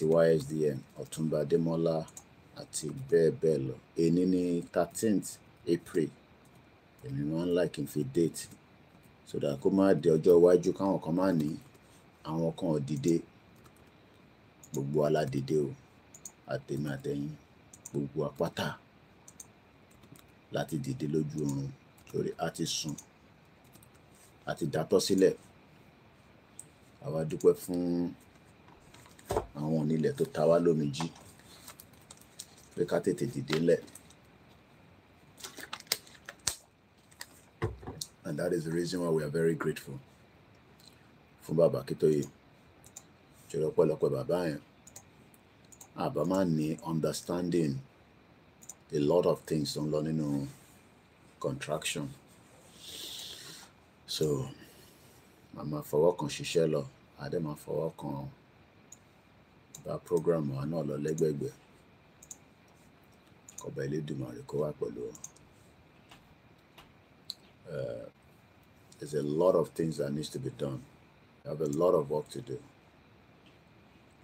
àti ysdm ọ̀túnba demola àti bẹ́ẹ̀ bẹ́ẹ̀ lọ èyí ní thirteenth april èmi máa ń like fi date so that kó má di ọjọ́ iwájú káwọn kan má ní àwọn kan ò dìde gbogbo aládìde o àtẹ̀mí àtẹ̀yìn gbogbo apáta láti dìde lójú oorun torí a ti sùn a ti dàtọ̀ sílẹ̀ àwa dúpẹ́ fún àwọn onílẹ̀ tó ta wá lómi jí pé ká tètè dìde lẹ̀. And that is the reason why we are very grateful fún bàbá Akíntóyè jọ̀rọ̀ ọ̀pọ̀lọpọ̀ bàbá yẹn àbá máa ní understanding a lot of things tó ń lọ nínú contraction so màmá fọwọ́ kan ṣiṣẹ́ lọ àdé máa fọwọ́ kan bá program wa náà lọ lẹ́gbẹ̀gbẹ̀ kọba Elédùmarè kó wà pẹ̀lú wa. Eh, there's a lot of things that needs to be done. I have a lot of work to do.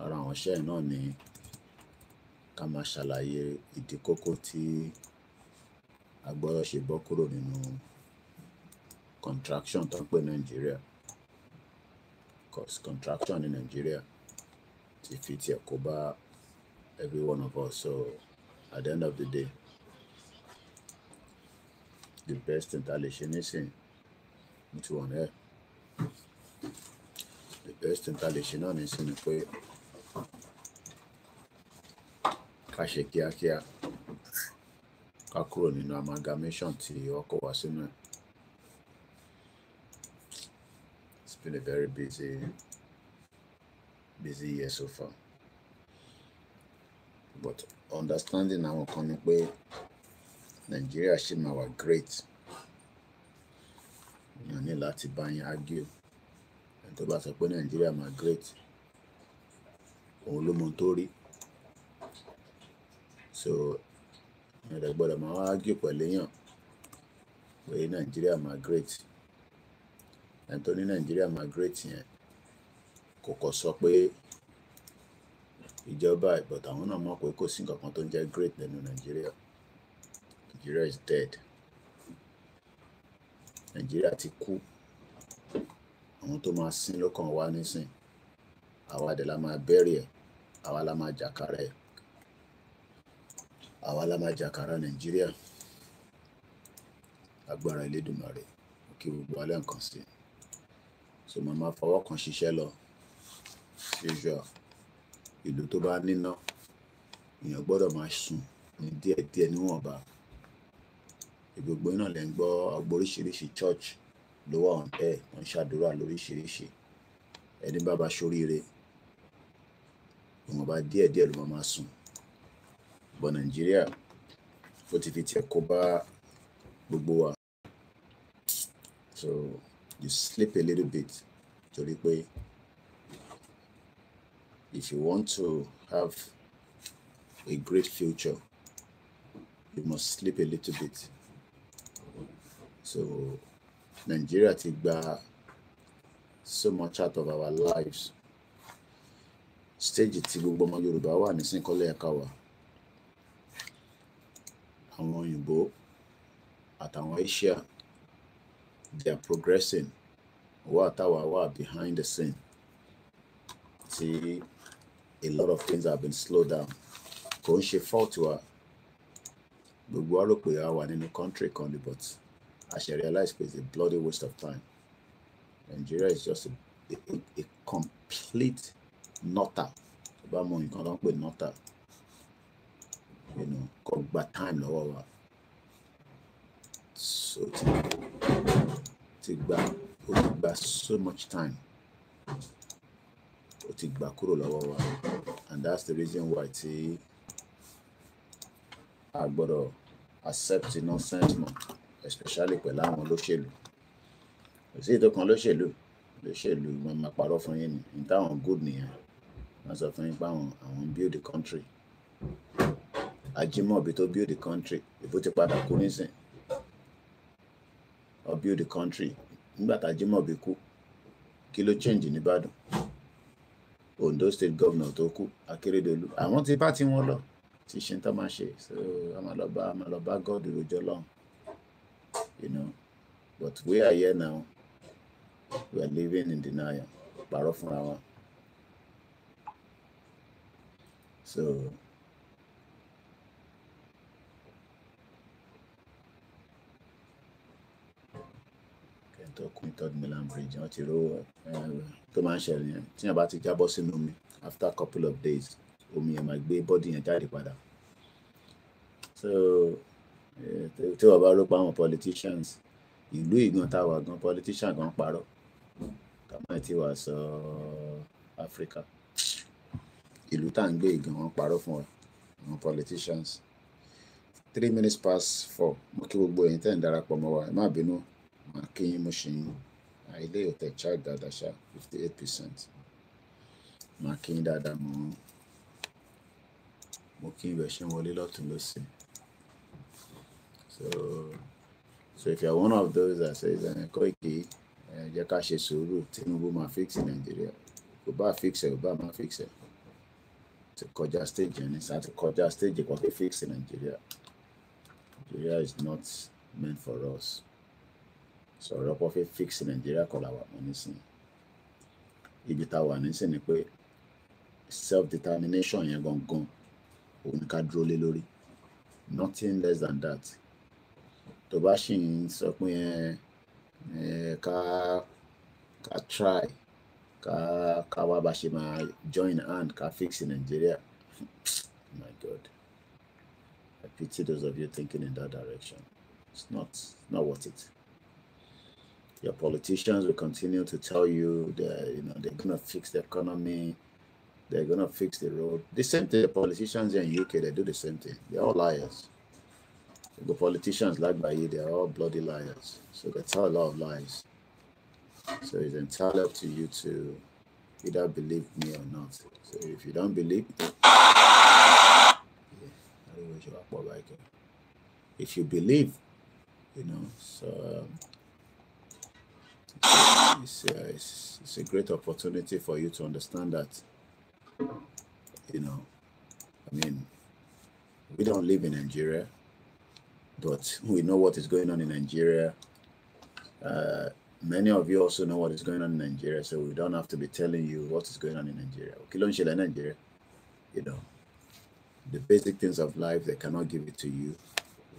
Ara àwọn iṣẹ́ náà ni ká máa ṣàlàyé ìdí kókó tí a gbọ́dọ̀ ṣe bọ́ kúrò nínú contraction tó ń pè Nàìjíríà. Cause contraction ní Nàìjíríà ti fi ti every one of us so at the end of the day the best intelligence tá a lè ṣe nísìnyí the best intelligence tá a lè the náà nísìnyí pé ká ṣe kíákíá ká kúrò nínú amalgamation tí ọkọ̀ wá It's been a very busy busy year so far but understanding our kan ni pé Nàìjíríà ṣì máa great èèyàn need láti bá argue ẹni tó bá sọ pé Nàìjíríà great òun ló so I'm rẹ gbọ́dọ̀ máa argue for Leon. pé Nàìjíríà máa great ẹni tó ní Nàìjíríà great yẹn kọ́kọ́ sọ pé ìjọba but àwọn náà mọ̀ pé kò sí nǹkan kan tó ń jẹ́ great nínú nàìjíríà nàìjíríà is dead nàìjíríà ti kú àwọn tó máa sin lọ́kàn wa nísìn àwa dẹ̀ la máa bẹ̀rẹ̀ ẹ̀ àwa la máa jàkárà ẹ̀ àwa la máa jàkárà nàìjíríà agbára Elédùmarè kí gbogbo alẹ́ nǹkan sí so màmá fọwọ́ kan ṣiṣẹ́ lọ usual ìlú tó bá níná èèyàn gbọ́dọ̀ máa sùn ní díẹ̀díẹ̀ níwọ̀nba gbogbo iná lẹ́ ń gbọ́ agbóríṣiríṣi church ló wà ọ̀n ẹ̀ ṣàdúrà lóríṣiríṣi ẹni bá ba ṣoríire ìwọ̀nba díẹ̀díẹ̀ ló máa sùn bọ̀ nàìjíríà ó ti fi tiẹ̀ kó bá gbogbo wa so you sleep a little bit torí pé if you want to have a great future, you must sleep a little bit. So Nigeria ti gba so much out of our lives. Stage tí gbogbo ọmọ Yorùbá wà nísìnyí kọ́lé ẹ̀ka wa. Àwọn òyìnbó àtàwọn Asia they are progressing. Wà táwa wà behind the scene. See a lot of things have been slowed down kò ń ṣe fault wa gbogbo wa rò pé a wà nínú country kan ni but I ṣe realize pé it's a bloody waste of time Nigeria is just a, a, a complete nutter tó bá mọ nǹkan tó ń pè nutter you know kò gba time lọ́wọ́ wa so ti ti gba ó ti gba so much time ó ti gbà kúrò lọ́wọ́ wa and that's the reason why tí a gbọ́dọ̀ accept nonsense mọ́ especially pẹ̀lú àwọn olóṣèlú kò sí ètò kan lóṣèlú lóṣèlú mo máa parọ́ fún yín ni táwọn good nìyẹn wọ́n sọ fún yín pé àwọn àwọn build the country Ajimobi tó build the country ìbò ti padà kú nísìn ọ build the country nígbà tá Ajimobi kú kí ló change ní Ìbàdàn Ondo state governor tó kú Akérédolú àwọn ti bá tiwọn lọ ti ṣe ń tọ́ máa ṣe so a máa lọ bá a máa lọ you know but we are here now we are living in denial parọ́ fúnra wọn so. tó kún third mainland bridge wọn ti rówó eh, tó máa ń ṣẹlẹ̀ yẹn tí yẹn ti jábọ́ sínú omi after a couple of days omi yẹn máa gbé bọ́dì yẹn jáde padà so eh, tí wọ́n bá rò pa àwọn politicians ìlú ìgbọ̀n tá a wà gan politician gan parọ́ kàmá ẹ̀ tí wàá sọ Africa ìlú tá à ń gbé ìgbọ̀n wọn parọ́ fún àwọn politicians three minutes past four mo kí gbogbo ẹ̀yin tẹ́ ń darapọ̀ mọ́ wa ẹ má bínú màá kí yín mo ṣe yín ilé ò tẹ̀ charge dáadáa ṣá fifty eight percent máa kí n dáadáa mọ́ mo kí ibẹ̀ ṣe ń wọlé lọ́tún lọ́sẹ̀ so so if you are one of those that says ẹ̀kọ́ ìké jẹ́ ká ṣe sùúrù Tinubu máa fix Nàìjíríà kò bá fix ẹ̀ kò bá máa fix ẹ̀ ti kọjá stage yẹn ní sáà ti kọjá stage kan fi fix Nàìjíríà Nàìjíríà is not meant for us sọ̀rọ̀ pọ̀ fẹ́ fix nàìjíríà kọlà wà mọ́ nísìnyí ibi tá a wà nísìnyí ni pé self determination yẹn gangan òun ká dúró lé lórí nothing less than that tó bá sì ń sọ pé ẹ ká ká try ká ká wá bá ṣe máa join hand ká fix nàìjíríà my god i pity those of you thinking in that direction it's not it's not worth it. Your politicians will continue to tell you that you know they're gonna fix the economy, they're gonna fix the road. The same thing the politicians in UK they do the same thing. They're all liars. The politicians like by you, they're all bloody liars. So they tell a lot of lies. So it's entirely up to you to either believe me or not. So if you don't believe, yeah, uh, if you believe, you know, so um, it's, uh, it's, it's a great opportunity for you to understand that, you know, I mean, we don't live in Nigeria, but we know what is going on in Nigeria. Uh, many of you also know what is going on in Nigeria, so we don't have to be telling you what is going on in Nigeria. Nigeria, you know, the basic things of life, they cannot give it to you.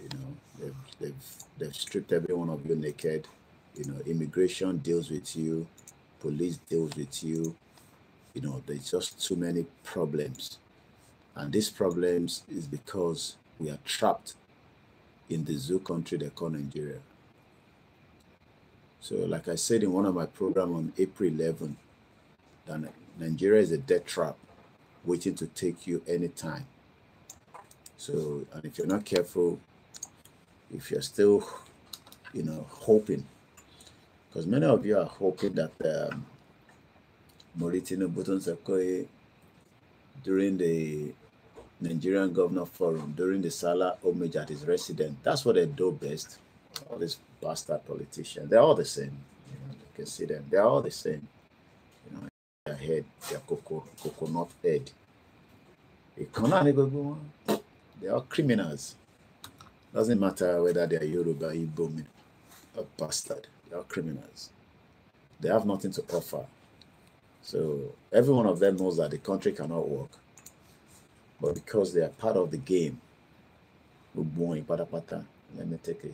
You know, they've, they've, they've stripped every one of you naked you know immigration deals with you police deals with you you know there's just too many problems and these problems is because we are trapped in the zoo country they call nigeria so like i said in one of my program on april 11 that nigeria is a death trap waiting to take you anytime so and if you're not careful if you're still you know hoping because many of you are hoping that um, Moritino Buton Sekoe during the Nigerian Governor Forum, during the Salah homage at his residence, that's what they do best. All these bastard politicians, they're all the same. You, know, you can see them, they're all the same. You know, their head, their coco, coconut head. They are criminals. Doesn't matter whether they are Yoruba, Igbo, or bastard. They are criminals. They have nothing to offer. So every one of them knows that the country cannot work. But because they are part of the game, let me take a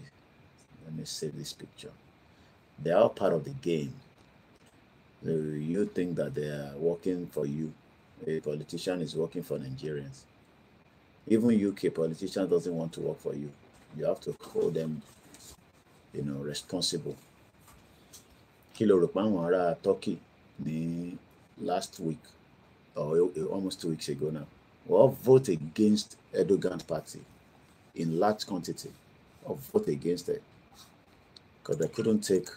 let me save this picture. They are part of the game. So you think that they are working for you. A politician is working for Nigerians. Even UK politician doesn't want to work for you. You have to hold them, you know, responsible kí lo rò ará turkey ní last week or almost two weeks ago now will vote against Erdogan's party in large quantity or vote against it because they couldn't take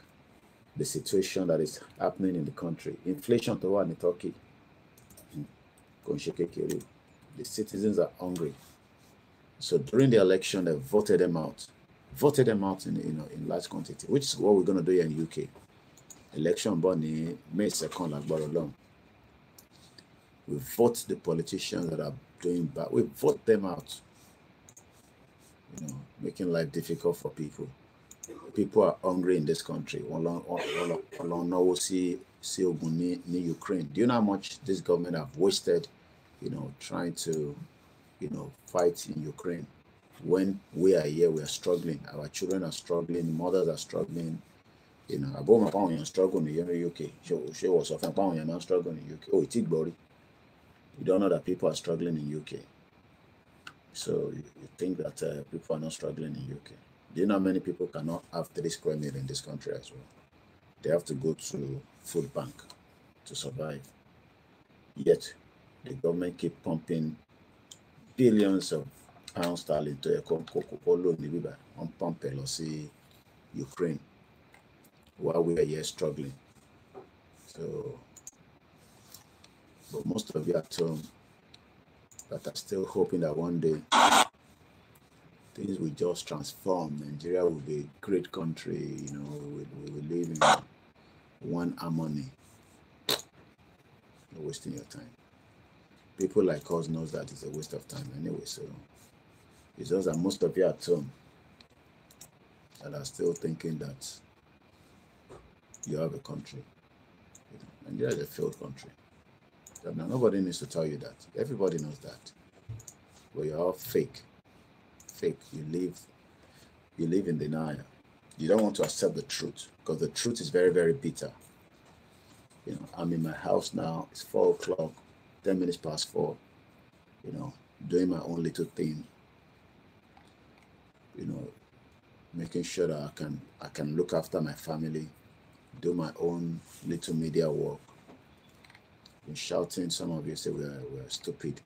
the situation that is happening in the country inflation tó one in turkey hmm, the citizens are hungry so during the election they voted them out voted them out in you know in large quantity which is what we're going to do here in uk election bọ̀ ní May second lágbára Ọlọ́run we vote the politicians that are doing bad we vote them out you know making life difficult for people people are hungry in this country along. lọ náwó sí see ogun ní ní Ukraine do you know how much this government have wasted you know trying to you know fight in Ukraine when we are here we are struggling our children are struggling mothers are struggling ìnà àbúrò mọ̀ fáwọn èèyàn struggling in the UK Show, wọ́n sọ fún fáwọn èèyàn struggling in the UK Oh, it's it, buddy. you don't know that people are struggling in the UK so you, you think that uh, people are not struggling in the UK do you know how many people cannot have three square meal in this country as well they have to go to food bank to survive yet the government keep pumping billions of pounds sterling to Coca-Cola, lónìí bíbá wọ́n pump Ukraine while we are here struggling. So, but most of you at home that are still hoping that one day things will just transform. Nigeria will be a great country, you know, we, we will live in one harmony. You're wasting your time. People like us knows that it's a waste of time anyway, so it's just that most of you at home that are still thinking that you have a country. Nigeria is a failed country. Now, nobody needs to tell you that. Everybody knows that. But you're all fake. Fake. You live, you live in denial. You don't want to accept the truth because the truth is very, very bitter. You know, I'm in my house now. It's four o'clock, ten minutes past four. You know, doing my own little thing. You know, making sure that I can I can look after my family do my own little media work. Been shouting, some of you say we are, we are stupid.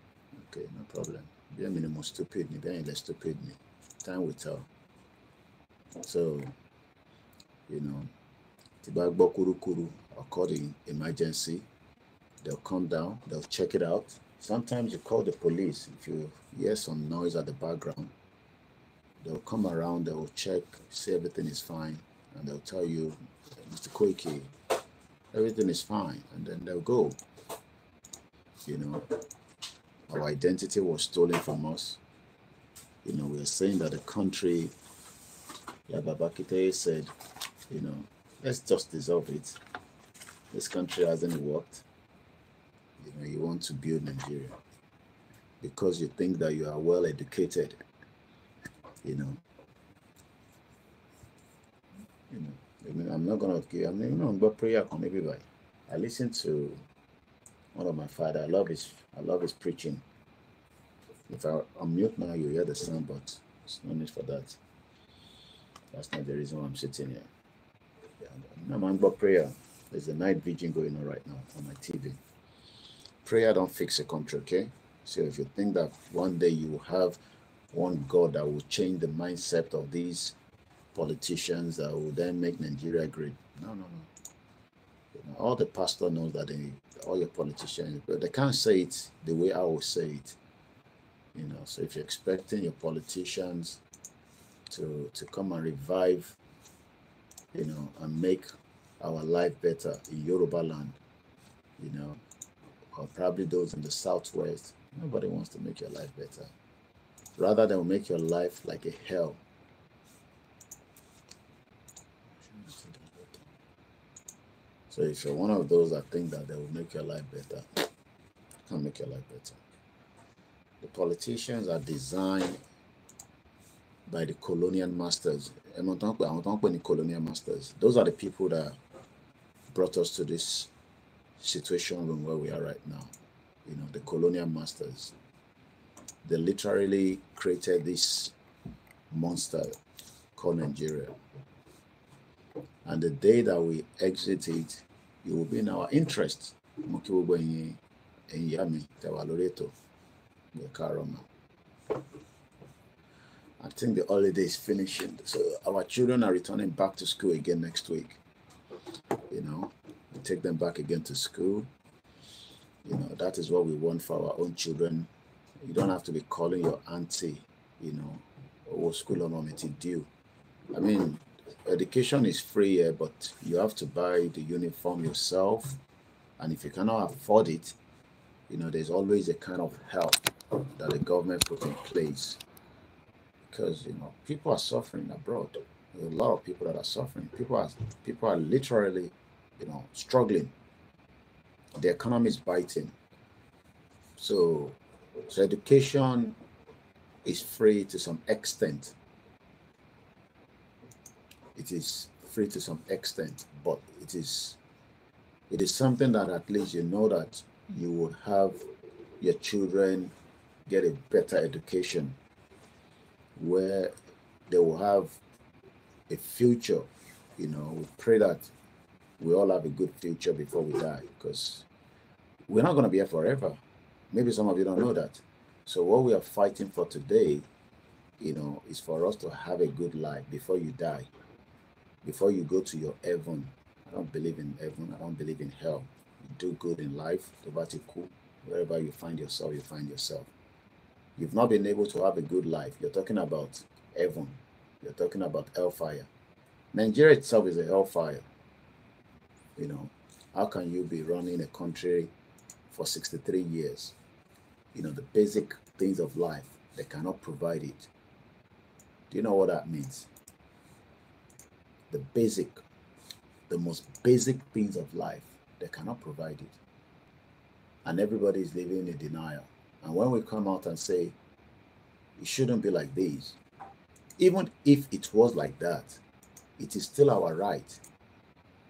Okay, no problem. Be a minimum stupid, be a stupid. Time will tell. So, you know, bag Kuru Kuru, according emergency, they'll come down, they'll check it out. Sometimes you call the police if you hear some noise at the background. They'll come around, they'll check, see everything is fine, and they'll tell you Mr. Koike, everything is fine. And then they'll go. You know, our identity was stolen from us. You know, we are saying that the country, Yababakite yeah, said, you know, let's just dissolve it. This country hasn't worked. You know, you want to build Nigeria because you think that you are well educated. You know, you know, I'm not gonna give I'm you know but prayer on everybody. I listen to one of my father. I love his I love his preaching. If I unmute now, you hear the sound, but it's no need for that. That's not the reason why I'm sitting here. Yeah, no man but prayer. There's a night vision going on right now on my TV. Prayer don't fix a country, okay? So if you think that one day you have one God that will change the mindset of these politicians that will then make Nigeria great. No, no, no. You know, all the pastor knows that they, all your politicians, but they can't say it the way I would say it. You know, so if you're expecting your politicians to to come and revive, you know, and make our life better in Yoruba land, you know, or probably those in the southwest, nobody wants to make your life better. Rather than make your life like a hell, So if you're one of those that think that they will make your life better, can make your life better. The politicians are designed by the colonial masters. The colonial masters. Those are the people that brought us to this situation room where we are right now. You know, the colonial masters. They literally created this monster called Nigeria and the day that we exit it it will be in our interest I think the holiday is finishing. So our children are returning back to school again next week. You know, we take them back again to school. You know, that is what we want for our own children. You don't have to be calling your auntie, you know, or school on do. I mean, education is free here, but you have to buy the uniform yourself. And if you cannot afford it, you know, there's always a kind of help that the government put in place. Because, you know, people are suffering abroad. There's a lot of people that are suffering. People are people are literally, you know, struggling. The economy is biting. So, so education is free to some extent it is free to some extent, but it is it is something that at least you know that you would have your children get a better education where they will have a future. You know, we pray that we all have a good future before we die because we're not going to be here forever. Maybe some of you don't know that. So, what we are fighting for today, you know, is for us to have a good life before you die before you go to your heaven. I don't believe in heaven. I don't believe in hell. You do good in life. Wherever you find yourself, you find yourself. You've not been able to have a good life. You're talking about heaven. You're talking about hellfire. Nigeria itself is a hellfire. You know, how can you be running a country for 63 years? You know, the basic things of life, they cannot provide it. Do you know what that means? the basic, the most basic things of life, they cannot provide it. And everybody is living in denial. And when we come out and say, it shouldn't be like this, even if it was like that, it is still our right.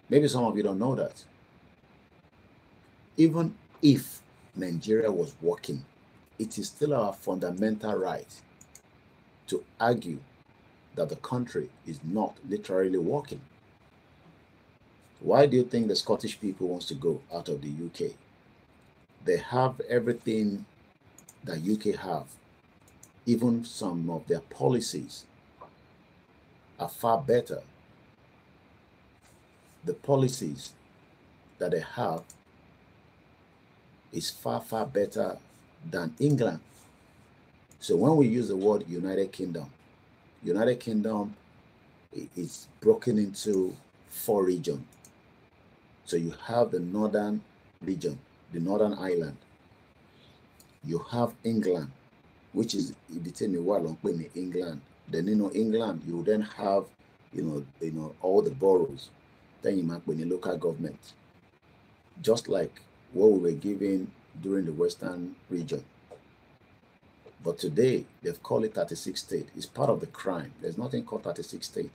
Maybe some of you don't know that. Even if Nigeria was working, it is still our fundamental right to argue that the country is not literally working. Why do you think the Scottish people wants to go out of the UK? They have everything that UK have. Even some of their policies are far better. The policies that they have is far, far better than England. So when we use the word United Kingdom, United Kingdom is broken into four regions. So you have the northern region, the northern island. You have England, which is ìdítẹ́ni wà ló England. Then you know England, you then have you know you know all the boroughs. Then you might when the local government. Just like what we were given during the Western region. But today, they've called it 36 state. It's part of the crime. There's nothing called 36 state.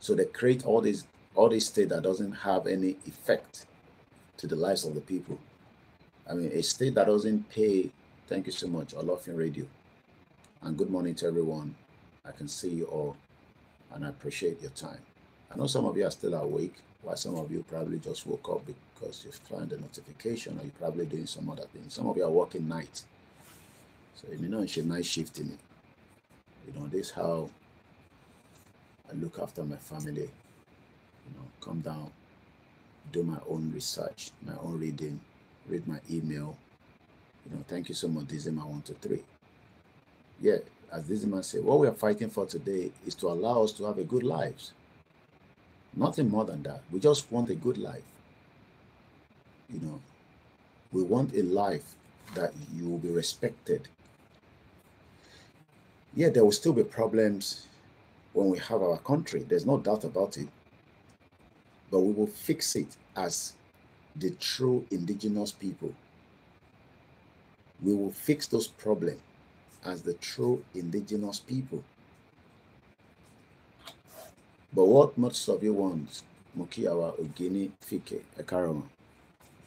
So they create all these all these states that doesn't have any effect to the lives of the people. I mean, a state that doesn't pay, thank you so much, your Radio. And good morning to everyone. I can see you all and I appreciate your time. I know some of you are still awake, while some of you probably just woke up because you've found the notification or you're probably doing some other thing. Some of you are working night. So you know, it's a nice shift it. You know, this how I look after my family. You know, come down, do my own research, my own reading, read my email. You know, thank you so much, Dizima one two three. Yeah, as Dizima said, what we are fighting for today is to allow us to have a good lives. Nothing more than that. We just want a good life. You know, we want a life that you will be respected yeah, there will still be problems when we have our country. There's no doubt about it. But we will fix it as the true indigenous people. We will fix those problems as the true indigenous people. But what most of you want, Muki Awa Ogini Fike Ekarama,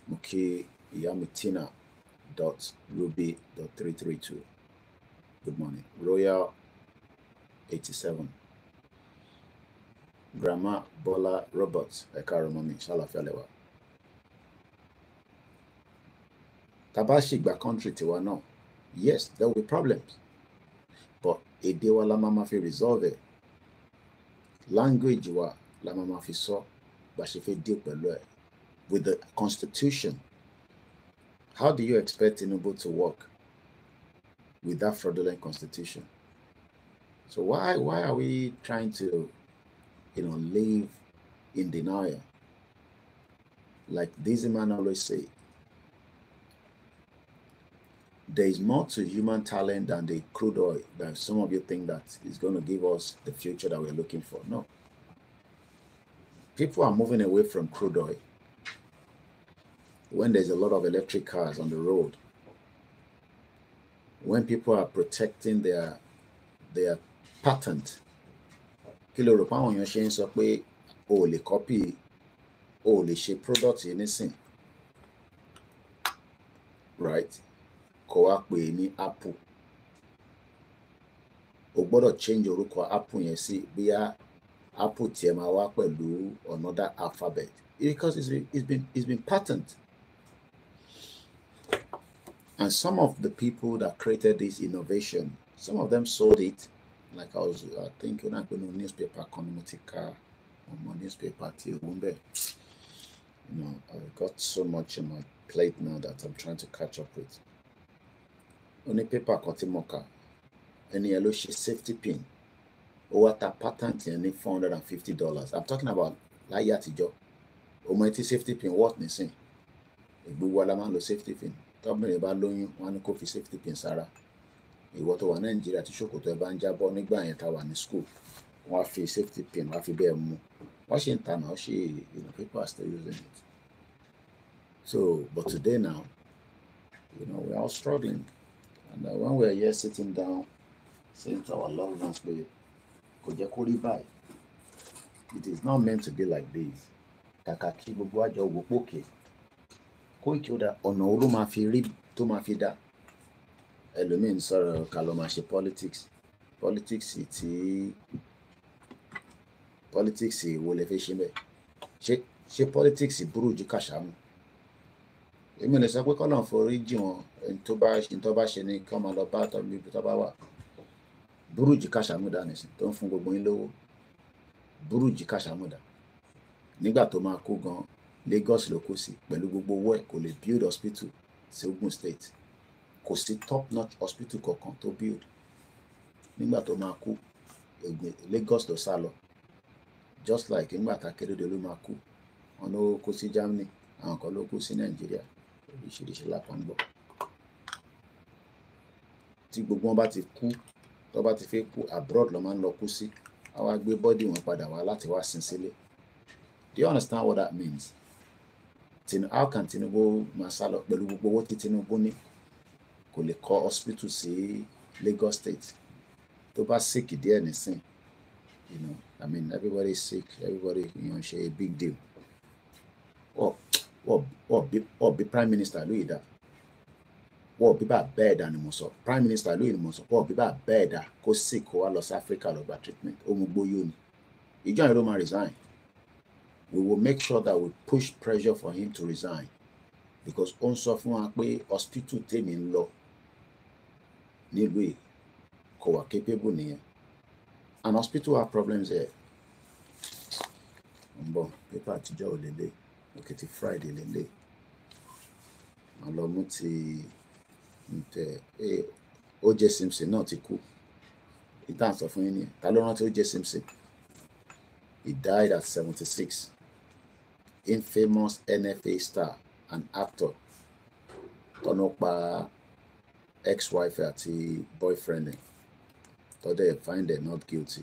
Muki Yamitina dot ruby dot 332. Good morning. Royal 87. Grandma Bola Roberts. Ẹ káàárọ̀ mọ́mí. Ṣàlàfíà lẹ wà. country tiwa Yes, there will be problems. But èdè wa la mama ma fi resolve it. Language wa la máa fi sọ fẹ́ deal pẹ̀lú With the constitution, how do you expect Tinubu to work? with that fraudulent constitution. So why why are we trying to, you know, live in denial? Like this man always say, there is more to human talent than the crude oil that some of you think that is going to give us the future that we're looking for. No. People are moving away from crude oil. When there's a lot of electric cars on the road, when people are protecting their their patent kí ló rò pé àwọn èèyàn ṣe ń sọ pé o ò lè copy o ò lè ṣe product yìí nísìn right kò wá pè é ní apple o gbọ́dọ̀ change orúkọ apple yẹn sí bóyá apple tiẹ̀ máa wá pẹ̀lú another alphabet because it's been it's been it's been patent And some of the people that created this innovation, some of them sold it. Like I was uh, thinking, I go no newspaper, community car, or my newspaper, You know, I've got so much on my plate now that I'm trying to catch up with. Only paper, cutting any yellow safety pin, or what a patent, any $450. I'm talking about láyé àtijọ́. Ọmọ etí safety pin, what, Nissin? Ìgbówó alamá lo safety pin tọ́bìnrin bá lóyún wọn ni kó fi safety pin sára ìwọ tó wà nàìjíríà tí ṣòkòtò ẹ bá ń jábọ́ nígbà yẹn tá wà ní school wọn á fi safety pin wọn á fi bẹ́ẹ̀ mú wọn ṣe ń tanà ọ ṣe you people are still using it so but today now you know we are all struggling and uh, when we are here sitting down saying to our loved ones pé kò jẹ́ kó rí báyìí it is not meant to be like this kàkà kí gbogbo àjọ wò pókè. Okay kó ìkíọdà ọ̀nà wo ló máa fi rí tó máa fi dá ẹlòmíì sọ̀rọ̀ ká lọ máa ṣe politics politics tí politics wo lè fi ṣe bẹ́ẹ̀ ṣe ṣe politics burú ju kàṣámù èmi lè sọ pé kọ́nà forí jì wọ́n tó tó bá ṣe ni kọ́ máa lọ bá tọ́bi ibi tó bá wà burú ju kàṣámù dá nìsín tó ń fún gbogbo yín lówó burú ju kàṣámù dá nígbà tó máa kú gan Lagos ló kó sí pẹ̀lú gbogbo owó ẹ̀ kò lè build hospital sí Ogun State kò sí top notch hospital kankan tó build nígbà tó máa kú Lagos ló sá lọ just like nígbà tá Akérédolú máa kú wọn ló kó sí Germany àwọn kan ló kó sí Nàìjíríà oríṣiríṣi lápá ń gbọ́ tí gbogbo wọn bá ti kú tó bá ti fẹ́ kú abroad ló máa ń lọ kú sí àwa gbé bọ́dì wọn padà wá láti wá sin sílé do you understand what that means how can Tinubu máa sá lọ pẹ̀lú gbogbo owó tí Tinubu ní kò lè kọ́ hospital sí Lagos State tó bá sick díẹ̀ nísìn you know I mean everybody is sick everybody you know, ṣe a big deal wọ́n bí prime minister lóye dá wọ́n bí bá bẹ́ẹ̀ dá ni mo sọ prime minister lóye ni mo sọ wọ́n bí bá bẹ́ẹ̀ dá kó sick kó wá lọ sí Africa lọ gba treatment ó mú gbóyò ni ìjọ yẹn máa resign we will make sure that we push pressure for him to resign because ó ń sọ fún wa pé hospital tèmi ń lọ nílùú yìí kò wà capable nìyẹn and hospital have problems here ń bọ̀ pépà àtijọ́ ò lélẹ̀ òkè ti friday lélẹ̀ màá lọ mú ti ntẹ ẹ eh, O.J. Simpson náà ti kú ìtàn sọ fún yín nìyẹn ta ló rántí O.J. Simpson he died at seventy six infamous NFA star and actor tọ́nà pa ex-wife àti boyfriend ẹ̀ tọ́dẹ̀ find them not guilty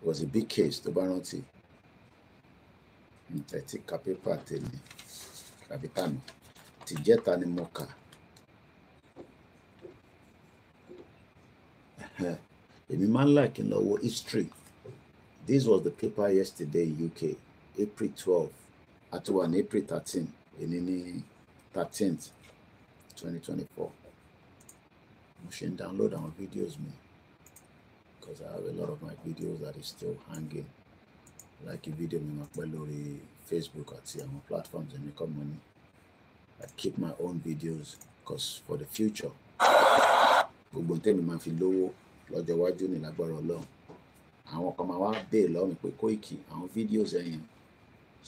it was a big case tó bá rántí tẹ̀tí ka pépà tèmi tàbí tàmí tìjẹ́ta ni mo kà èmi máa ń láàkì lọ wo history this was the paper yesterday in UK april twelve àti wà ní april thirteen èyí ní thirteenth twenty twenty four mo ṣe ń download àwọn videos mi because I have a lot of my videos that is still hanging like video mi máa pẹ́ lórí Facebook àti àwọn platforms èmi kọ́ mo ní I keep my own videos because for the future gbogbo tẹ́mi máa fi lówó lọ́jọ́ iwájú ní lágbára Ọlọ́run àwọn kan máa wá bèè lọ́wọ́ mi pé Koiki àwọn videos ẹ̀yìn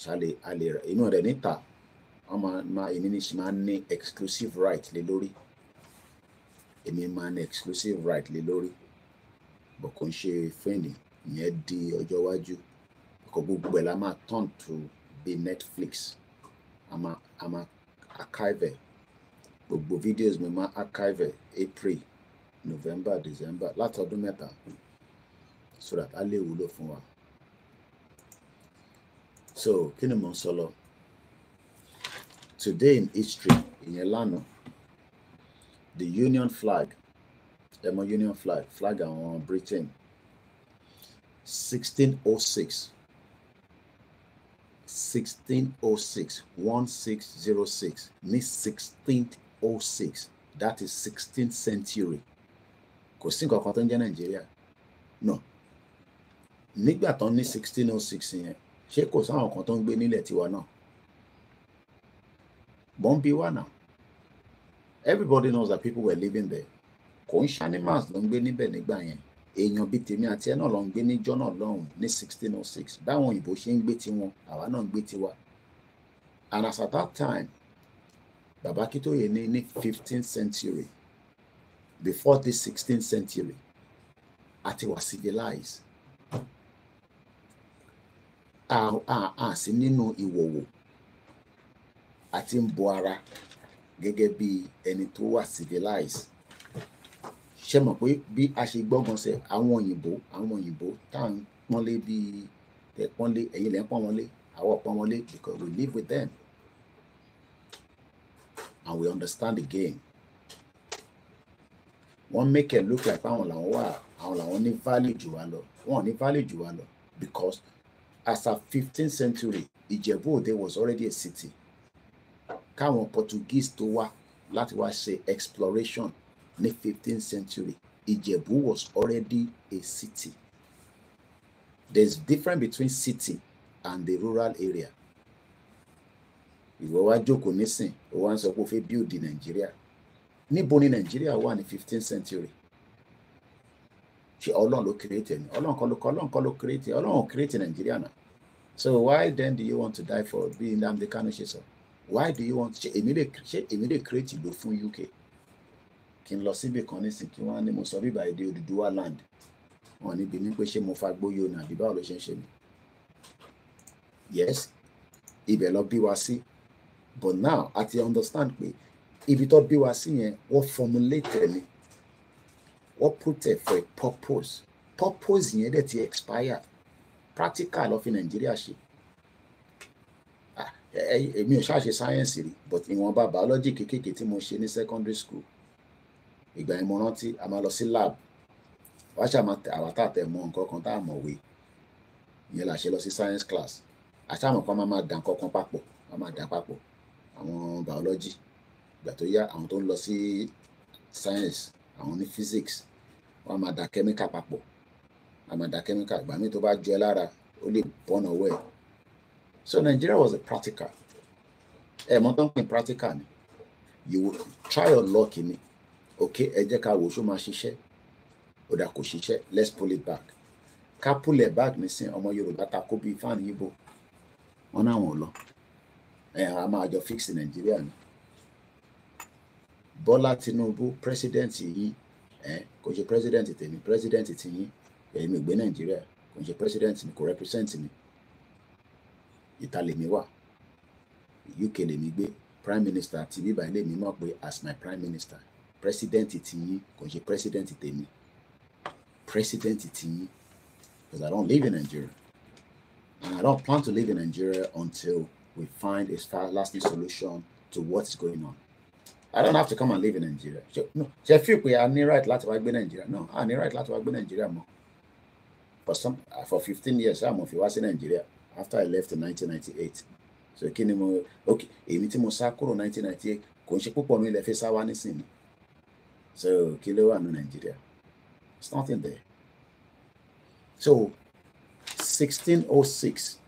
sálẹ̀ alẹ́ rà inú rẹ̀ níta wọ́n máa èmi ní máa ní exclusive right lé lori èmi máa ní exclusive right lé lori bọ̀ kò ń ṣe fẹ́ẹ̀nì ìyẹn di ọjọ́ iwájú ọkọ̀ gbogbo ẹ̀ la máa turn to be Netflix a máa a máa archive gbogbo videos mi máa archive April November December látọdún mẹ́ta so that a lè wúlò fún wa so kí ni today in history in Elano, the union flag ẹ mọ̀ union flag flag on britain sixteen oh six sixteen oh six one six zero six ní sixteen oh six that is sixteenth century kò sí nǹkan kan tó ń jẹ́ nàìjíríà no nígbà tán ní sixteen oh six yẹn ṣé kò sáwọn kan tó ń gbé nílẹ̀ tiwa náà bọ́m̀bì wà náà everybody knows that people were living there kò ń ṣe animals ló ń gbé níbẹ̀ nígbà yẹn èèyàn bíi tèmi àti ẹ náà ló ń gbé níjọ́ náà lọ́hùn ní sixteen oh six báwọn òyìnbó ṣe ń gbé tiwọn àwa náà ń gbé tiwa and as at that time baba Akíntóyè ní ní fifteenth century before this sixteenth century àti wà civilized àsí nínú ìwòwò àti ń bo ara gẹ́gẹ́ bí ẹni tó wà civilized ṣe mọ̀ pé bí a ṣe gbọ́ngàn sẹ àwọn òyìnbó àwọn òyìnbó tá à ń pọ́nlé bíi tẹ pọ́nlé ẹ̀yin lẹ́ ń pọ́n wọn àwọn pọ́n wọn because we live with them and we understand the game wọ́n make it look like àwọn làwọn wà àwọn làwọn ní value jù wá lọ wọ́n ní value jù wá lọ because as at 15th century Ijebu, Òde was already a city káwọn Portuguese tó wá láti wá ṣe exploration ní 15th century Ijebu was already a city there is difference between city and the rural area ìwọ wá jókòó nísìn ó wá ń sọ pé ó fẹ́ build Nàìjíríà níbo ni Nàìjíríà wà ní 15th century ṣe ọlọ́run ló kírètì ẹ̀mí ọlọ́run kọ́ ló kọ́ ọlọ́run kọ́ ló kírètì ọlọ́run kírètì Nàìjíríà náà so why then do you want to die for being Nnamdi Kanu ṣe why do you want to? èmi lè create ìlú fún UK kí n lọ síbì kan nísìnyí kí wọ́n ní mo sọ bíbá èdè Odùduwà land wọn níbi ní pé ṣé mo fa gbóyò ní àbí báwo ló ṣe ń mi yes ibẹ̀ lọ bí wa sí but now a you understand pé If tó bí wa sí yẹn wọ́n formulate mi wọ́n put it for a purpose purpose yẹn dẹ̀ ti expire practical of fi nàìjíríà ṣe èmi ò ṣáà ṣe sáyẹ́ǹsì rí but ìwọ̀nba biology kéékèèké tí mo ṣe ní secondary school ìgbà yẹn mo rántí a máa lọ sí lab wá ṣàmà àwa tá àtẹ mọ nǹkan kan tá a mọ̀wé ìyẹn là ṣe lọ sí science class àṣàmọ̀ kan máa máa dà nǹkan kan papọ̀ máa máa dà papọ̀ àwọn biology ìgbà tó yá àwọn tó ń lọ sí science àwọn ní physics wọ́n máa dà chemical papọ̀ àmàdà kẹ́míkà ìgbà míì tó bá jọ ẹ lára ó lè bọ́nà so Nigeria was a practical ẹ mọ tó ń pin practical ni you will try your luck ni ok ẹ jẹ́ ká wò ó ṣó máa ṣiṣẹ́ ó dà kò ṣiṣẹ́ let's pull it back ká pull it back nísìn ọmọ Yorùbá ta kó bíi fáànù Ìgbò wọn náà wọn lọ ẹ a máa jọ fix Nàìjíríà ni Bola Tinubu pírẹsidẹ́ǹtì yìí ẹ kò president pírẹsidẹ́ǹtì president pírẹsidẹ́ǹtì tìyín èmi ò gbé nàìjíríà kò ń ṣe president mi kò represent mi ìta lèmi wà uk lèmi gbé prime minister ti bíbá ilé mi mọ̀ pé as my prime minister president ti yín kò ń ṣe president tèmi president ti yín because i don't live in nigeria and i don't plan to live in nigeria until we find a lasting solution to what's going on I don't have to come and live in Nigeria. So, no, ṣe fi pe a ní right láti wá gbé Nigeria. No, a ní right láti wá gbé Nigeria mọ́ for some uh, for fifteen years I'm mo fi wá sí nàìjíríà after I left in 1998, so kini mo okay. èmi tí mo sá kúrò nineteen ninety eight kò ń ṣe púpọ̀ mi lè fi so kí ló wà ní it's nothing there so 1606,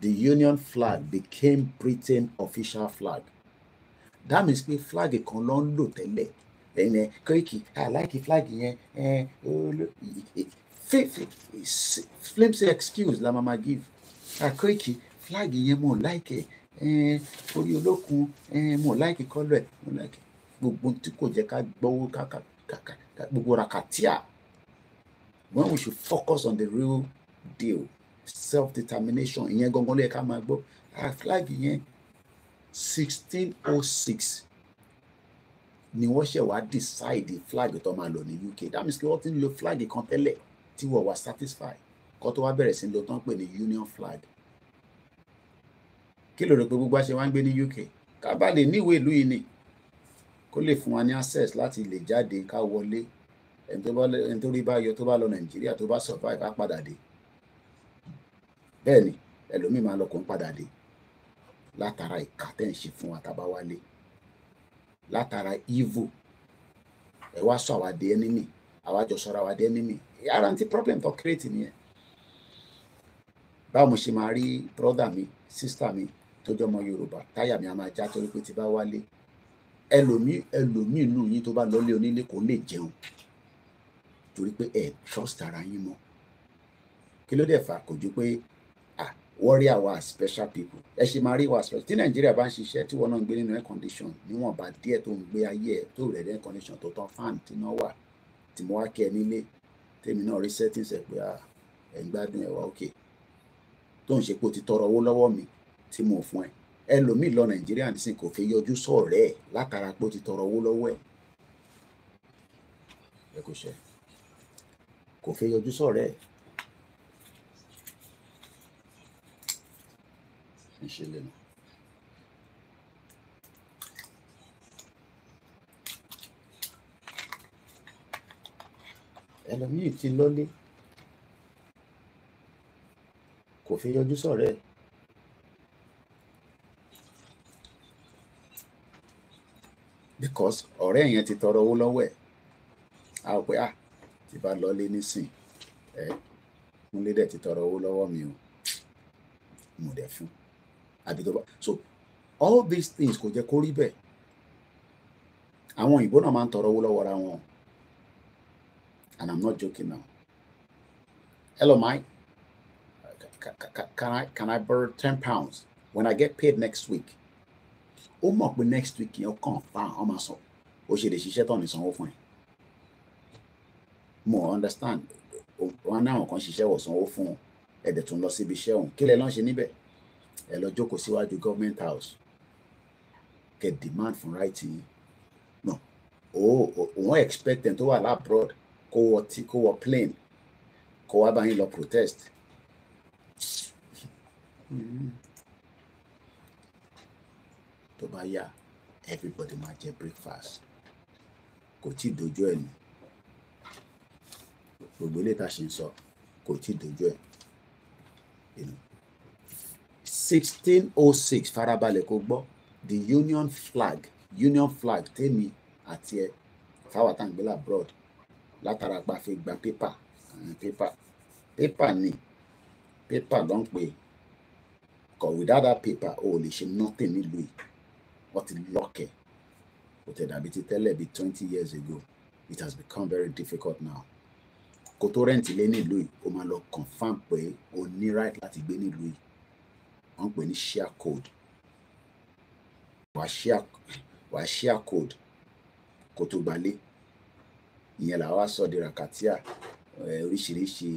the union flag became Britain official flag that means pé flag kan ló ń lò tẹ́lẹ̀ ẹ̀yìn kọ́ìkì àláìkì flag yẹn flimsy excuse la mama give àkókè flag yẹn mo like ẹ orí olókun mo like kọ́lọ̀ ẹ̀ mo like gbogbo tí kò jẹ́ ká gbọ́wọ́ kàkà gbogbo rakatia when we should focus on the real deal self-determination ìyẹn gangan ló yẹ ká máa gbọ́ flag yẹn sixteen oh six ni wọ́n ṣẹ̀ wá decide flag tó máa lọ ní UK that means kí wọ́n ti ń lo flag kan tẹ́lẹ̀ tí wọ́n wà satisfy kọ́ tó wá bẹ̀rẹ̀ sí lo tán pè ní union flag kí ló rò pé gbogbo àṣẹ wa ń gbé ní UK ká bá lè níwèé ìlú yìí ni kó lè fún wa ní access láti lè jáde ká wọlé ẹni tó rí bá yọ tó bá lọ Nàìjíríà tó bá survive á padà dé bẹ́ẹ̀ ni ẹlòmíì máa lọkùn padà dé látara ìka tẹ́ ń ṣe fún wa tá a bá wálé látara evil ẹ wá sọ àwa di enemy àwa jọ sọra wa di enemy ara ti problem tó create nìyẹn báwo mo ṣe máa rí brother mi sister mi tó jọmọ yorùbá táyà mi a máa já torí pé ti bá wálé ẹlòmíì ẹlòmíì nù yín tó bá lọlé onílé kò lè jẹun torí pé ẹ trust ara yín mọ́ kí ló dẹ̀ fà kò ju pé ah warrior àwa special people ẹ ṣe máa rí wa special tí nàìjíríà bá ń ṣiṣẹ́ tí wọ́n náà ń gbé nínú air condition níwọ̀n bá díẹ̀ tó ń gbé ayé ẹ̀ tó rẹ̀ air condition tó tán fan tí náà wà tí mo wá kẹ́ ẹ nílé tèmi náà rí settings ẹ̀ pé ẹ̀ ń gbádùn ẹ̀ wá òkè tó ń ṣe pé o ti tọrọ owó lọ́wọ́ mi tí mo fún ẹ ẹlòmíì lọ nàìjíríà nísìnyí kò fi yọjú sọ̀rẹ́ ẹ̀ látara pé o ti tọrọ owó lọ́wọ́ ẹ̀ ẹ kò ṣe kò fi yọjú sọ̀rẹ́ ẹ̀ ń ṣe lẹ́nu. ẹlòmíì ti lọ́lé kò fi yọjú sọ̀rẹ́ ẹ̀. because ọ̀rẹ́ yẹn ti tọrọ owó lọ́wọ́ ẹ̀ a ò pé à ah, ti bá lọ́lé nísìn ẹ múlé dẹ̀ ti tọrọ owó lọ́wọ́ mi o mo dẹ̀ fún àbí tó bá so all these things kò jẹ́ kó rí bẹ́ẹ̀ àwọn òyìnbó náà máa ń tọrọ owó lọ́wọ́ ra wọn o and I'm not joking now. Hello, Mike. Can I can I borrow ten pounds when I get paid next week? Ó mọ̀ pé next week you kàn fa àwọn máa sọ ó ṣe lè ṣiṣẹ́ tán ní sanwó fún ẹ. Mo understand wọn náà kàn ṣiṣẹ́ wọ̀ sanwó fún ọ ẹ̀dẹ̀ tó ń lọ síbi iṣẹ́ òun kí lẹ lọ́n ṣe níbẹ̀ ẹ lọ jókòó síwájú government house Get demand for right yín Oh, òun expect ẹ̀ tó wà lábroad kó wọ tí kó wọ plane kó wá bá yín protest. tó bá yá everybody máa jẹ breakfast kò tí ì dojú ẹ̀ nù gbogbo ilé ìta ṣe ń sọ kò tí ì dojú ẹ̀ nù. Oh farabalẹ̀ kó gbọ́ the union flag union flag tèmi àti ẹ fáwọn àtàǹgbélà abroad látara pa fi gba pépà pépà pépà ni pépà ló ń pè kọ̀ without that paper o ò lè ṣe nothing nílùú yìí wọ́n ti lọ́kẹ̀ kò tẹ̀ dàbí ti tẹ́lẹ̀ bíi twenty years ago it has become very difficult now kò tó rẹ́ǹtì lé nílùú yìí o máa lọ confam pé o ní right láti gbé nílùú yìí wọ́n ń pè ní share code wàá share wàá share code kò tó gbalé ìyẹn làwa sọ di rakatia oríṣiríṣi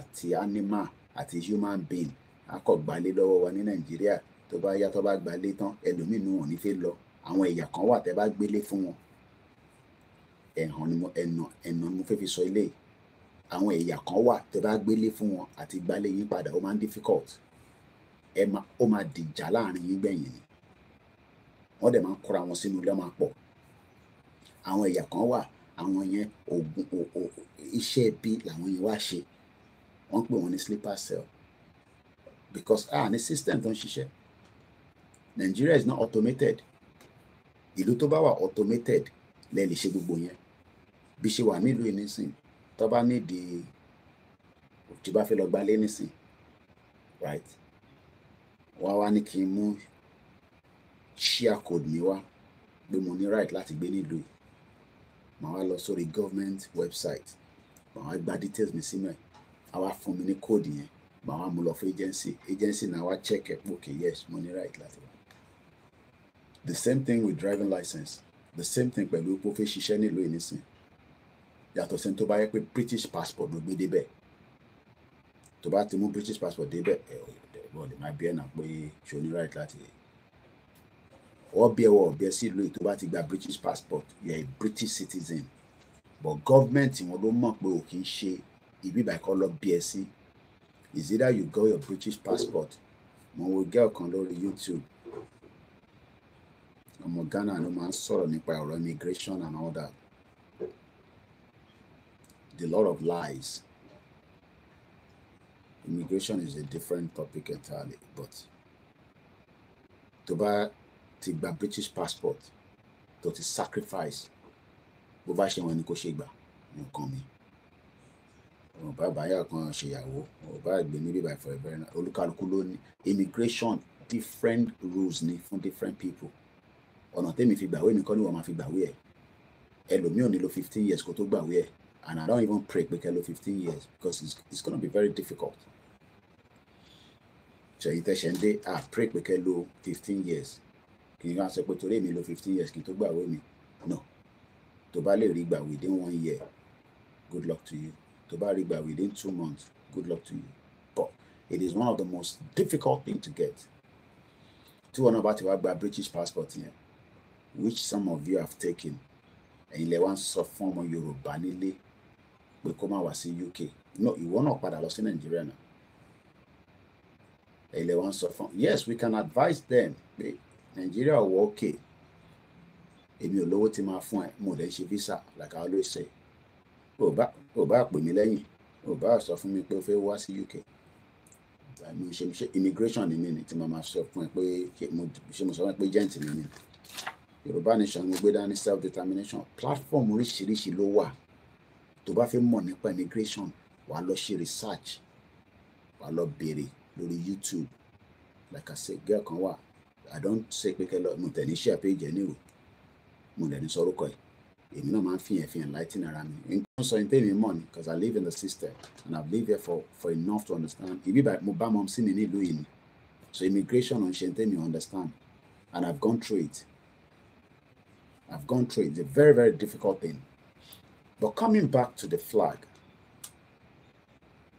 àti animal àti human being akọ̀gbalé lọ́wọ́ wa ní nàìjíríà tó bá yá tó bá gbalé tán ẹlòmínú wọn ní fẹ́ lọ àwọn ẹ̀yà kan wà tẹ́ bá gbélé fún wọn ẹ̀hàn ni mo ẹ̀nà ẹ̀nà ni mo fẹ́ fi sọ ilé àwọn ẹ̀yà kan wà tẹ́ bá gbélé fún wọn àti gbalé yín padà ó máa ń difficult ẹ máa ó máa dìjà láàrin yín gbẹ̀yìn ni wọ́n dẹ̀ máa ń kóra wọn sínú ilé máa pọ̀ àwọn ẹ̀yà kan wà àwọn yẹn oògùn iṣẹ́ ibi làwọn yẹn wá ṣe wọ́n pè wọ́n ní sleeper cell because ah ní system tó ń ṣiṣẹ́ Nigeria is not automated ìlú tó bá wà automated lè lè ṣe gbogbo yẹn bí ṣe wà nílùú yìí nísìn tó bá nídìí tí bá fẹ́ lọ gbalé nísìn right wá wá ní kí n mú share code mi wá pé mo ní right láti gbé nílùú yìí màá wá lọ sórí government website màá wá gba details mi sínú ẹ̀ àwa fún mi ní kóòdù yẹn màá wá mú lọ fún agency agency náà wá check ẹ̀ pé okay yes mo ní right láti wá. the same thing with driving license the same thing pẹ̀lú pé ó fẹ́ ṣiṣẹ́ nílùú ìnísìn yàtọ̀ sẹ́ni tó bá yẹ pé british passport ló gbé débẹ̀ tó bá ti mú british passport débẹ̀ ẹ̀ ọ̀ lè má bí ẹ̀ náà pé ṣe o ní right láti ọbẹ̀ wọ ọbẹ̀ sí ìlú èyí tó bá ti gba British passport you are a British citizen but government wọn ló mọ̀ pé o kì í ṣe ibi ìbàkí ọ lọ bí ẹ sí is either you got your British passport mo wo girl kan lórí YouTube ọmọ Ghana ló máa ń sọ̀rọ̀ nípa ọ̀rọ̀ immigration and all that the lot of lies immigration is a different topic entirely but tó bá ti gba British passport tó ti sacrifice bó bá ṣe wọn ni kò ṣe gbà nǹkan mi ọba àbáyà kan ṣèyàwó ọba àgbẹ̀ níbí by for a very long olúkálukú ló ní immigration different rules ni fún different people ọ̀nà tẹ́mi fi gbàwé mi kọ́ ni wọ́n máa fi gbàwé ẹ̀ ẹlòmíì ò ní lo fifteen years kó tó gbàwé ẹ̀ and I don't even pray pé kẹ́ lo fifteen years because it's, it's gonna be very difficult ṣèyí tẹ̀sẹ̀ ń dé I pray pé kẹ́ lo fifteen years kì í máa sọ pé torí èmi lo fifteen years kí n tó gbàwé mi no tó bá lè rí gbà within one year good luck to you tó bá rí gbà within two months good luck to you but it is one of the most difficult thing to get tí wọn náà bá ti wá gba British passport yẹn which some of you have taken ẹ̀yin lẹ wá ń sọ fún ọmọ Yorùbá nílé pé kó má wá sí UK no ìwọ náà padà lọ sí Nàìjíríà náà ẹ̀yin lẹ wá ń sọ fún yes we can advise them pé. Nigeria ò wọ́ òkè èmi ò lówó ti máa fún ẹ mo lè ṣe visa like I always say ò bá pè mí lẹ́yìn ò bá sọ fún mi pé ó fẹ́ wá sí UK mo ṣe ṣe immigration ni mí ni tí mo máa sọ fún ẹ pé ṣe mo sọ fún ẹ pé gent ni mí Yorùbá nation mo gbé dání self determination platform oríṣiríṣi ló wà tó bá fẹ́ mọ̀ nípa immigration wà á lọ ṣe research wà á lọ béèrè lórí YouTube like I say girl kan wà i don't say pé kẹlọ mo tẹ̀ ní share page ẹ̀ níwò mo lẹ̀ ní sọ́rúkọ ẹ̀ èmi náà máa ń fihàn fi enlightening ara mi nǹkan sọ ìpè mi mọ̀ ni because i live in the system and i've lived here for for enough to understand ibi bá mo bá mọ sí ni nílùú yìí ni so immigration ò ń ṣe tẹ́mi understand and i've gone through it i've gone through it it's a very very difficult thing but coming back to the flag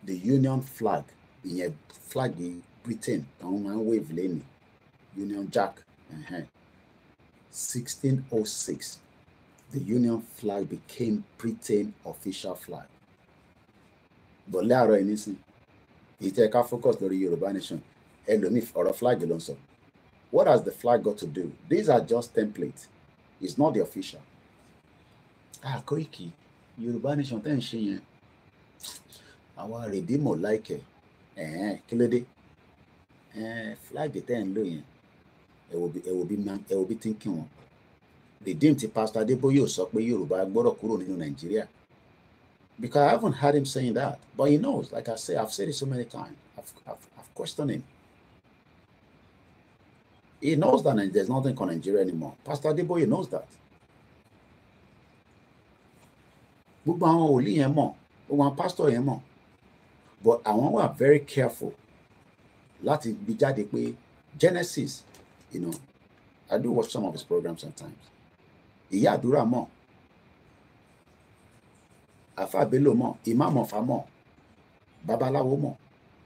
the union flag ìyẹn flag Britain àwọn máa ń wave lẹ́nu Union Jack uh-huh. 1606 the Union flag became Britain official flag But bọ̀ láàárọ̀ yìí nísìn ìtẹ́ ká focus lórí Yorùbá nation ẹlòmíì ọ̀rọ̀ flag ló ń sọ what has the flag got to do these are just templates it's not the official àkóríkì Yorùbá nation tẹ́ ń ṣe yẹn àwa rèdímọ̀ láìkẹ̀ ẹ̀ẹ́n eh, ló dé flag tẹ́ ń lò ẹ wò bí ẹ wò bí ẹ wò bí tínkì wọn redeem ti pastor adeboye ò sọ pé yorùbá gbọ́dọ̀ kúrò nínú nàìjíríà because i haven't heard him saying that but he knows like i say i've said it so many times i've, I've, I've questioned him he knows that there's nothing called nigeria anymore pastor adeboye knows that gbogbo àwọn òlì yẹn mọ̀ gbogbo àwọn pastor yẹn mọ̀ but àwọn wà very careful láti gbé jáde pé genesis you know, I do watch some of his programs sometimes. Iya dura mo, mọ̀, àfàbélò mo, Imam of mọ̀, babaláwo mọ̀.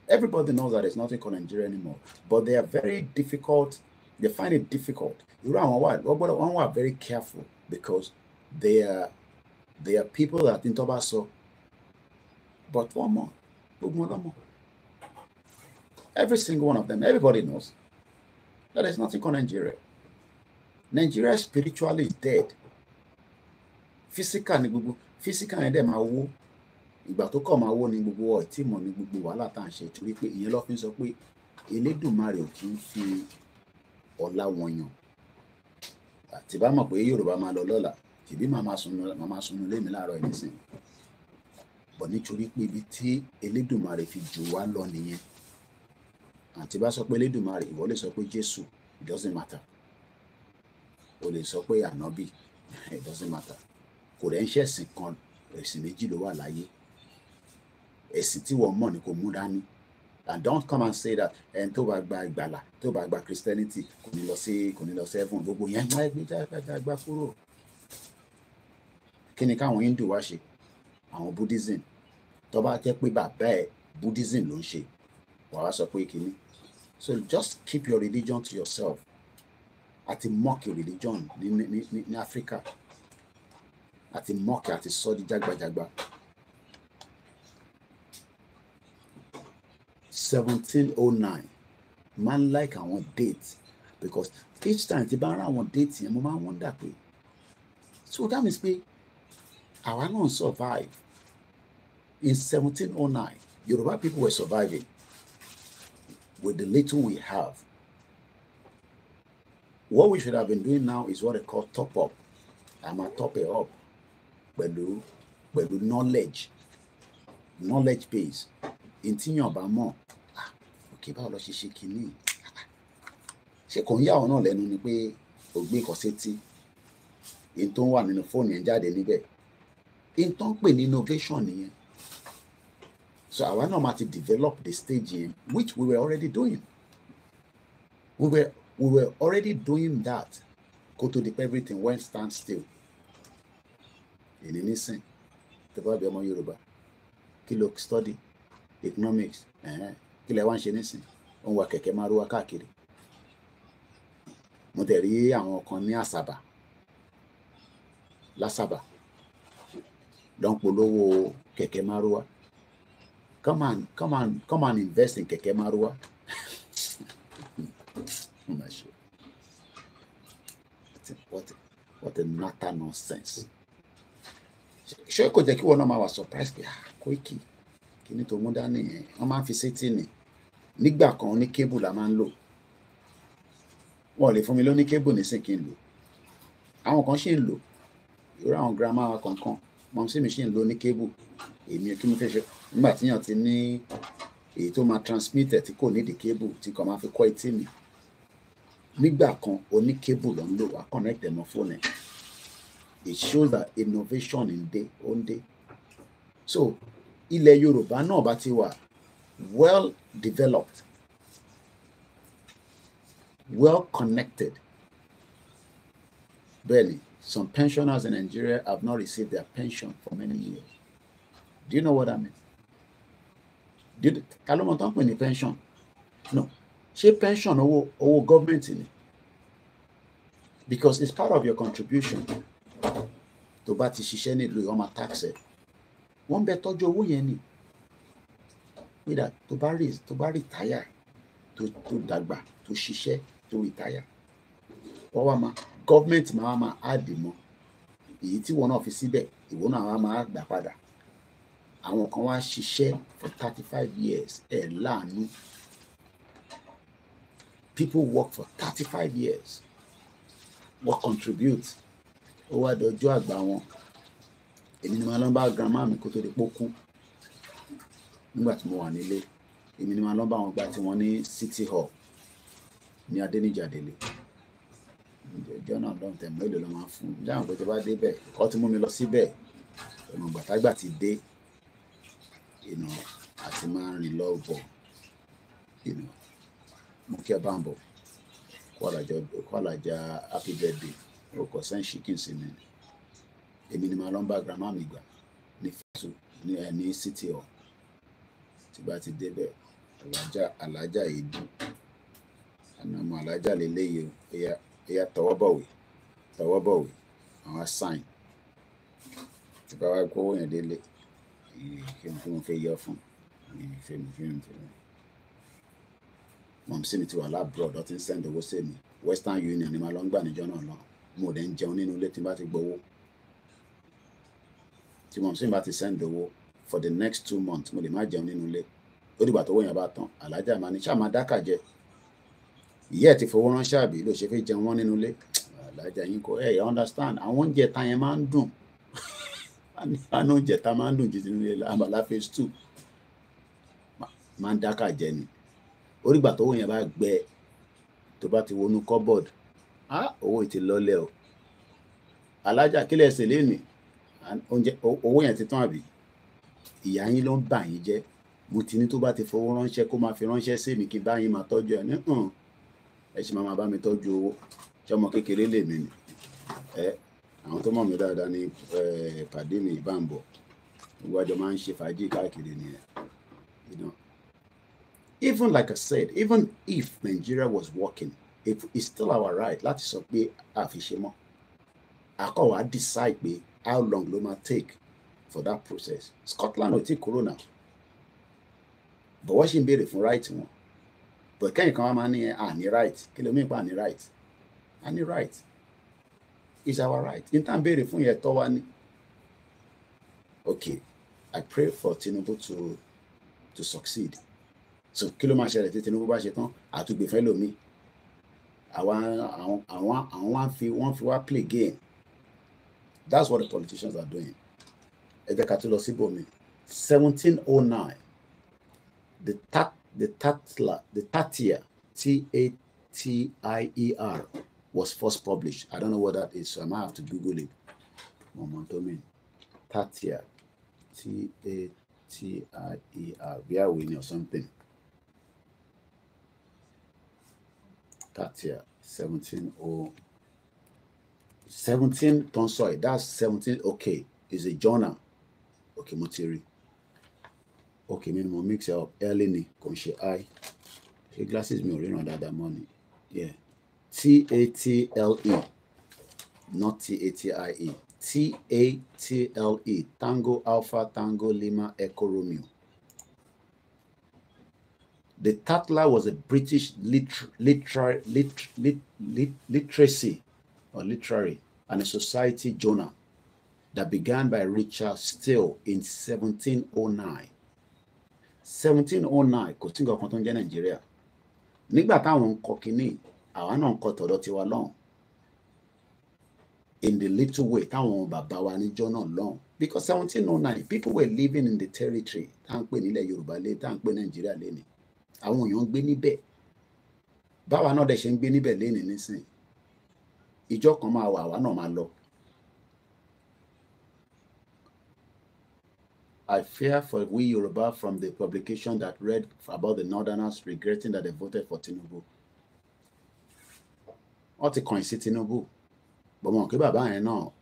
Everybody knows that there's nothing called Nigeria anymore, but they are very difficult. They find it difficult. Irú àwọn wà gbọ́dọ̀ wọ́n wà very careful because they are they are people that in tọ́ba sọ but one more, Every single one of them, everybody knows. That is nothing called Nigeria. Nigeria spiritually is dead. Physical physical yẹn dẹ̀ máa wó. Ìgbà tó kọ̀ máa wó ni gbogbo ọ̀tí mọ̀ ni gbogbo wàhálà tá à ń ṣe torí pé ìyẹn lọ́ fi ń sọ pé Elédùmarè ò kì í fi ọ̀la wọn yàn. Àti bá mọ̀ pé Yorùbá máa lọ lọ́la tìbí màá máa sunu lémi láàárọ̀ ẹ̀ nísìnyí. Bọ̀ nítorí pé ibi tí Elédùmarè fi jù wá lọ nìyẹn àti bá sọ pé Elédùmarè ìwọ lè sọ pé Jésù it doesn't matter o lè sọ pé ànábì it doesn't matter kò rẹ̀ ń ṣẹ̀sìn kan ẹ̀sìn méjì ló wà láyé ẹ̀sìn tí wọ́n mọ̀ ni kò mú dání and don't come and say that ẹni tó bá gba ìgbàlà tó bá gba Christianity kò ní lọ sí kò ní lọ sí heaven gbogbo yẹn máa gbé jágbá kúrò kí ni káwọn Hindu wá ṣe àwọn Buddhism tó bá jẹ́ pé bàbá ẹ̀ Buddhism ló ń ṣe wàá sọ pé kínní So just keep your religion to yourself. Àti mọ́ọ̀kì religion in ní ní ní Áfíríkà. Àti mọ́ọ̀kì àti sọ́ọ́dí jágbajàgba. seventeen oh nine man like I want date because each time the bá want ra àwọn date yẹn mo máa ń so that means pé àwa náà survive in seventeen oh nine Yorùbá people were surviving with the little we have. What we should have been doing now is what they call top up. I'm a top it up pẹ̀lú pẹ̀lú knowledge knowledge base. Ìtìyàn bá mọ̀ òkè báwo lọ ṣe ṣe kínní. Ṣé kò ń yà ọ́ náà lẹ́nu ni pé ògbé kan sétí in ń wà nínú fóònù yẹn jáde níbẹ̀. In ń pè ní innovation nìyẹn So I náà máa ti develop the stage which we were already doing. We were we were already doing that kó tó di everything went stand still. Èyí nísìn tó bá bí ọmọ Yorùbá kí ló study economics kí lẹ wá ń ṣe nísìn ó ń wa kẹ̀kẹ́ máa rúwa káàkiri. Mo dẹ̀ rí àwọn kan ní Àsàbà lásàbà lọ́n polówó kẹ̀kẹ́ come on, come on, come on! invest in Keke Marua. I'm not sure. What what a matter nonsense. ṣé kò jẹ́ kí wọn náà máa wà surprise pé ah, Koiki kí ni tó mú dání yẹn wọ́n máa ń fi back on nígbà kan ní kébù la máa ń lò wọn ò lè fún mi lóní kébù nísìn kí n lò àwọn kan ṣì ń lò irú àwọn girama wa kankan mọ̀mísí mi ṣì ń lò ní kébù èmi kí mo fẹ́ ṣe nígbà tíyàn ti ní èyí tó máa transmitter tí kò nídìí cable tí kò máa fi kọ́ etí mi nígbà kan oní cable ló ń lò wá connect ẹ̀ mọ́ fóònù ẹ̀ it shows that innovation ń dé ó ń dé so ilẹ̀ Yorùbá náà bá ti wà well developed well connected barely some pensioners in Nigeria have not received their pension for many years do you know what i mean did kalọ́mọ tó ń pè ní pension no She pension owó owó gọ́ọ̀mẹ̀ntì ni because it's part of your contribution To bá ti ṣiṣẹ́ nílùú yìí wọ́n máa tax ẹ̀ wọ́n bẹ tọ́jú owó yẹn ni pẹ̀lú To bá rí to bá retire tó tó dàgbà tó ṣiṣẹ́ tó retire wọ́n wá máa gọ́ọ̀mẹ̀ntì máa máa áàdì mọ́ èyí tí wọn náà fi síbẹ̀ ìwọ náà wá máa gbà padà àwọn kan wá ṣiṣẹ́ for thirty five years ẹ̀ láàánú people work for thirty five years wọ́n contribute ó wá dọjọ́ àgbà wọn èmi ni màá lọ bá grandma mi kó tó di pókú nígbà tí mo wà nílé èmi ni màá lọ bá wọn gba tí wọ́n ní city hall ní adéníjàdélé ìjọ náà lọ́n tẹ̀ mélòó ló máa fún un jáwọn pé tó bá débẹ̀ kọ́ ti mú mi lọ síbẹ̀ ọ̀nà ìgbà ti dé you know àti máa ń rìn lọ́ọ̀bọ̀ you know mo kí ẹ bá ń bọ̀ kó àlàjá happy birthday orúkọ sẹ́yìn chicken sí mi èmi ni màá lọ ń bá grandma mi gbà ní fẹ́tù ní ẹ eh, ní city hall tí bá ti débẹ̀ àlàjá àlàjá yìí dùn àná ọmọ àlàjá lélẹ́yìí ẹ̀yà ẹ̀yà sign tí bá wá kówó yẹn kí n tí wọ́n fẹ́ yọ fún mi fẹ́ mi fẹ́ mi fẹ́ mi. mọ̀mísí mi ti wà lábúrò ọ̀dọ́ tí Western Union ni màá long ń gbà níjọ́ náà lọ mo lè ń jẹun nínú ilé tí n bá send gbowó tí mọ̀mísí mi for the next two months mo lè má jẹun nínú ilé ó dìgbà tó wọ́n yẹn bá tán alájà máa ní sáà máa dákà jẹ ìyá ẹ̀ ti fowó ránṣẹ́ àbí ló ṣe fẹ́ jẹun wọn nínú ilé alájà yín kò ẹ̀ understand I oúnjẹ ta yẹn máa ń dùn àánú oúnjẹ tá a máa ń dùn jìjì nílé àmàlà phase two máa ń dákà jẹ ni orígbà tó wọ̀nyẹn bá gbẹ tó bá ti wọnú cupboard á owó ti lọ́lẹ̀ o alájà kílẹ̀ ṣe léèní oúnjẹ owó yẹn ti tán àbí ìyá yín ló ń bà yín jẹ́ mo ti ní tó bá ti fowó ránṣẹ́ kó máa fi ránṣẹ́ sí mi kí bá yín máa tọ́jú ẹ̀ ní ẹ ṣì máa bá mi tọ́jú owó ṣé kékeré lèmi ni ẹ àwọn tó mọ̀ mí dáadáa ni eh, pàdé mi ìbámbọ̀ gbogbo àjọ máa ń ṣe fàájì káàkiri nìyẹn. even like I said, even if Nigeria was working, if it's still our right láti sọ pé àfiṣemọ́ àkọ́wà decide pé how long ló máa take for that process Scotland ò tí kúrò náà but wọ́n ṣì ń béèrè fún right wọn but kẹ́yìn kan wá máa ní àní right kí ló mìíràn pa àní right àní right is our right in tàn béèrè fún yẹn tọ́ wa ni okay i pray for Tinubu to to succeed so kí Tinubu ba ṣẹlẹ̀ I Tinubu bá ṣe tán àtúgbèfẹ́ lomi àwọn àwọn àwọn àwọn wá fi wọ́n fi wá play game that's what the politicians are doing The jẹ́ ká tó lọ seventeen oh nine the tat the tatler the tatia t a t i e r was first published. I don't know what that is, so um, I might have to Google it. Momentum. Tatia. T A T I E R. We are winning or something. Tatia. 1700. 17 tonsoi. That's 17. Okay. Is a journal. Okay, Motiri. Okay, mi mo mix up. Eleni, kò ń ṣe glasses mi ò ríran dáadáa money. Yeah. T A T L E, not T A T I E. T A T L E, Tango Alpha Tango Lima Echo Romeo. The Tatler was a British liter liter liter lit lit literacy or literary and a society journal that began by Richard Steele in 1709. 1709 kò sí nǹkan kan tó ń jẹ́ àwa náà ń kọ tọ̀dọ̀ tiwa lọ́hùn in the little way táwọn bàbá wa níjọ́ náà lọ́hùn because seventeen oh nine people were living in the territory tá à ń pè nílẹ̀ Yorùbá lé tá à ń pè Nàìjíríà lẹ́nu àwọn èèyàn ń gbé níbẹ̀ báwa náà dẹ̀ ṣe ń gbé níbẹ̀ lẹ́nu nísìn ìjọ kan máa wà àwa náà máa lọ. I fear for we Yoruba from the publication that read about the Northerners regretting that they voted for Tinubu wọ́n ti kàn sí Tinubu gbọmọ kí bàbá yẹn náà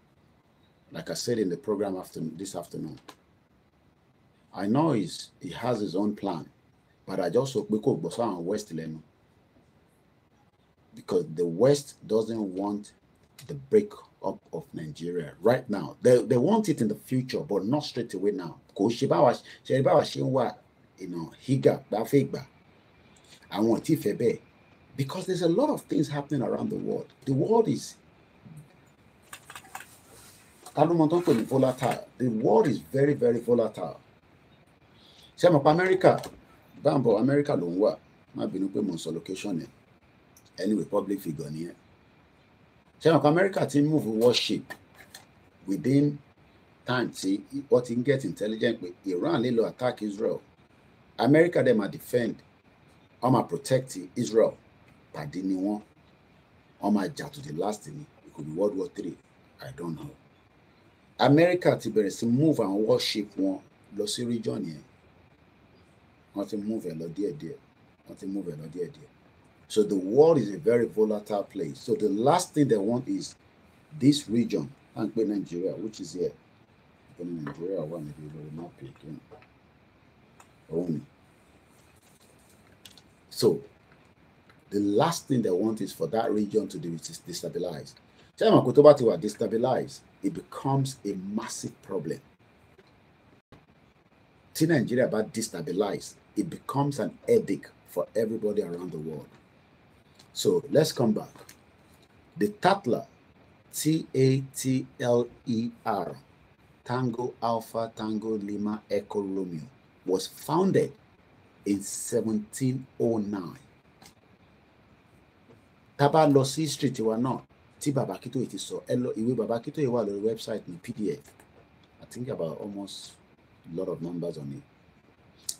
like I said in the program after, this afternoon I know he's, he has his own plan but I just sọ pé kò gbọ́ sáwọn West lẹ́nu because the West doesn't want the break up of Nigeria right now they, they want it in the future but not straight away now kò ṣe báwa ṣe báwa ṣe ń wà ìnà hígà gbáfẹ́ ìgbà àwọn ò tí fẹ́ bẹ́ẹ̀ because there's a lot of things happening around the world. The world is volatile. The world is very, very volatile. Ṣé mo America? Báńbọ̀ America ló ń wà. Má bínú location Anyway, public figure nìyẹn. Ṣé mo America team move worship within time See what ti get intelligent With Iran lè lọ attack Israel. America dem ma defend, I'm ma protect Israel pàdé ni wọ́n wọ́n máa jà to the last ni it could be world war three i don't know america ti bẹ̀rẹ̀ sí move and worship wọn lọ sí region yẹn wọ́n ti move ẹ̀ lọ díẹ̀díẹ̀ wọ́n ti move ẹ̀ lọ díẹ̀díẹ̀ so the world is a very volatile place so the last thing they want is this region à ń pè nigeria which is here ìpínlẹ̀ nigeria wà níbi lórí map again òun ni so the last thing they want is for that region to be destabilized. Chairman Kutuba Tiwa destabilized, it becomes a massive problem. Tí Nigeria about destabilized, it becomes an epic for everybody around the world. So let's come back. The Tatler, T A T L E R, Tango Alpha Tango Lima Echo Romeo, was founded in 1709 tá a bá lọ sí history tiwa náà tí baba Akíntóyè ti sọ ẹ lọ ìwé baba Akíntóyè wà lórí website ní pdf i think about almost a lot of numbers on it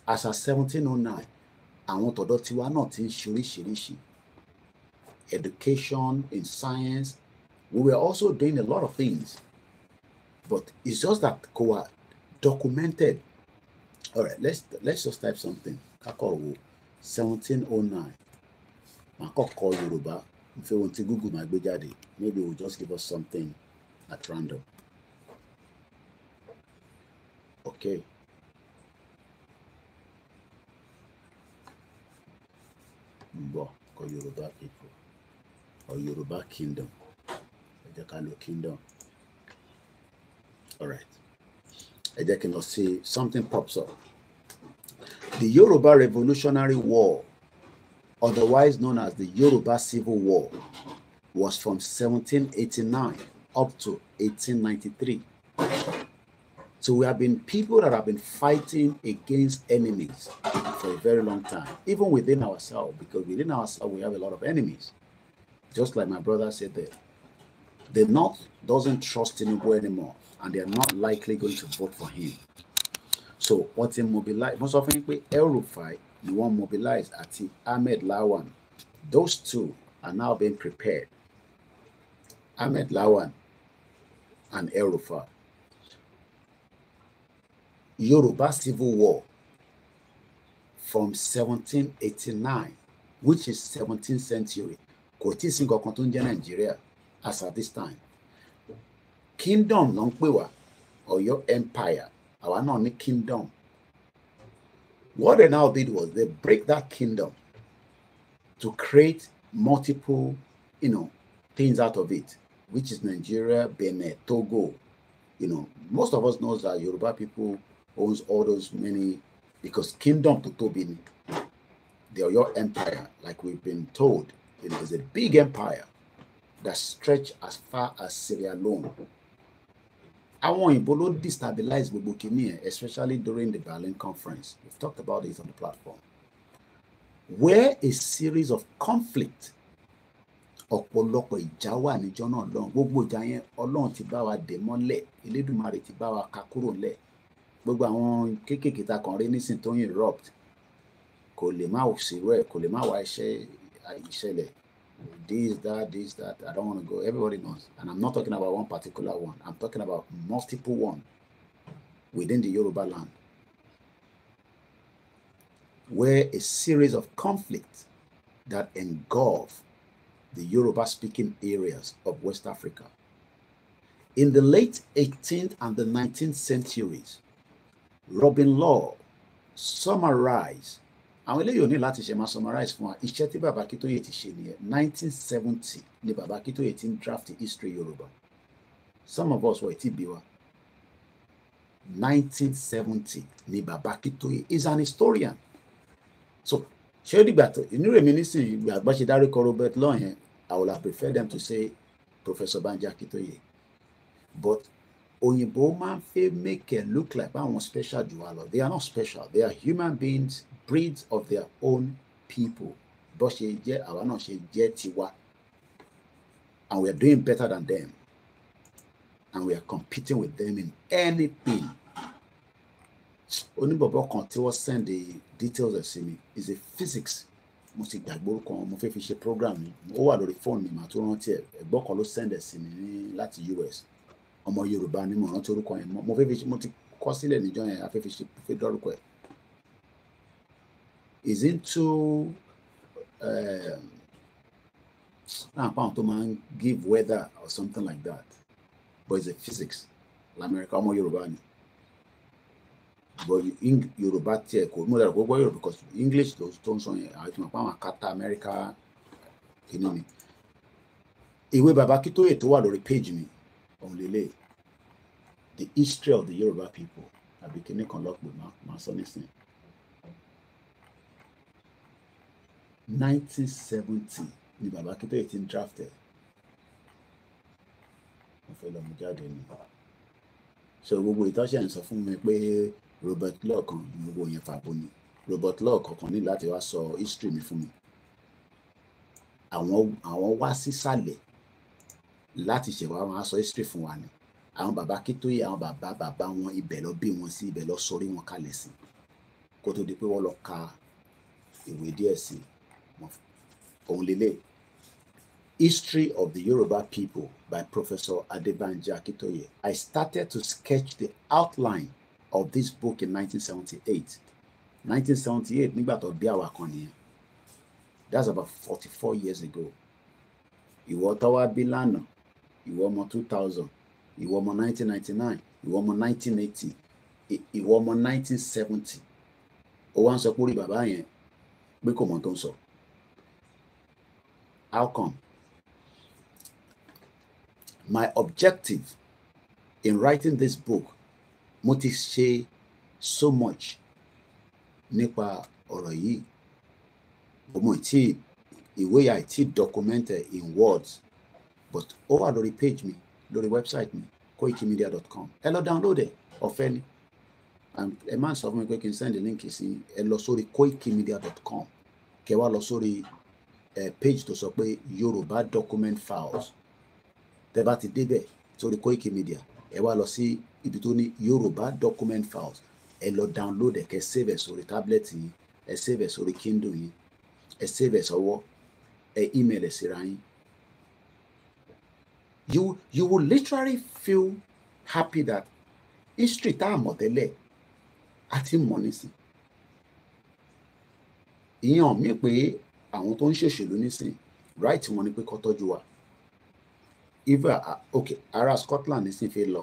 as a seventeen oh nine àwọn tọ̀dọ̀ tiwa náà ti ń ṣe oríṣiríṣi education in science we were also doing a lot of things but it's just that kò wá documented all right let's let's just type something kakọ̀wò seventeen oh nine má kọ̀kọ́ yorùbá n fẹ́ ohun tí google máa gbé jáde maybe we we'll just give us something at random okay. Mbọ̀ kọ Yorùbá people or Yorùbá kingdom ẹ jẹ́ kingdom All right. jẹ́ kí n lọ sí something pops up the Yorùbá revolutionary war otherwise known as the Yoruba Civil War, was from 1789 up to 1893. So we have been people that have been fighting against enemies for a very long time, even within ourselves, because within ourselves we have a lot of enemies. Just like my brother said there, the North doesn't trust Tinubu anymore, and they are not likely going to vote for him. So what immobilized most often we El Rufai ni wọ́n mobilize at Ahmed Lawan those two are now being prepared Ahmed Lawan and El-Rufai Yoruba civil war from 1789 which is 17th century kò tí ì sí nǹkan kan as at this time kingdom ló or your empire our náà kingdom What they now did was they break that kingdom to create multiple, you know, things out of it, which is Nigeria, Benin, Togo. You know, most of us knows that Yoruba people owns all those many because kingdom to Tobin, are your empire, like we've been told, it is a big empire that stretch as far as Sierra Leone àwọn òyìnbó ló destabilize gbogbo kìíní ẹ especially during the Berlin conference we've talked about it on the platform where a series of conflict ọ̀pọ̀lọpọ̀ ìjà wà níjọ́ náà lọ́hùn gbogbo ìjà yẹn ọlọ́run ti bá wa dè mọ́lẹ̀ elédùnmarè ti bá wa ka kúrò ńlẹ̀ gbogbo àwọn kéékèèké ta kàn rí nísìn tó ń erupt kò lè má ṣèrú ẹ̀ kò lè má wá iṣẹ́ ìṣẹ̀lẹ̀ this, that, this, that. I don't want to go. Everybody knows. And I'm not talking about one particular one. I'm talking about multiple one within the Yoruba land where a series of conflicts that engulf the Yoruba-speaking areas of West Africa. In the late 18th and the 19th centuries, Robin Law summarized àwọn eléyìí ò ní láti ṣe máa summarize fún wa iṣẹ́ tí bàbá Akíntóyè ti ṣe nìyẹn 1970 ni bàbá Akíntóyè ti ń draft history Yorùbá some of us were ti bí wa 1970 ni bàbá Akíntóyè is an historian so ṣé ó dìgbà tó inú rèmi nísìnyí àgbà ṣe dárúkọ Robert Law yẹn I would have preferred them to say Professor Banja Akíntóyè but òyìnbó máa ń fẹ́ make it look like báwọn special jù wá lọ they are not special they are human beings Breeds of their own people bó ṣe jẹ́ àwa náà ṣe jẹ́ tiwa and we are doing better than them and we are competing with them in anything oníbọ̀bọ̀ kan tí wọ́n send the details ẹ̀ sí mi is a physics mo ti gbàgbé orúkọ wọn mo fẹ́ fi ṣe program mi ó wà lórí fóònù mi màá tó rántí ẹ̀ ẹ̀gbọ́n kan ló send ẹ̀ sí mi ní láti US ọmọ Yorùbá ni mo rántí orúkọ yẹn mo fẹ́ fi mo ti kọ sílẹ̀ níjọ́ yẹn a ṣe fẹ́ dọ́rùkọ ẹ̀ is into náà pa give weather or something like that but it's a physics America ọmọ yorùbá but yorùbá tiẹ̀ kò mú dàrú gbogbo yorùbá because english ló tó ń sọ yẹn àwọn ìtumọ̀ pa àwọn akata amẹ́ríkà kìíní ni ìwé baba Akíntóyè tó wà lórí page mi òun the history of the yorùbá people àbí kìíní kan lọ́pọ̀ máa sọ nísìnyí. 1970. seventy ni bàbá Akíntóyè ti ń draft ẹ̀ wọ́n fẹ́ jáde ni so gbogbo ìtọ́sẹ̀ ń sọ fún mi pé Robert Law kan ni gbogbo yẹn fàbọ ni Robert Law kọ̀ọ̀kan ní láti wá sọ history mi fún mi àwọn àwọn wá sísàlẹ̀ láti ṣẹ̀wá wọn á sọ history fún wa ni àwọn bàbá Akíntóyè àwọn bàbá bàbá wọn ibẹ̀ lọ bí wọn sí ibẹ̀ lọ sọrí wọn kalẹ̀ sí kó tó di pé wọ́n lọ ka ìwé díẹ̀ sí i òun lélẹ̀ History of the Yoruba People by Professor Adebanji Akintoye. I started to sketch the outline of this book in 1978. 1978 nígbà tó bí àwa kan nìyẹn that's about 44 years ago ìwọ tó wá bí lánàá ìwọ ọmọ 2000 ìwọ ọmọ 1999 ìwọ ọmọ 1980 ìwọ ọmọ 1970 ó wá ń sọ pé orí bàbá yẹn pé kò mọ tó ń sọ How come? My objective in writing this book, mo ti ṣe so much nípa ọ̀rọ̀ yìí. Mo ti ìwé yà ti documented in words but ó wà lórí page mi lórí website mi koikimedia.com ẹ lọ download ẹ ọ̀fẹ́ ni ẹ má sọ fún mi pé kí n send link sí ẹ lọ sórí koikimedia.com kẹ wá lọ sórí eh, page tó sọ pé Yorùbá document files tẹ́ bá ti débẹ̀ sórí Koiki Media ẹ wá lọ sí ibi tó ní Yorùbá document files ẹ lọ download ẹ kẹ́ save ẹ sórí tablet yín ẹ save ẹ sórí Kindle yín ẹ save ẹ sọ́wọ́ ẹ email ẹ síra yín you you will literally feel happy that history tá a mọ̀ tẹ́lẹ̀ a ti mọ̀ nísìn ìyẹn hàn mí pé àwọn tó ń ṣèṣèlú nísìn right wọn ni pé kó tọ́jú wa eva ah, ok ará Scotland nísìn fẹ́ lọ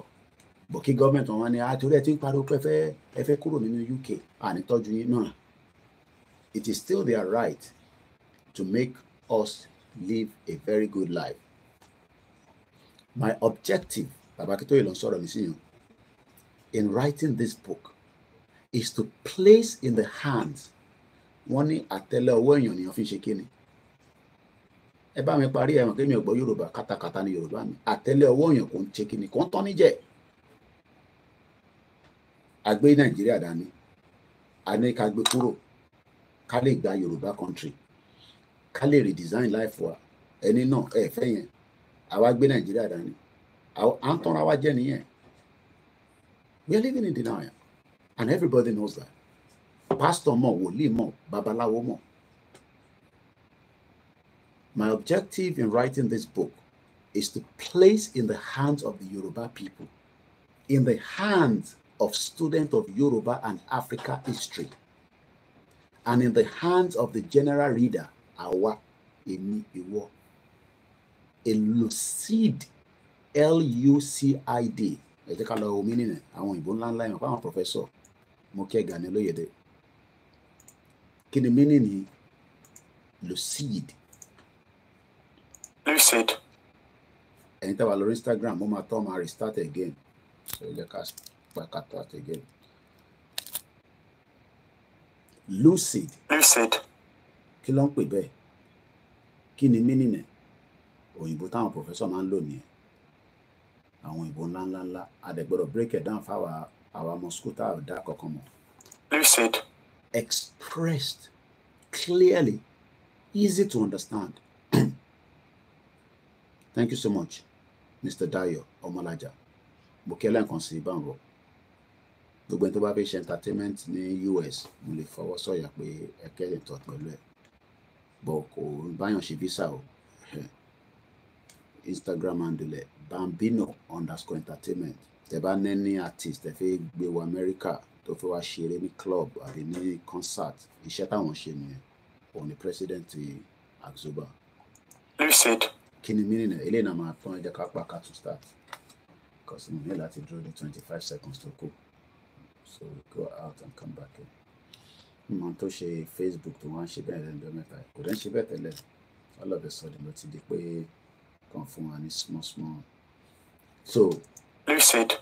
bọ̀ kí gọ́ọ̀mẹ̀ntì wọn ni àtúrẹ́ ah, ti ń pariwo pé ẹ fẹ́ kúrò nínú UK ànítọ́jú yín náà it is still their right to make us live a very good life my objective bàbá Akíntóyè ló ń sọ̀rọ̀ nísìnyí in writing this book is to place in the hands wọ́n ní àtẹ́lẹ ọwọ́ èèyàn nìyàn fi ṣe kíni ẹ bá mi parí ẹ̀wọ̀n kémi ò gbọ́ yorùbá kátàkátà ní yorùbá mi àtẹ́lẹ ọwọ́ èèyàn kò ń ṣe kíni kò ń tán níjẹ́ àgbé nàìjíríà dání a ní ká gbé kúrò ká lè gba yorùbá country ká lè redesign life wa ẹni náà ẹ fẹ́ yẹn àwa gbé nàìjíríà dání à ń tanra wa jẹ nìyẹn we are living in denial and everybody knows that pásítọ̀ mọ̀ wòlíì mọ̀ babaláwo mọ̀. My objective in writing this book is to place in the hands of the Yoruba people, in the hands of students of Yoruba and Africa history, and in the hands of the general reader, Awa Emi Iwo, a lucid L-U-C-I-D. Ẹ jẹ́ ká lọ omi nínú àwọn ìbò ńláńlá yẹn fáwọn pòfẹ́sọ̀ Mokẹ́ Gani Lóyèdè kí ni mínìní lucid. lucid. ẹ̀yin tá a wà lórí instagram mo máa tọ́ máa restart again so ẹ jẹ́ ká pa ká start again. lucid. lucid. kí ló ń pè bẹ́ẹ̀ kí ni mínìní òyìnbó táwọn professor máa ń lò nìyẹn àwọn ìbò ńláńláńlá a dẹ̀ gbọ́dọ̀ break it down fáwọn àwa mosquito àdá kọ̀ọ̀kan mọ̀. lucid expressed clearly, easy to understand. Thank you so much, Mr. Dayo Omalaja. Mo kí ẹlẹ́ǹkan sí Báńrọ̀. Gbogbo ẹni tó bá fi ṣe entertainment ní US, mo lè fọwọ́ sọ̀yà pé ẹ̀kẹ́ lè Boko pẹ̀lú ẹ̀. Bọ̀ kò báyàn Instagram handle Bambino underscore entertainment. Tẹ bá artist, ẹ fẹ́ America tó fẹ́ wá ṣeré ní club àbí ní concert iṣẹ́ táwọn ṣe nìyẹn òun ni president Axoba. lucid. kí ni mínínà eléyìí náà máa tán ẹ jẹ́ ká pa ká tún start because mo ní láti dúró ní twenty five seconds tó kù so we go out and come back in. mo tó ṣe Facebook tó wọ́n ń ṣe bẹ́ẹ̀ lẹ́nu bẹ́ẹ̀ mẹ́ta kò dẹ́n ṣe bẹ́ẹ̀ tẹ́lẹ̀ all of a sudden ló ti di pé kàn fún wa ní small small so. lucid.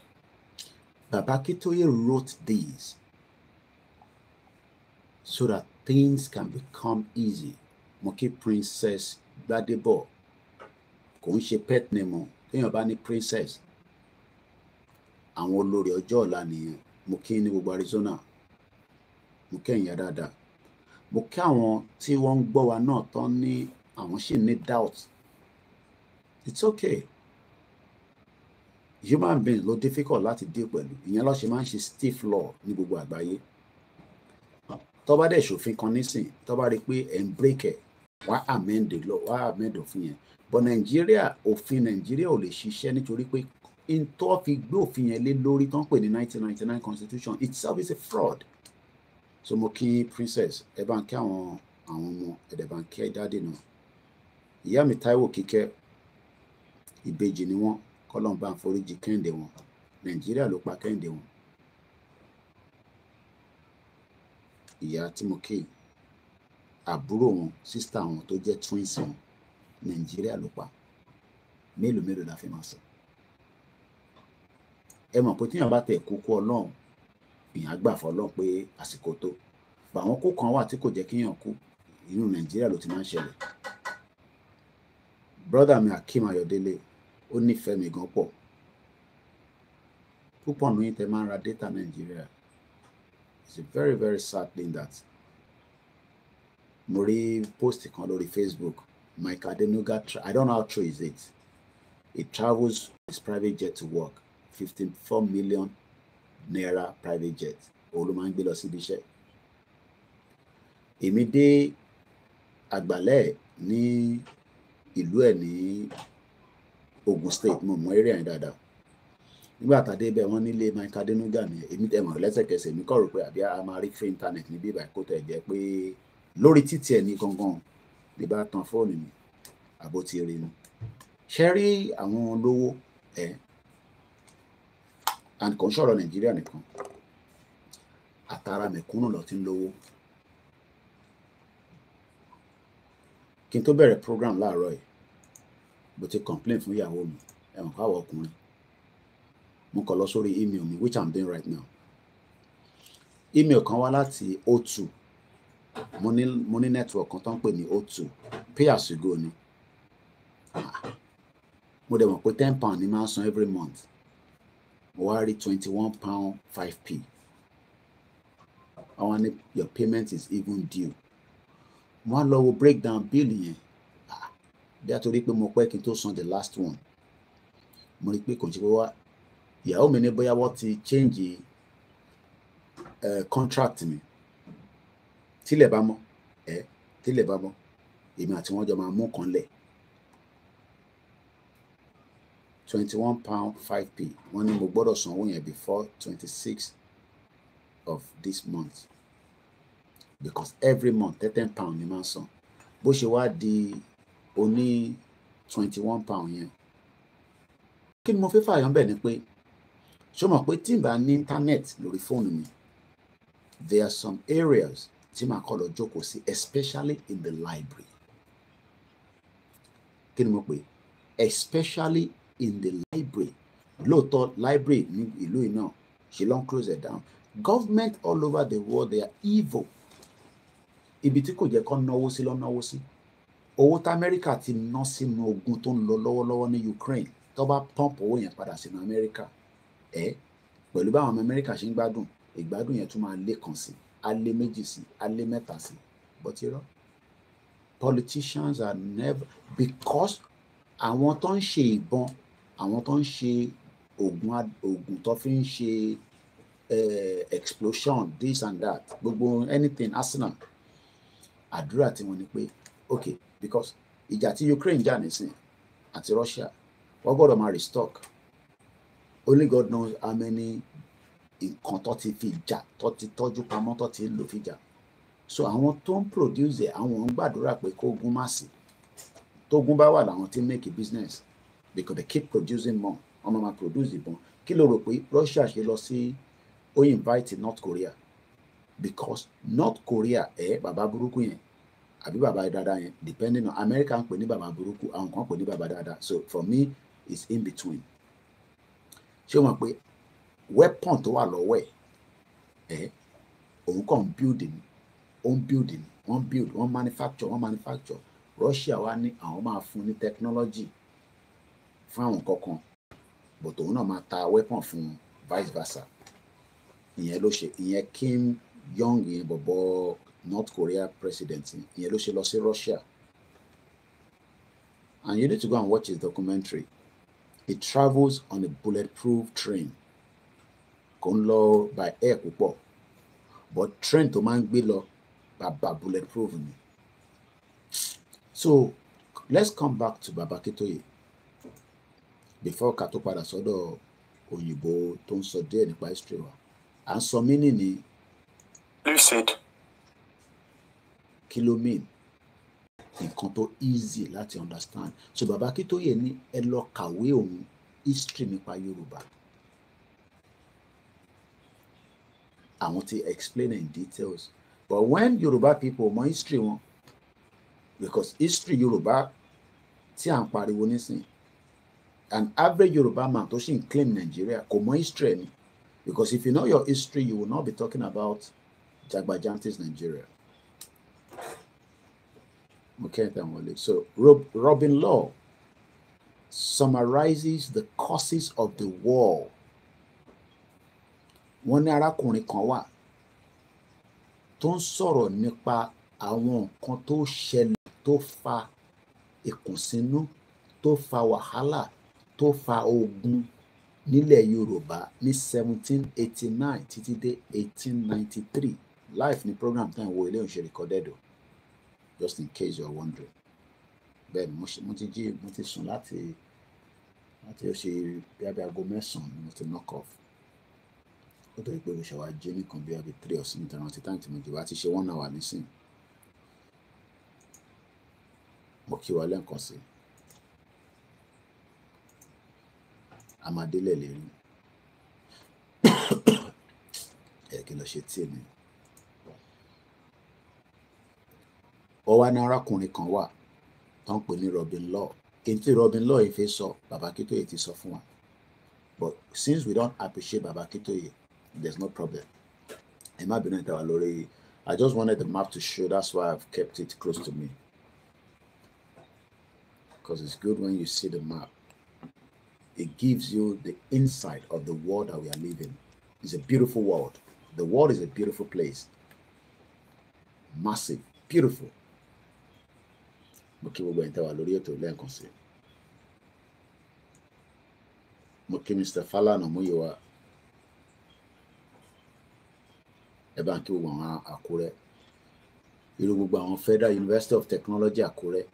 Baba Kitoye wrote these so that things can become easy. Monkey Princess Gbadebo kò ń ṣe pet name o téèyàn bá princess àwọn olórí ọjọ́ la nìyẹn mo kí ní gbogbo Arizona mo kẹ́yìn dáadáa mo kí àwọn tí wọ́n ń wa náà tán ní àwọn ṣì doubt it's okay human being ló difficult láti deal pẹ̀lú ìyẹn ló ṣe máa ń ṣe stiff law ní gbogbo àgbáyé tó bá dẹ̀ ṣòfin kan nísìn tó bá rí i pé ẹ̀ ń break ẹ̀ wá amend law wá amend òfin yẹn but nàìjíríà òfin nàìjíríà ò lè ṣiṣẹ́ nítorí pé in tó fi gbé òfin yẹn lé lórí tó ń pè ní 1999 constitution itself is a fraud so mo kí princess ẹ bá ń kí àwọn àwọn ọmọ ẹ̀dẹ̀ bá ń kí ẹ dáadé náà ìyá mi Táíwò Kíkẹ́ ìbejì ni wọ́n kọ́lọ́n bá ń foríjì kẹ́hìndé wọn nàìjíríà ló pa kẹ́hìndé wọn. ìyá timokey àbúrò wọn sísítà wọn tó jẹ́ twins wọn nàìjíríà ló pa mélòó mélòó la fi máa sọ. ẹ mọ̀ pé tíyàn bá tẹ̀ kókó ọlọ́run èèyàn gbà fọlọ́run pé àsìkò tó bàwọn kó kan wà tí kò jẹ́ kéèyàn kú inú nàìjíríà ló ti máa ń ṣẹlẹ̀ brother mi akim ayọ̀délé ó nífẹ̀ẹ́ mi gan pọ̀ púpọ̀ nínú yín tẹ máa ń ra data nàìjíríà it's a very very sad thing that mo rí post kan lórí facebook mike adenuga i don't know how true is it he travels his private jet to work Fifteen four million naira private jet òun ló máa ń gbé lọ síbi iṣẹ́ èmi dé àgbàlẹ̀ ní ìlú ẹ̀ ní Ogun State mo mọ area yẹn dáadáa nígbà tàdé bẹ́ẹ̀ wọ́n nílé Mike Adenuga ni èmi tẹ̀ mọ̀ lẹ́sẹ̀kẹsẹ̀ mi kọ̀ rò pé àbí a máa rí free internet ní bíbá kó tẹ̀ jẹ́ pé lórí títì ẹ̀ ní gangan ní bá tan fóònù mi àbó ti rí nu ṣe rí àwọn olówó ẹ and kò ń sọ̀rọ̀ Nàìjíríà nìkan àtàrà mẹ̀kúnnù lọ ti ń lówó kí n tó bẹ̀rẹ̀ program láàárọ̀ yìí mo ti complain fún ìyàwó mi ẹ̀wọ̀n káwọ̀ ọkùnrin mo kàn lọ sórí email mi which i'm doing right now email kan wá láti o2 mo ní mo ní network kan tó ń pè ní o2 pay as you go ni mo dẹ̀ mọ̀ pé ten pound ni máa ń san every month mo wá rí twenty one pound five p àwọn ni your payment is even due mo wá lọ wo breakdown bill yẹn bí a torí pé mo pẹ́ kí n tó san the last one mo rí i pé kò ń ṣe pé wá ìyàwó mi ní bóyá wọ́n ti change uh, contract mi tílẹ̀ bá mọ́ ẹ tílẹ̀ bá mọ́ èmi àti wọn jọ máa mú kan lẹ̀ twenty one pound five p wọ́n ní mo gbọ́dọ̀ sanwó yẹn before twenty six of this month because every month ten ten pound ni máa san bó ṣe wá di o ní twenty one pound yẹn kí ni mo fẹ́ fààyàn bẹ̀ ni pé ṣó mọ̀ pé tí n bá ní internet lórí fóònù mi there are some areas tí màá kọ́ lọ jókòó sí especially in the library kí ni mo pè especially in the library lóòótọ́ library ní ìlú yìí she long close it down government all over the world they are evil ibi tí kò jẹ́ kó náwó sí lọ́nàwó sí. Si owó tá amẹ́ríkà ti ná sínú ogun tó ń lọ lọ́wọ́lọ́wọ́ ní ukraine tó bá pump owó yẹn padà sínú amẹ́ríkà ẹ pẹ̀lú báwọn ọmọ amẹ́ríkà ṣe ń gbádùn ìgbádùn yẹn tún máa lé kan sí alé méjì sí alé mẹ́ta sí bọ́tí rọ́ politicians are never because àwọn tó ń ṣe ìbọn àwọn tó ń ṣe oògùn oògùn tó fi ń ṣe eh, explosion this and that gbogbo anything arsenal àdúrà tí wọ́n ní pé okay because ìjà tí Ukraine jà nísìn àti Russia wọ́n gbọ́dọ̀ máa restock only God knows how many nǹkan tó ti fi jà tó ti tọ́jú pamọ́ tó ti lò fi jà so àwọn tó ń produce ẹ̀ àwọn ń gbàdúrà pé kó ogun má sí tógun bá wà làwọn ti ń make a business because they keep producing more wọ́n máa produce ìbọn kí ló rò pé Russia ṣe lọ sí ó invite North Korea because North Korea ẹ̀ eh, bàbá burúkú yẹn àbí bàbá dáadáa yẹn depending on America ń pè ní bàbá burúkú àwọn kan pè ní bàbá dáadáa so for me it's in between ṣé o mọ̀ pé weapon tó wà lọ́wọ́ ẹ̀ ẹ̀ òun kàn ń build ó ń build ni wọ́n build wọ́n manufacture wọ́n manufacture Russia wá ní àwọn máa fún ní technology fún àwọn kankan but òun náà máa ta weapon fún vice versa ìyẹn ló ṣe ìyẹn Kim Young, yẹn bọ̀bọ̀. Bo North Korea president ìyẹn ló ṣe lọ sí Russia and you need to go and watch his documentary he travels on a bulletproof train kò ń lọ by air púpọ̀ but train tó máa ń gbé lọ bàbá bulletproof ni so let's come back to Baba Akintoye before kato tó padà sọ́dọ̀ òyìnbó tó ń sọ díẹ̀ nípa history wa à ń sọ mí lucid kí ló mean nǹkan tó easy láti understand so bàbá Akíntóyè ní ẹ lọ kàwé òun history nípa Yorùbá àwọn ti explain in details but when Yorùbá people mọ history wọn because history Yorùbá tí à ń pariwo nísìnyí an average Yorùbá man tó sì ń claim Nigeria kò mọ history ni because if you know your history you will not be talking about jagbajantis Nigeria mo kẹ́kẹ́ so Rob, Robin Law summarizes the causes of the war wọ́n ní arákùnrin kan wà tó ń sọ̀rọ̀ nípa àwọn nǹkan tó ṣẹlẹ̀ tó fa ìkùnsínú tó fa wàhálà tó fa ogun nílẹ̀ Yorùbá ní 1789 títí dé 1893 life ni program tá à ń wo ilé òṣèré just in case you're wondering bẹ́ẹ̀ ni mo ti jí mo ti sùn láti láti ó ṣe bí abẹ́ aago mẹ́sàn-án mo ti knock off ó tó yẹ pé mo ṣàwá jí nìkan bí abẹ́ three ọ̀sìn nítorí wọn ti táǹtì mo jù wá ti ṣe one hour nísìn mo kí wa lẹ́ǹkan sí a máa délẹ̀ lérí ẹ̀ kí lọ ṣe tíì nìyẹn. ó wá ní arákùnrin kan wà tó pè ní Robin Law kí Robin Law yìí sọ Baba Akintoye ti sọ fún wa but since we don't appreciate Baba Akintoye there's no problem ẹ má bínú ìtawà lórí I just wanted the map to show that's why I've kept it close to me because it's good when you see the map it gives you the insight of the world that we are living. It's a beautiful world. The world is a beautiful place. Massive, beautiful. mo kí gbogbo ẹ̀yin tẹ́ wà lórí ètò lẹ́ẹ̀kan sí mo kí Mr. Falana Muyiwa ẹ bá ń kí gbogbo àwọn Àkúrẹ́ irú gbogbo àwọn Federal University of Technology Àkúrẹ́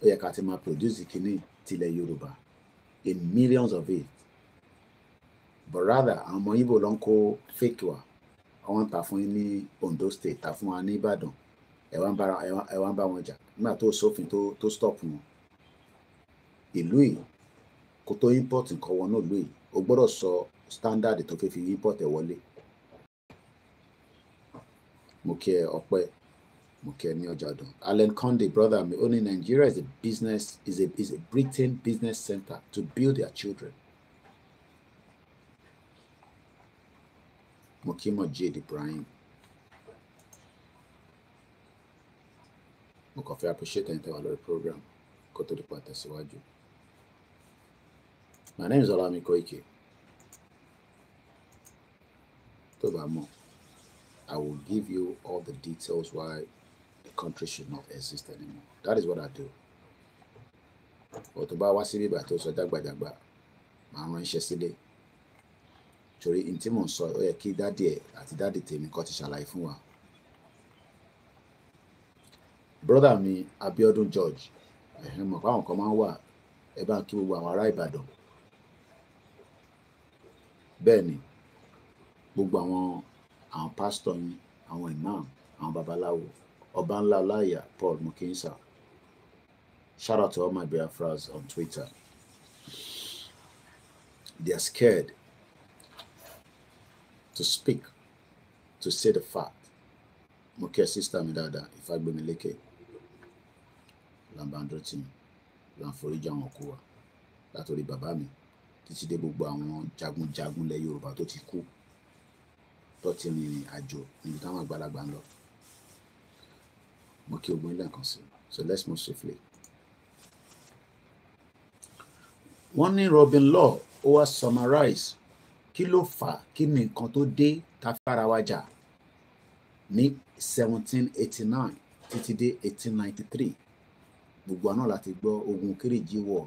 ó yẹ ká ti máa produce kínní tilẹ̀ Yorùbá in millions of it but rather àwọn ọmọ Yíbò ló ń kó fake wa wọ́n ń tà fún yín ní Ondo State tà fún wa ní Ìbàdàn ẹ wá ń bá ẹ wá ń bá wọn jà nígbà tó sófin tó tó stop wọn ìlú yìí kó tó import nǹkan wọn náà lóyè o gbọ́dọ̀ sọ standard tó fẹ́ fi import ẹ wọlé mo kí ẹ ọpẹ́ mo kí ẹ ní ọjà dùn Allen Conde brother mi ó ní Nigeria is a business is a is a Britain business center to build their children. mo kí mo jade Ibrahim. mo kàn fẹ́ appreciate ẹni tó wà lórí program kó tó di pàtẹ́ síwájú. My name is Olami Koike. Tó bá mọ̀, I will give you all the details why the country should not exist anymore. That is what I do. Ọ̀tún bá wá sí bíbà tó sọ jágbàjàgbà, màá ránṣẹ́ sílé torí ntí mò ń sọ ó yẹ kí dádì ẹ àti dádì tèmi kọ́ ti ṣàlàyé fún wa brother mi Abiodun George ẹ̀hìn mọ̀ pé àwọn kan máa ń wà ẹ bá ń kí gbogbo àwọn ará Ìbàdàn bẹ́ẹ̀ ni gbogbo àwọn àwọn pásítọ̀ yín àwọn imam àwọn babaláwo ọba ńlá ọláyà Paul Mukinsa shout out to all my Biafras on Twitter they are scared to speak to say the fact mo kí ẹ sísítà mi dáadáa Ifágbémilékè làǹbàǹdọ̀tì mi lọ́n látòrí bàbá mi títí dé gbogbo àwọn jagunjagun lẹ Yorùbá tó ti kú tó ti rìnrìn àjò níbi táwọn àgbàlagbà ń lọ mo kí ogun ilé nǹkan sí so let's move swiftly. wọ́n ní Robin Law ó wá summarize kí ló fà á kí ni nǹkan tó dé ta fara wa jà ní seventeen eighty nine títí dé eighteen ninety three gbogbo àná láti gbọ́ ogun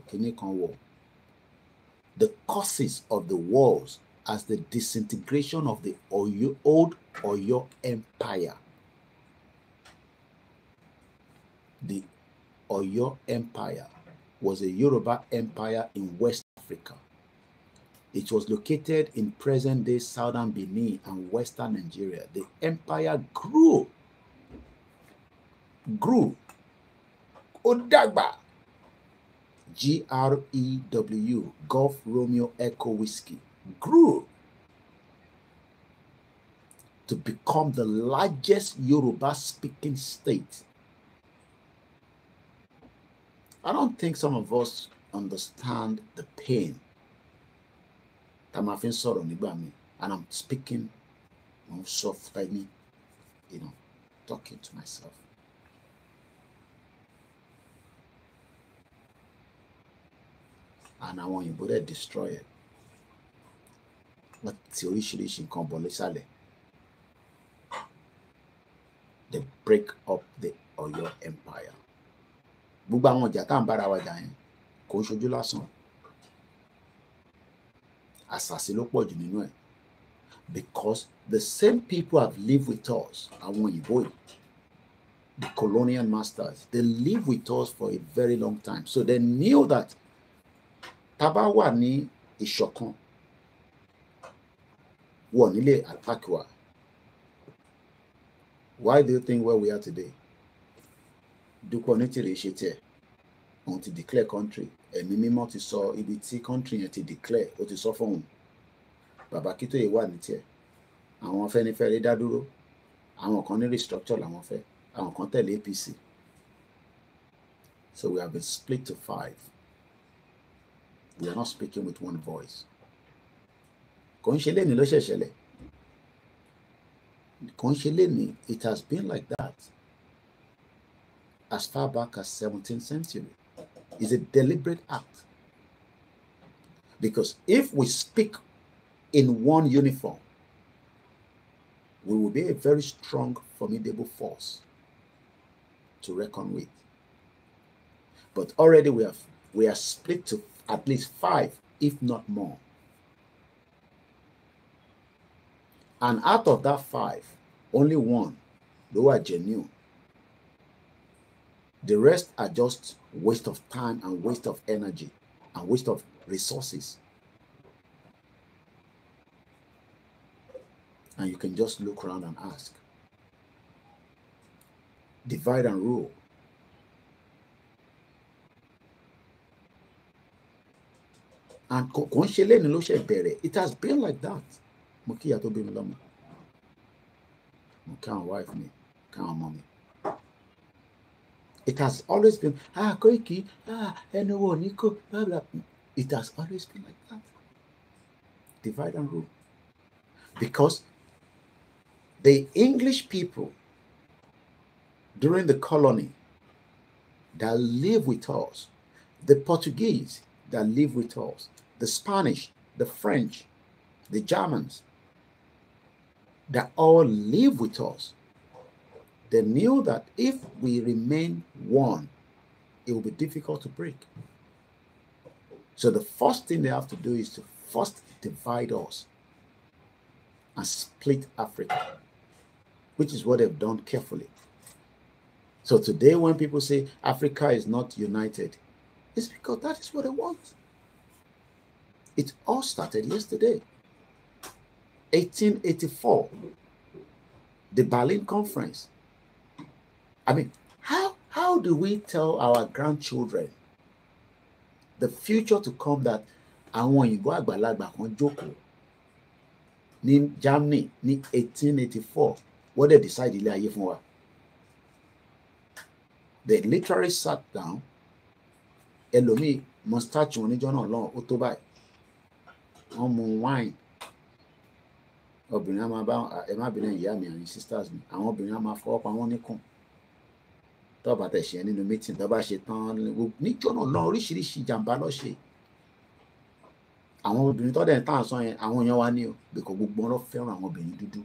kíní kan the causes of the wars as the disintegration of the Oyo, old Oyo Empire the Oyo Empire was a Yoruba empire in West Africa. It was located in present day southern Benin and western Nigeria. The empire grew, grew ó dàgbà g r e romeo echo whiskey grew to become the largest Yoruba-speaking state. I don't think some of us understand the pain that my friend sọ̀rọ̀ nígbà mi and I'm speaking, I'm soft, I mean, you know, talking to myself. and àwọn òyìnbó dẹ̀ destroy it. wọ́n ti oríṣiríṣi nǹkan bọ̀ lẹ́sàlẹ̀ they break up the Ọ̀yọ́ empire gbogbo àwọn ọjà tá à ń bára wa jà yẹn kò ń ṣojú lásán àṣàṣì ló pọ̀ jù nínú ẹ̀ because the same people have lived with us àwọn òyìnbó yìí the colonial masters they lived with us for a very long time so they knew that tá a bá wà ní ìṣọ̀kan wọ̀ nílé alpakiwa why do you think where we are today dúpọ̀ onítìrì ṣe tiẹ̀ òun ti declare country ẹ̀mí mímọ́ ti sọ ibi tí country yẹn ti declare ó ti sọ fóun bàbá kí tó yẹ wà ní tiẹ̀ àwọn Afẹ́nifẹ́re dá dúró àwọn kan ní restructure làwọn fẹ́ àwọn kan tẹ̀lé APC so we have been split to five we are not speaking with one voice it has been like that as far back as seventeenth century it's a deliberate act because if we speak in one uniform we will be a very strong formidable force to reckon with but already we have we are split to at least five, if not more. And out of that five, only one, they were genuine. The rest are just waste of time and waste of energy and waste of resources. And you can just look around and ask. Divide and rule. and kò ń ṣe lẹ́ni ló ṣe bẹ̀rẹ̀ it has been like that mo kíyà tó bí mi lọ́mọ mo kí àwọn wife mi kí àwọn ọmọ mi it has always been ah Koiki ah ẹnu wo ní kò blah blah it has always been like that divide and rule because the English people during the colony that live with us the Portuguese that live with us the Spanish, the French, the Germans that all live with us. They knew that if we remain one, it will be difficult to break. So the first thing they have to do is to first divide us and split Africa, which is what they've done carefully. So today, when people say Africa is not united, it's because that is what they want. It all started yesterday. 1884, the Berlin Conference. I mean, how, how do we tell our grandchildren the future to come that àwọn òyìnbó àgbàlagbà kan jókòó ní Germany ní 1884 wọ́n dẹ̀ decide ilé ayé fún wa. They literally sat down ẹlòmíì mustachio oníjọ́ náà lọ́hùn ó tó báyìí wọ́n mu wine obìnrin á máa bá ẹ má bìnrin ìyá mi àyìn sisters mi àwọn obìnrin á máa fọwọ́ pa wọ́n níkùn tó bá tẹ̀ nínú meeting tó bá ṣe tán níjọ́ náà lọ oríṣiríṣi ìjàmbá lọ ṣe àwọn obìnrin tó dẹ̀ ń tàn sán yẹn àwọn èèyàn wa ní o bẹ̀kọ́ gbogbo wọn lọ fẹ́ràn àwọn obìnrin dúdú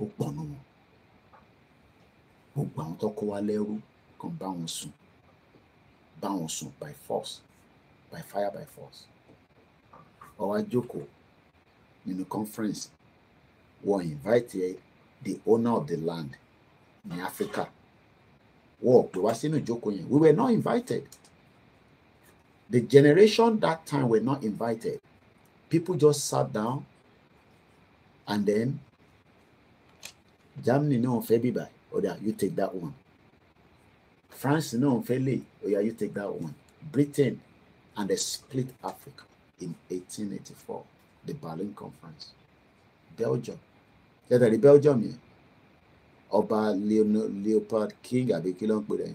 ó pọ̀ nù wọn gbogbo àwọn tó kó wa lẹ́rú kan bá wọn sùn bá wọn sùn by force by fire by force ó joko in the conference wọ́n invited. the owner of the land in Africa wọ́n we were not invited the generation that time were not invited people just sat down and then Germany náà fẹ́ bíbá ọ̀dà you take that one France náà fẹ́ lè ọ̀yà you take that one Britain and they split Africa in 1884 the Berlin Conference Belgium tẹ́tà ní Belgium yẹn ọba Leopold King àbí kí ló ń pè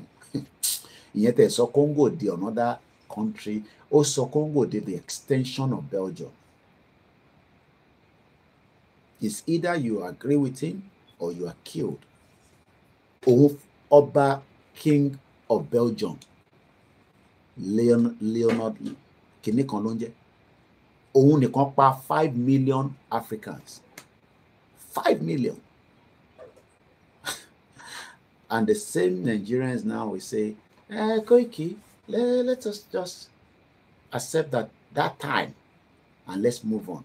Congo di another country ó sọ Congo di the extension of Belgium is either you agree with him or you are killed. Òun ọba king of Belgium Leon, Leonard kìnnì kan òun nìkan pa five million Africans five million and the same Nigerians now we say eh, Koiki let, let us just accept that that time and let's move on.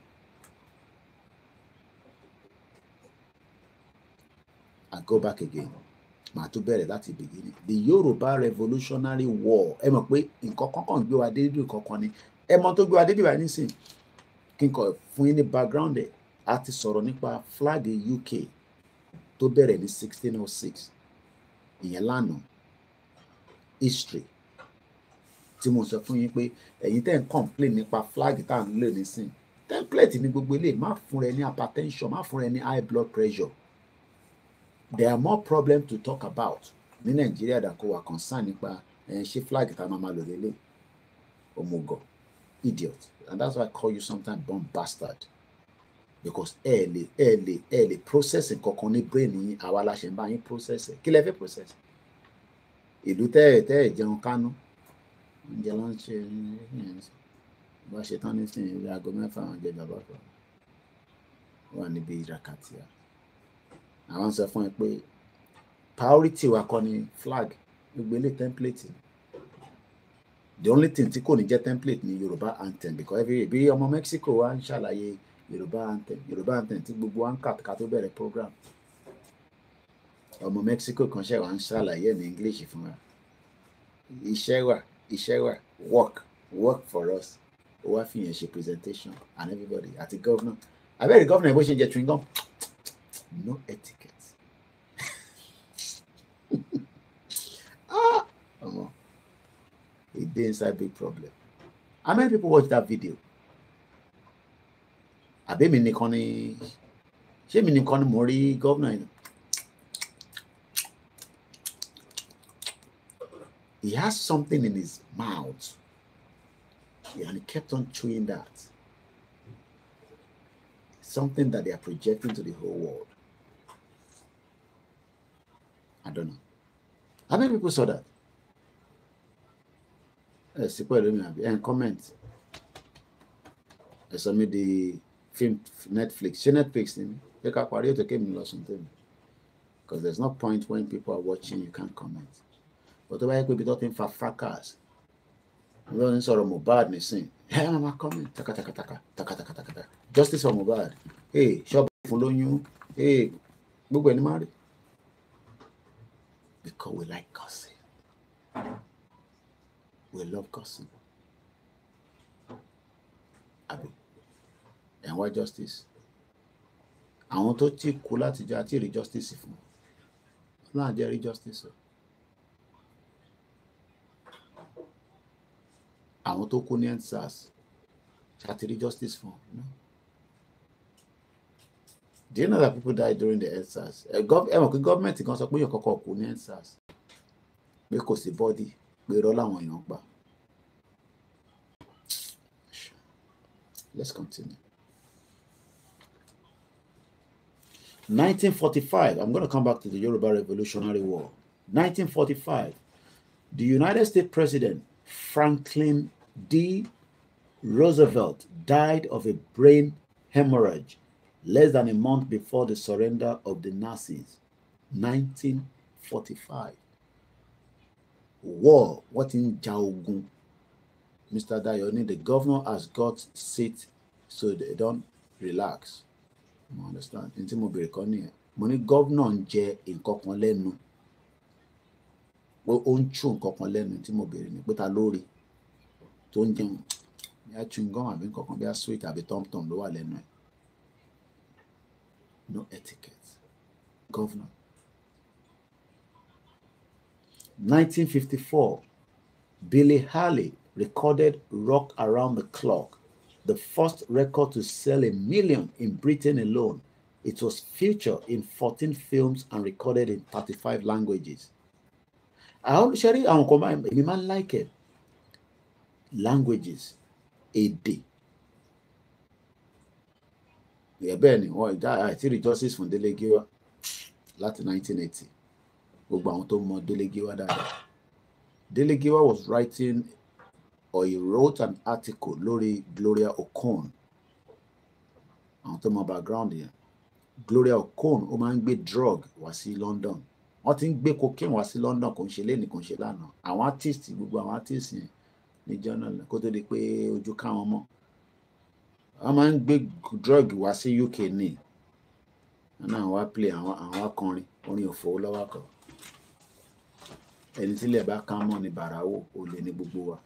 I go back again. Màá tún bẹ̀rẹ̀ láti beginning. The Yoruba Revolutionary War ẹ mọ̀ pé nǹkan kankan gbé wa dé ìlú kankan ni ẹmọ tó gbé adébíyà nísìn kí n kọ fún yín ní background ẹ a ti sọ̀rọ̀ nípa flag UK tó bẹ̀rẹ̀ ní 1606. oh six ìyẹn lánàá history tí mo sọ fún yín pé ẹ̀yin tẹ́ ń complain nípa flag tá à ń lò nísìn template ní gbogbo eléyìí má fún rẹ ní hypertension má fún rẹ ní high blood pressure there are more problems to talk about ní nàìjíríà dàkó wà concern nípa ẹ̀ ń ṣe flag tá a máa máa lò lélẹ̀ òmùgọ̀ idiot and that's why I call you sometimes born bastard because early, early, early processing. ẹ lè process nǹkankan ní brain yín àwa la ṣe process ẹ kí lẹ process ìlú tẹ́ ẹ tẹ́ ẹ jẹun kánú oúnjẹ ló ń ṣe bá ṣe tán nísìnyí rí aago mẹ́fà àwọn jẹ bàbá kan wà níbi ìràkàtìyà priority wa kọ́ flag gbogbo ilé template the only thing tí kò ní jẹ́ template ni yorùbá anthem because every year, bí ọmọ mexico wa ń ṣàlàyé yorùbá anthem yorùbá anthem tí gbogbo wa ń kà ká tó bẹ̀rẹ̀ program ọmọ mexico kan ṣẹ̀ wá ń ṣàlàyé ní english fún wa iṣẹ́ wà iṣẹ́ wà work work for us ó wá fi yẹn ṣe presentation and everybody àti governor abẹ́rẹ́ governor bó ṣe jẹ chewing gum no etiquette. It did inside big problem. How many people watched that video? Àbí mi nìkan ni ṣé mi nìkan ni mo rí gómìnà yìí? He has something in his mouth and he kept on chewing that. Something that they are projecting to the whole world. I don't know. How many people saw that? ẹ sì pẹ̀lú mi àbí ẹ comment ẹ sọ mi di film Netflix ṣé Netflix ni mi jẹ́ ká parí ètò kémi lọ sùn tèmi because there is no point when people are watching you can't comment but tó bá yẹ pé ibi tó ti ń fa fracas ló ń sọ̀rọ̀ Mohbad nísìn ẹ ẹ máa comment takatakataka takatakataka justice for Mohbad ee ṣọ́ọ̀bù fún lóyún ee gbogbo ẹni máa rí because we like gossip we love gossip. Àbí ẹ̀ ń wá justice. Àwọn tó ti kú látijọ́ àti rí justice fún. Náà jẹ́ rí justice o. Àwọn tó kú ní EndSARS àti rí justice fún. No? Do you know that people died during the EndSARS? Ẹ mọ̀ pé gọ́ọ̀mẹ̀ntì kan sọ pé yóò kọ́kọ́ kú ní EndSARS pé kò sí bọ́dì pé irọ́ làwọn èèyàn pa. Let's continue. 1945, I'm going to come back to the Yoruba Revolutionary War. 1945, the United States President Franklin D. Roosevelt died of a brain hemorrhage less than a month before the surrender of the Nazis. 1945 war what in ń ja ogun Mr. Dayo the governor has got seat so they don't relax mo understand n mo bèrè kọ́ nìyẹn mo ní governor ń jẹ nǹkan kan lẹ́nu pé ó ń tú kan lẹ́nu tí mo bèrè ní pé ta lórí tó ń jẹun ya a chewing gum àbí nǹkan kan bí a sweet àbí tom-tom ló wà no etiquette governor 1954, Billy Haley recorded Rock Around the Clock, the first record to sell a million in Britain alone. It was featured in 14 films and recorded in 35 languages. Àwọn ṣe rí àwọn kan báyìí èmi máa ń láìkẹ̀ languages èdè ẹ̀ bẹ́ẹ̀ ni wọ́n ìdá àìtírì justice from Délé Gíwá láti 1980 gbogbo àwọn tó mọ Délé dáadáa Délé was writing or he wrote an article lórí Gloria Okon àwọn tó mọ background yẹn Gloria Okon ó máa ń gbé drug wá sí London wọ́n ti ń gbé cocaine wá sí London kò ń ṣe lẹ́nìí kò ń ṣe lánàá àwọn artist gbogbo àwọn artist yẹn ní journal kó tó di pé ojú káwọn mọ́ wọ́n máa ń gbé drug wá sí UK ní àwọn wá play àwọn akọrin orin òfò lọ́wọ́ kan ẹni tílẹ̀ bá kán mọ́ ni bàràwò olè ní gbogbo wa.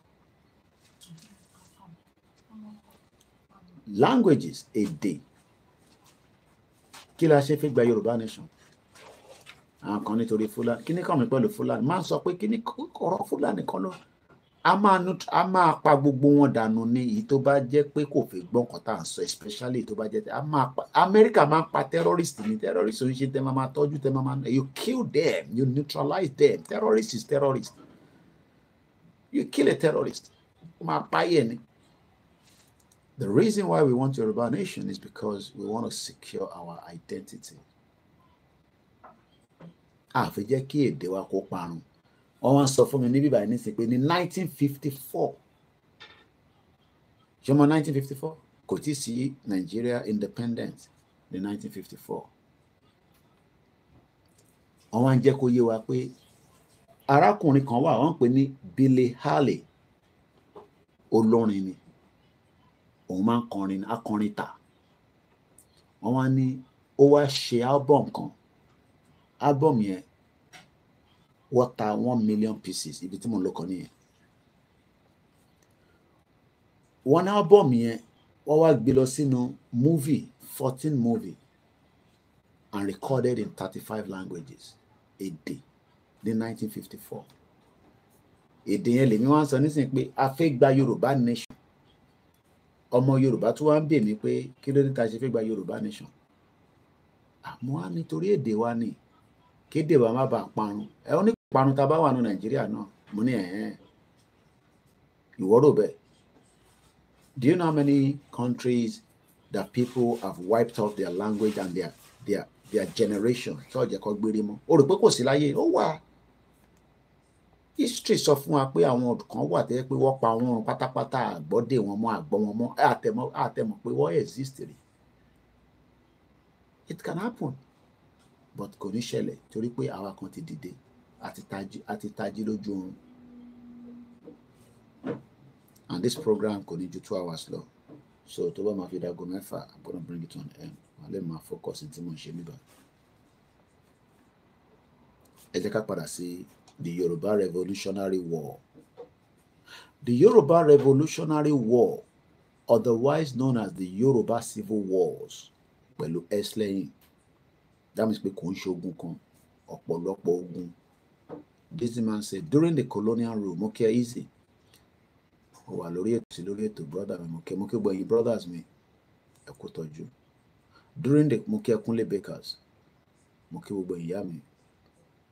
languages èdè kí la ṣe fi gba yorùbá nation àwọn kan nítorí fúlàní kí ni kàn mí pẹ̀lú fúlàní máa ń sọ pé kí ni ọ̀rọ̀ fúlàní kan lọ́wọ́ a máa nu a máa pa gbogbo wọn dànù ni èyí tó bá jẹ́ pé kò fẹ́ gbọ́ nǹkan tá à ń sọ especially tó bá jẹ́ a máa pa Amẹ́ríkà máa ń pa terrorist ni terrorist ń ṣe máa máa tọ́jú tẹ́ máa máa you kill them you neutralize them terrorist is terrorist you kill a terrorist ó máa pa yẹn ni. The reason why we want Yoruba nation is because we want to secure our identity. àfi jẹ́ kí èdè wa kó parun wọ́n wá ń sọ fún mi níbí báyìí nísìnyí pé ní nineteen ṣé mo nineteen kò tí sí Nigeria independence ní 1954. fifty four wọ́n wá ń jẹ́ kó yé wa pé arákùnrin kan wà wọ́n pè ní Billy Haley olórin ni òun máa ń kọrin akọrin ta wọ́n wá ní ó wá ṣe album kan album yẹn wọ́n ta one million pieces ibi tí mo lọ kọ́ nìyẹn one album yẹn wọ́n wá gbé lọ sínú movie fourteen movie and recorded in thirty-five languages èdè ní nineteen fifty-four èdè yẹn lèmi wá ń sọ nísìnyí pé a fẹ́ gba Yorùbá nation ọmọ Yorùbá tó wá ń bèmí pé kí ló ní ta ṣe fẹ́ gba Yorùbá nation àmọ́ á nítorí èdè wa ni kéde wa má bàa parun ẹ ó ní parun tá a bá wà ní nàìjíríà náà mo ní ẹ̀hẹ́n ìwọ bẹ́ẹ̀ do you know how many countries that people have wiped off their language and their their their generation tí ọ̀jẹ̀ kan gbére mọ́ o rò pé kò sí láyé ó wà history sọ fún wa pé àwọn kan wà tẹ́ pé wọ́n pa wọn pátápátá àgbọ́dé wọn mọ́ àgbọ́ wọn mọ́ àtẹ̀mọ́ àtẹ̀mọ́ pé wọ́n exist rí it can happen but kò ní ṣẹlẹ̀ torí pé àwa kan ti dìde àti tají lójú oorun and this program kò ní ju two hours lọ so tó bá máa fi dago mẹ́fà i'm gonna bring it on end wọ́n lè máa focus tí mo ń ṣe níbà ẹ jẹ́ ká padà sí the Yoruba revolutionary war the Yoruba revolutionary war otherwise known as the Yoruba civil wars pẹ̀lú ẹsẹ̀ lẹ́yìn that means pé kò ń ṣogun kan ọ̀pọ̀lọpọ̀ ogun this man said during the colonial rule mo kí easy ó wà lórí ètò sí lórí ètò brother mi mo kí mo kí gbọ̀yìn brothers me. ẹ kú tọ́jú during the mo kí ẹ kúnlé bakers mo kí gbogbo ìyá mi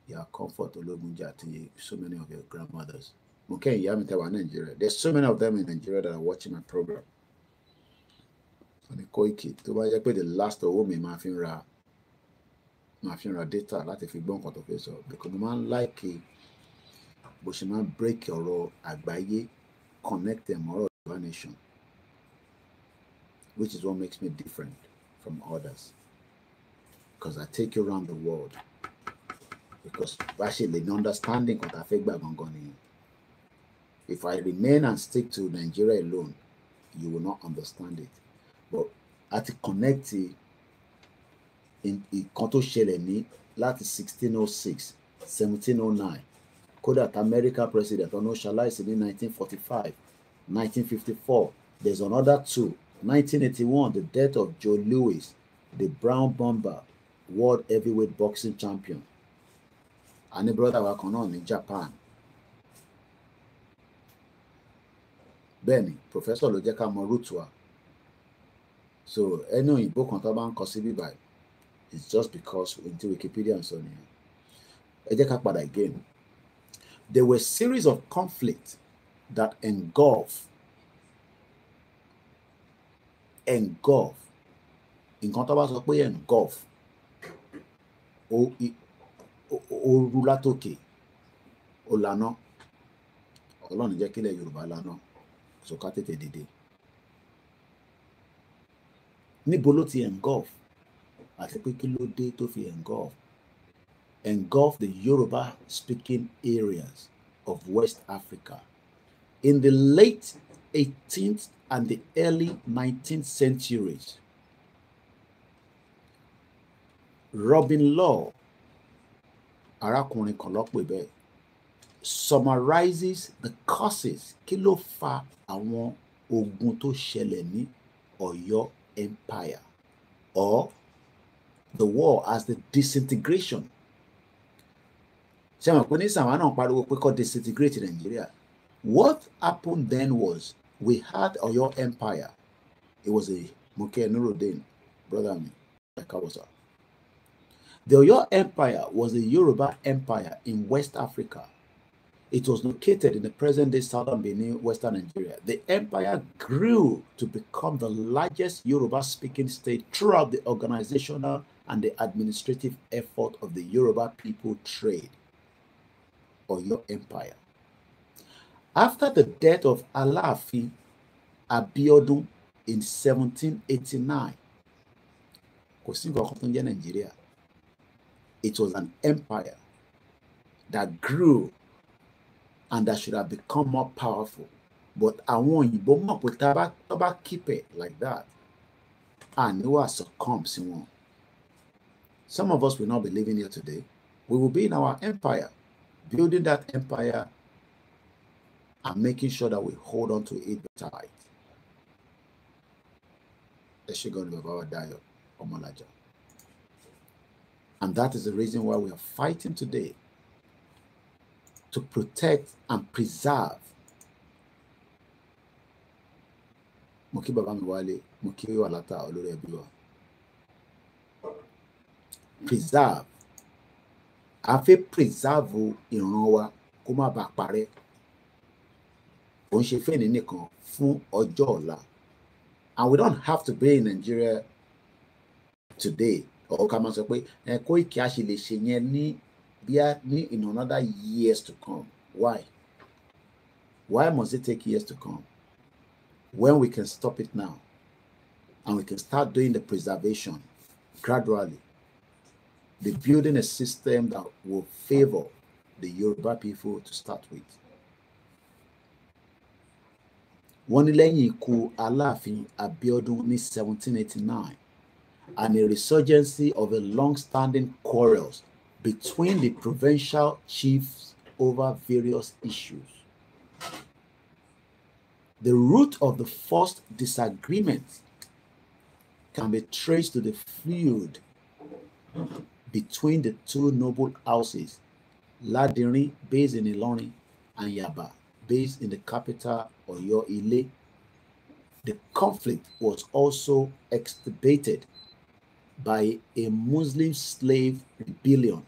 ìyá comfort ológunjà àti so many of your grandmothers mo kí ìyá mi tẹ́ Nigeria. there's so many of them in Nigeria that are watching my program. Oní Koiki to bá jẹ́ pé the last owó mi máa fi ra máa fi ra data láti fi gbọ́ nǹkan tó fẹ́ sọ because mo máa ń láìkè bó ṣe máa ń break ọ̀rọ̀ àgbáyé connect them ọ̀rọ̀ Yorùbá nation which is what makes me different from others because I take you around the world because bá ṣe lè ní understanding kan tá a fẹ́ gbà gangan nìyẹn if I remain and stick to Nigeria alone you will not understand it but a ti connect it nǹkan tó ṣẹlẹ̀ ní láti sixteen oh six oh kódà tá America president ọ̀nà ṣaláìsí ní nineteen forty five nineteen fifty there's another two 1981, the death of Joe Louis the brown bomber world heavyweight boxing champion àní brother wa kan náà ní Japan bẹ́ẹ̀ professor ló jẹ́ ká mọ root wa so ẹni òyìnbó kan tó bá ń kọ sí bíbáyìí it's just because into Wikipedia and so on. Ẹ jẹ́ ká padà again. There were series of conflicts that engulf engulf nǹkan tó bá sọ pé o ooru látòkè o lànà ọlọ́run jẹ́ kílẹ̀ Yorùbá lànà sọ ká tètè dìde níbo ló ti engulf àti pé kí ló dé tó fi engulf engulf the Yoruba speaking areas of West Africa. In the late 18th and the early 19th centuries, Robin Law arákùnrin kan lọ́pọ̀ bẹ́ẹ̀ summarizes the causes kí ló fa àwọn ogun tó ṣẹlẹ̀ ní Ọ̀yọ́ empire or the war as the disintegration ṣé àwọn pé ní sàwọn náà pariwo pé kọ́ disintegrate Nigeria what happened then was we had Oyo empire it was a Moke Nurudin brother mi Kawosa the Oyo empire was the Yoruba empire in West Africa it was located in the present-day southern Benin, western Nigeria. The empire grew to become the largest Yoruba-speaking state throughout the organizational and the administrative effort of the Yoruba people trade or your empire. After the death of Alaafin Abiodun in 1789, it was an empire that grew and that should have become more powerful. But I want you to a keep it like that, àníwá succumb sí wọn. Some of us will not be living here today. We will be in our empire, building that empire and making sure that we hold on to it tight. And that is the reason why we are fighting today to protect and preserve. Mo kí bàbá mi wálé, mo preserve a fẹ́ preserve ìran wa kó má bàa parẹ́ kò ń ṣe fẹ́ẹ̀ni nìkan fún ọjọ́ ọ̀la and we don't have to be in Nigeria today or ká máa sọ pé Koiki a ṣe lè ṣe yẹn ní bíá ní in another years to come why why must it take years to come when we can stop it now and we can start doing the preservation gradually The building a system that will favor the Yoruba people to start with. One Lenyiku lẹ́yìn ikú Aláàfin Abiodun in 1789 and a resurgency of a long-standing quarrels between the provincial chiefs over various issues. The root of the first disagreement can be traced to the feud between the two noble houses, Ladini, based in Iloni, and Yaba, based in the capital of Ile. The conflict was also exacerbated by a Muslim slave rebellion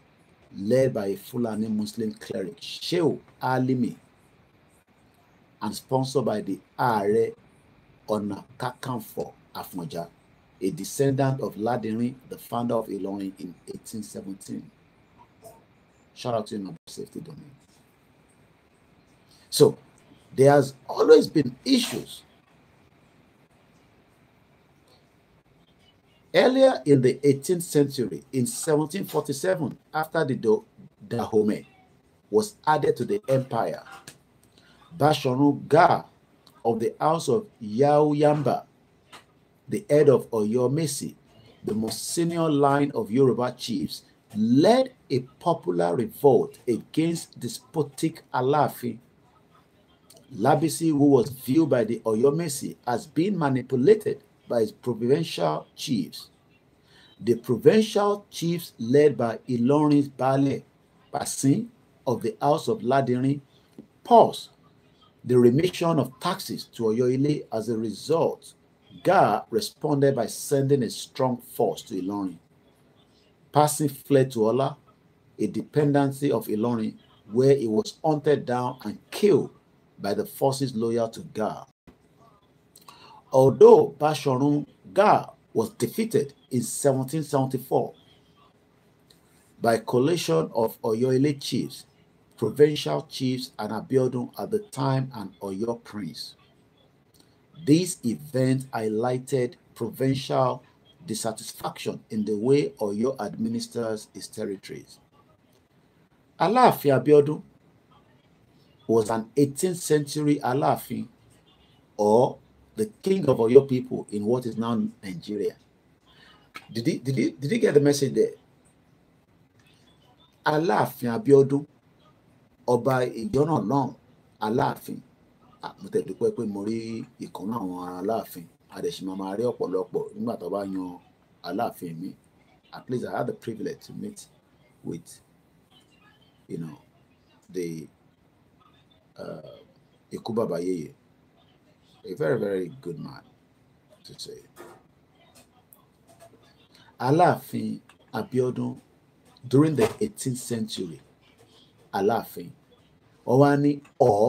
led by a Fulani Muslim cleric, Shehu Alimi, and sponsored by the Are Ona Kakanfo Afmoja a descendant of Ladini, the founder of Ilorin in 1817. Shout out to him about safety domain. So there has always been issues. Earlier in the 18th century, in 1747, after the Dahomey was added to the empire, Bashanu Ga of the house of Yamba. the head of oyo Oyomesi, the most senior line of Yoruba chiefs, led a popular revolt against despotic Alafi. Labisi, who was viewed by the oyo Oyomesi as being manipulated by his provincial chiefs. The provincial chiefs led by Ilorin's Bale Basin of the House of Ladirin paused the remission of taxes to Oyoile as a result Gah responded by sending a strong force to Ilorin. Passing fled to Ola, a dependency of Ilorin, where he was hunted down and killed by the forces loyal to Gah. Although Basharun Gah was defeated in 1774 by a coalition of Oyo elite chiefs, provincial chiefs, and Abiodun at the time and Oyo prince. This event highlighted provincial dissatisfaction in the way Oyo administers its territories. Alaafin Abiodun was an 18th century Alafi, or the king of Oyo people in what is now Nigeria. Did he, did he, did he get the message there? Alaafin Abiodun, Ọba Ìjọ́nà long, Alafi mo tẹ̀ dúpẹ́ pé mo rí ìkànnà àwọn aláàfin àdẹ̀sí máa máa rí ọ̀pọ̀lọpọ̀ nígbà tó bá yan aláàfin mi at least I had the privilege to meet with you know the uh, Ikú Baba Yeye a very very good man to say aláàfin Abiodun, during the eighteenth century aláàfin ọwọ́ á ní ọ̀ọ́.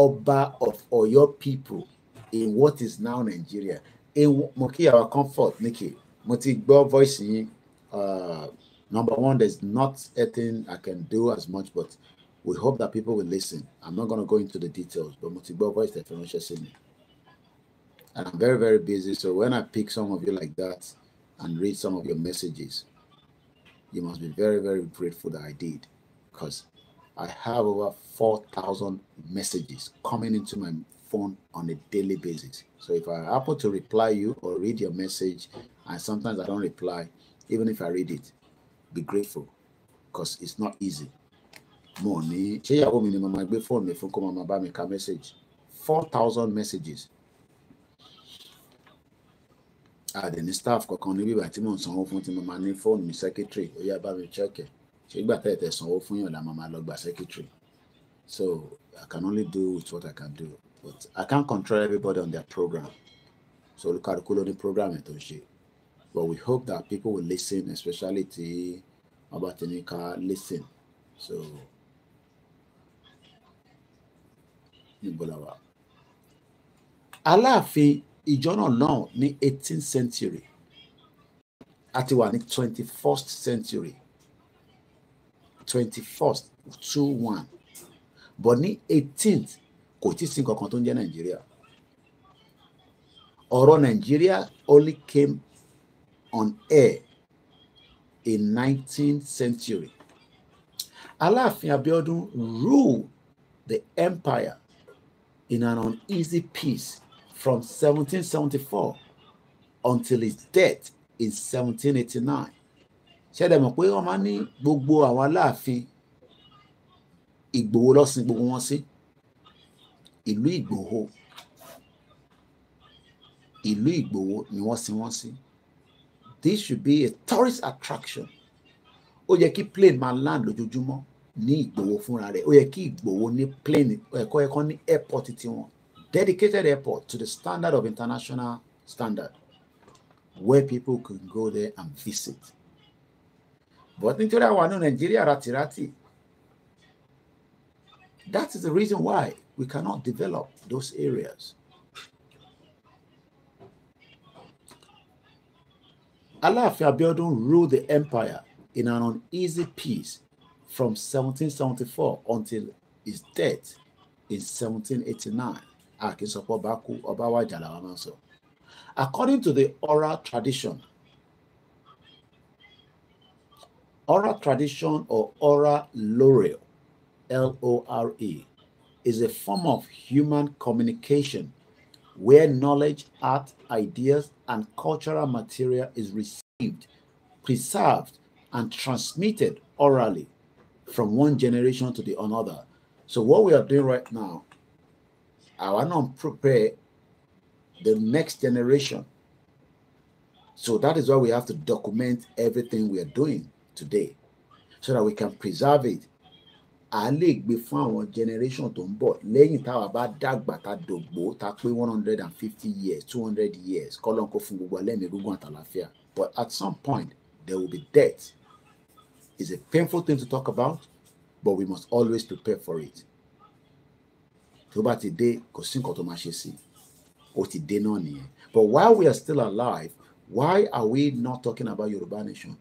Oba of Oyo people in what is now Nigeria. in kí our comfort Nikki. Mo ti voice yín. Uh, number one, there's not a thing I can do as much, but we hope that people will listen. I'm not going to go into the details, but mo ti voice the financial sent And I'm very, very busy. So when I pick some of you like that and read some of your messages, you must be very, very grateful that I did because I have over 4,000 messages coming into my phone on a daily basis. So if I happen to reply you or read your message, and sometimes I don't reply, even if I read it, be grateful because it's not easy. Mo ní ṣé ìyàwó mi ni màmá gbé fóònù mi fún kó ka message four thousand messages. Àdè ní staff kankan níbí ìgbà tí mò ń sanwó fún phone màmá fun ti mi secretary ó yá ṣé gbà tẹ́ tẹ́ sanwó fún yàn la máa máa lọ gba secretary so I can only do with what I can do but I can't control everybody on their program so olùkàdùkú ló ní program ẹ̀ tó ń ṣe but we hope that people will listen especially tí wọ́n bá ti ní ká listen so níbo la wà. aláàfin ìjọ náà náà ní eighteenth century a ti wà ní twenty-first century 21st 21 but ní 18th kò tí ì sí nǹkan kan tó ń jẹ́ nàìjíríà ọ̀rọ̀ nàìjíríà only came on air in 19th century aláàfin abiodun ruled the empire in an uneasy peace from 1774 until his death in 1789 ṣẹ́dẹ̀ pé wọ́n máa ní gbogbo àwọn aláàfin Ìgbòho lọ́sìn gbogbo wọn sí ìlú Ìgbòho ìlú Ìgbòho ni wọ́n sin wọ́n sí this should be a tourist attraction ó yẹ kí plane máa land lójoojúmọ́ ní Ìgbòho fúnra rẹ̀ ó yẹ kí Ìgbòho ní plane ẹ̀kọ́ ẹ̀kọ́ ní airport tiwọn dedicated airport to the standard of international standard where people can go there and visit but nítorí àwa ní nàìjíríà ratirati. that is the reason why we cannot develop those areas. Aláàfin Abíọ́dún ruled the empire in an uneasy peace from 1774 until his death in 1789. Akínsọ̀pọ̀ Bákú Ọbáwájà làwọn máa ń sọ. According to the oral tradition, Oral tradition or oral loreal, L O R E, is a form of human communication where knowledge, art, ideas, and cultural material is received, preserved, and transmitted orally from one generation to the another. So what we are doing right now, I want to prepare the next generation. So that is why we have to document everything we are doing. today so that we can preserve it a lè gbé fún àwọn generation tó ń bọ̀ lẹ́yìn táwa bá dàgbà ta dògbò ta pé one hundred and fifty years two hundred years kọ́lọ́n kó fún gbogbo alẹ́ mi rúgbọ́n àtàlàfíà but at some point there will be death Is a painful thing to talk about but we must always prepare for it tó bá ti dé kò sí nǹkan tó máa ṣe sí ó ti dé náà nìyẹn but while we are still alive why are we not talking about Yorùbá nation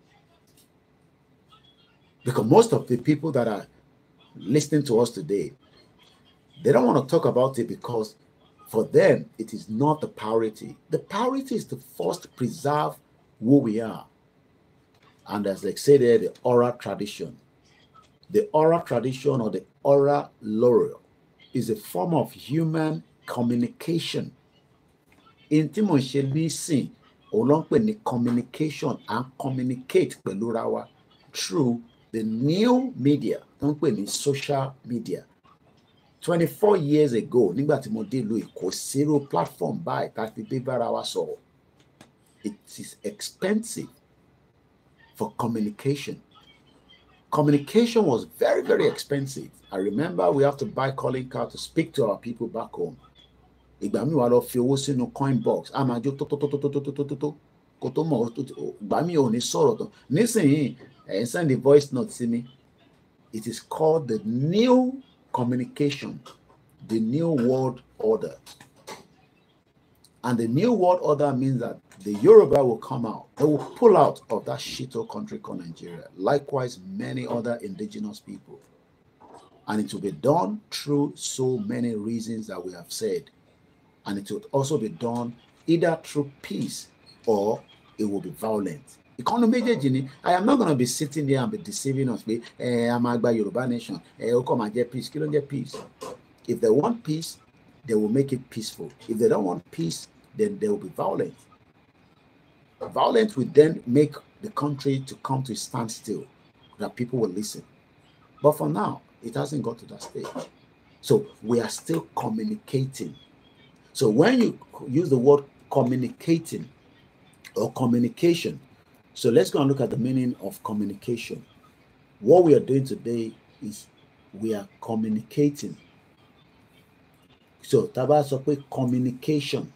Because most of the people that are listening to us today, they don't want to talk about it because for them, it is not the priority. The priority is to first preserve who we are. And as they say there, the oral tradition. The oral tradition or the oral laurel is a form of human communication. In tí mò ń communication and communicate through the new media tó ń pè ní social media twenty four years ago nígbà tí mo dé ìlú Èkó zero platform báyìí tá a fi dé bára wa sọ̀rọ̀ it is expensive for communication communication was very very expensive I remember we have to buy calling card to speak to our people back home ìgbà mi wà lọ fi owó sínú coin box a máa jó tótótótótótótótó kó tó mọ̀ ìgbà mi ò ní sọ̀rọ̀ tán nísìnyí and eh, send the voice note to me. It is called the new communication, the new world order. And the new world order means that the Yoruba will come out. They will pull out of that shito country called Nigeria. Likewise, many other indigenous people. And it will be done through so many reasons that we have said. And it will also be done either through peace or it will be violent. Economy, méjèèjì i am not gonna be sitting there and be deceiving us pé ẹ a máa gba yorùbá nation Come and get peace kí ló ń peace if they want peace they will make it peaceful if they don't want peace then they will be violent violence will then make the country to come to a standstill that people will listen but for now it hasn't got to that stage so we are still communicating so when you use the word communicating or communication So let's go and look at the meaning of communication. What we are doing today is we are communicating. So taba sọ communication.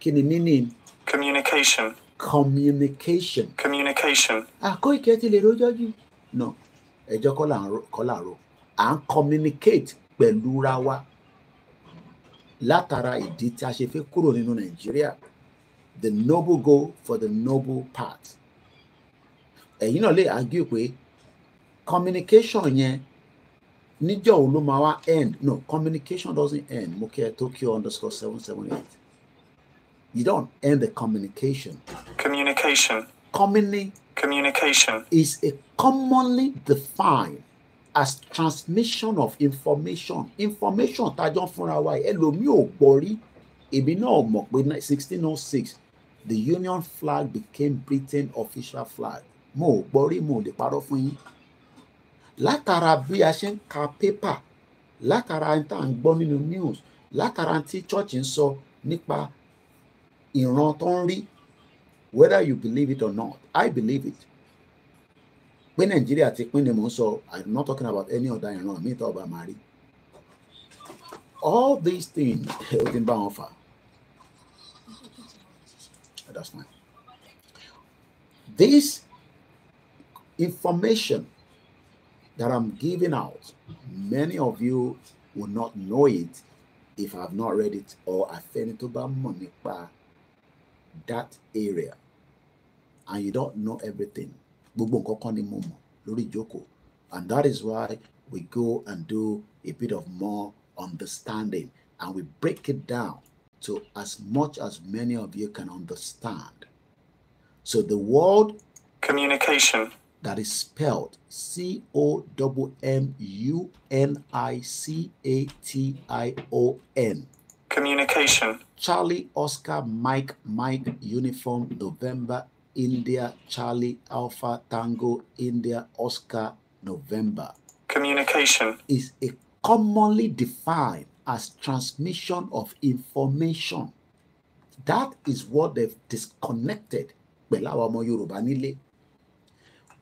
kini meaning? Communication. Communication. Communication. Ah, ìkẹ́ ti lè rojọ́ No, ejo kola kola ro. À communicate pẹ̀lú ra wa látara ìdí tí a ṣe fẹ́ kúrò The noble goal for the noble path ẹ̀yin náà lè argue pé communication yẹn níjọ́ wo ló máa wá end no communication doesn't end mo kí tokyo underscore seven seven eight you don't end the communication. communication. commonly. communication. is a commonly defined as transmission of information information tájọ́ fúnra wa ẹlòmíì ò gbọ́ rí èmi náà mọ̀ pé sixteen oh the union flag became Britain official flag mo ò gbọ́ rí mo ò lè parọ́ fún yín látara bí a ṣe ń ka pépà látara tá à ń gbọ́ nínú news látara tí church ń sọ nípa ìran tó ń rí whether you believe it or not I believe it pé Nàìjíríà ti pín ni mò ń sọ I'm not talking about any other ìran mi tó ọba máa rí all these things ó ti ń bá wọn fà this information that I'm giving out, many of you will not know it if I've not read it or I've it money Monipa that area. And you don't know everything. And that is why we go and do a bit of more understanding and we break it down to as much as many of you can understand. So the word communication that is spelled C O M U N I C A T I O N. Communication. Charlie, Oscar, Mike, Mike, Uniform, November, India, Charlie, Alpha, Tango, India, Oscar, November. Communication is a commonly defined as transmission of information. That is what they've disconnected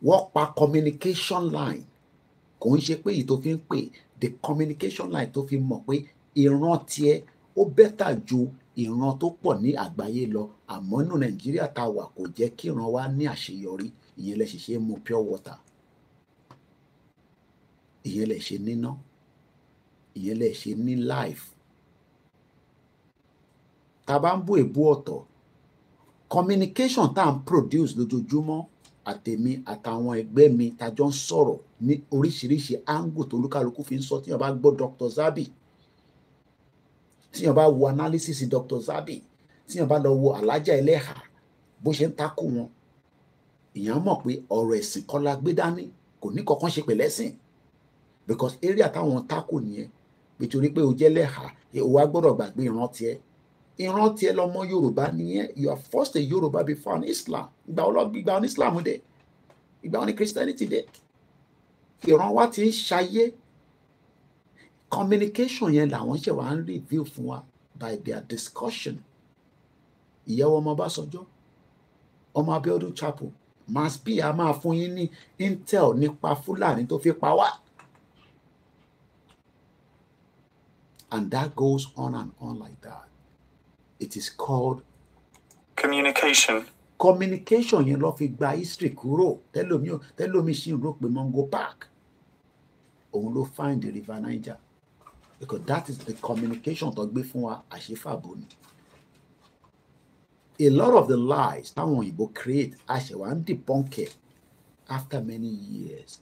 wọ́n pa communication line kò ń ṣe pé èyí tó fi ń pè the communication line tó fi mọ̀ pé ìran tiẹ̀ ó bẹ́tà ju ìran tó pọ̀ ní àgbáyé lọ àmọ́ nù nàìjíríà tá a wà kò jẹ́ kí ìran wa ní àṣeyọrí ìyẹn lè ṣe mu pure water ìyẹn lè ṣe níná ìyẹn lè ṣe ní life tá a bá ń bú èbú ọ̀tọ̀ communication tá à ń produce lójoojúmọ́ àtèmi àtàwọn ẹgbẹ́ mi tajọ́ ń sọ̀rọ̀ ní oríṣiríṣi áńgò tó olúkálukú fi ń sọ tíyàn bá gbọ́ Dr. Zabi tíyàn wo analysis Dr. Zabi tíyàn bá lọ wo alájà ẹlẹ́hà bó ṣe ń takò wọn ìyàn mọ̀ pé ọ̀rọ̀ ẹ̀sìn kọ́ la gbé dání kò ní kankan ṣe pẹ̀lẹ́ sìn because area táwọn takò nìyẹn nítorí pé o jẹ́ lẹ́hà o wá gbọ́dọ̀ gbàgbé ìrántí ẹ̀ ìran tiẹ̀ lọmọ yorùbá nìyẹn you are first a yorùbá before an islam ìgbà ọlọ́gbìn ìgbà an islam dẹ̀ ìgbà oní christianity dẹ̀ ìran wa ti ń ṣayé communication yẹn làwọn ṣe wá ń review fún wa by their discussion ìyẹ́wọ́ ọmọ Ọbásanjọ́ ọmọ Abíọ́dún chapel mass p a máa fún yín ní intel nípa fúlàní tó fi pa wá. and that goes on and on like that it is called communication. communication yẹn ló fi gba history kúrò tẹlomi tẹlomi sì ń rò pé Mungo Park òun ló find the river Niger because that is the communication tó gbé fún wa àṣefàbò ni a lot of the lies táwọn òyìnbó create àṣewà ń debunk ẹ after many years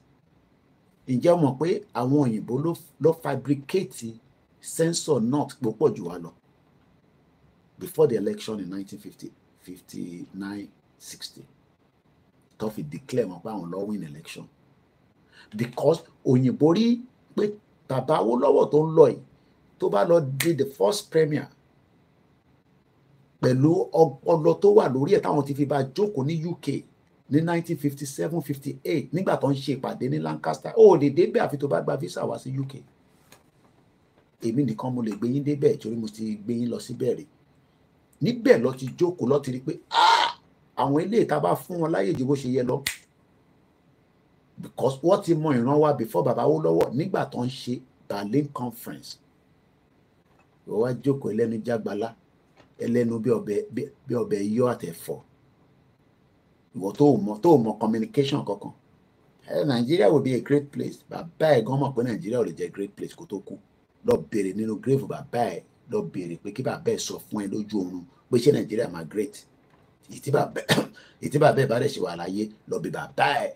ǹjẹ́ o mọ̀ pé àwọn òyìnbó ló fabricate sensor not. púpọ̀ jù wá lọ before the election in 1950, 59, 60. tó fi declare wọn pé àwọn lọ win election because òyìnbó rí pé bàbá Awólọ́wọ̀ tó ń lọ yìí tó bá lọ di the first premier pẹ̀lú ọpọlọ tó wà lórí ẹ̀ táwọn ti fi bá jókòó ní UK ní 1957 58 nígbà tó ń ṣe ìpàdé ní Lancaster ó lè débẹ̀ àfi tó bá gba visa wá sí UK èmi nìkan mo lè gbé yín débẹ̀ torí mo ti gbé yín lọ síbẹ̀ rèé níbẹ̀ lọ ti jókòó lọ pé ah! àwọn ilé ìta bá fún wọn láyè ju bó ṣe yẹ lọ because wọ́n ti mọ ìran wa before bàbá wó lọ́wọ́ nígbà tó ń ṣe Berlin conference wọ́n wá jókòó ẹlẹ́nu jágbálá ẹlẹ́nu bí ọbẹ̀ yọ àtẹ̀fọ́ ìwọ tó mọ tó mọ communication kankan nàìjíríà will be a great place bàbá ẹ̀ gan mọ̀ pé nàìjíríà ò lè jẹ́ great place kó tó kú lọ bèrè nínú grave bàbá ẹ̀ lọ béèrè pé kí bàbá ẹ sọ fún ẹ lójú oorun pé ṣé nàìjíríà máa great ìtí bàbá ẹ bá rẹ̀ ṣe wà láyé lọ bí bàbá ẹ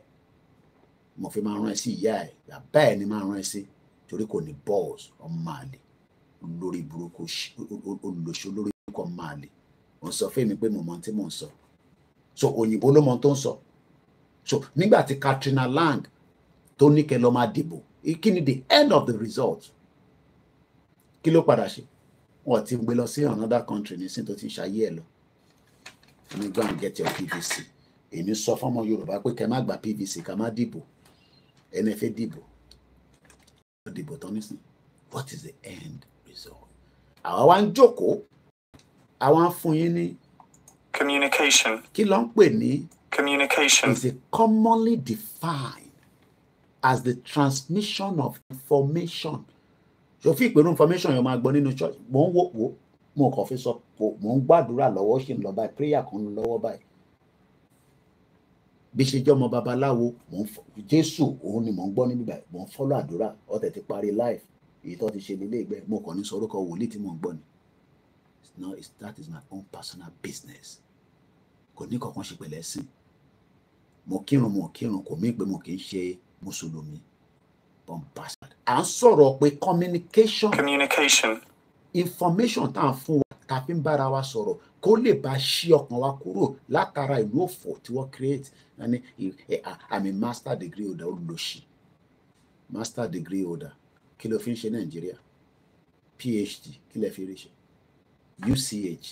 mo fi máa rán ẹ sí ìyá ẹ bàbá ẹ ni máa rán ẹ sí torí kò ní balls ọmọ àlè olórí burúkú olùlòṣó lórí burúkú ọmọ àlè ò ń sọ fẹ́mi pé mo mọ tí mò ń sọ so òyìnbó ló mọ tó ń sọ so nígbà tí Katrina Lang tó ní kẹ lọ máa dìbò kí ni the end of the result kí ló padà ṣe wọn ti gbé lọ sí another country nísìnyí tó ti ṣayé ẹ lọ ẹni go and get your PVC èmi sọ fọmọ Yorùbá pé kẹ má gba PVC ká má dìbò ẹni fẹ́ dìbò dìbò tán nísìn what is the end result àwa wa ń jókòó àwa ń fún communication. kí ló ń pè ní. communication. is a commonly defined as the transmission of information òfin ìpèrú information yẹn máa gbọ́ nínú church mò ń wò wò mo kàn fi sọ kò mò ń gbàdúrà lọ́wọ́ ṣì ń lọ báyìí prayer kan ń lọ́wọ́ báyìí bí ṣe jẹ́ ọmọ babaláwo mò ń jésù òun ni mò ń gbọ́ níbí báyìí mò ń fọ́lọ́ àdúrà ọ̀tẹ̀ ti parí life èyí tó ti ṣe nílé ìgbẹ́ mo kàn ní sọ̀rọ̀ kan wòlíì tí mò ń gbọ́ ni no it's, that is my own personal business kò ní kankan ṣe pẹ̀lẹ́ sí mo kírun mo kírun kò mí pé mo kì í ṣe mùsùlùmí bombastic à ń sọ̀rọ̀ pé communication communication information tá à ń fún wa tá a fi ń bára wa sọ̀rọ̀ kó lè bá ṣí ọkàn wa kúrò látara ìlú òfò tí wọ́n create ní àmì master degree holder olùlọ́sì master degree holder kí ló fi ń ṣe nàìjíríà phd kí lè fi rí ṣe uch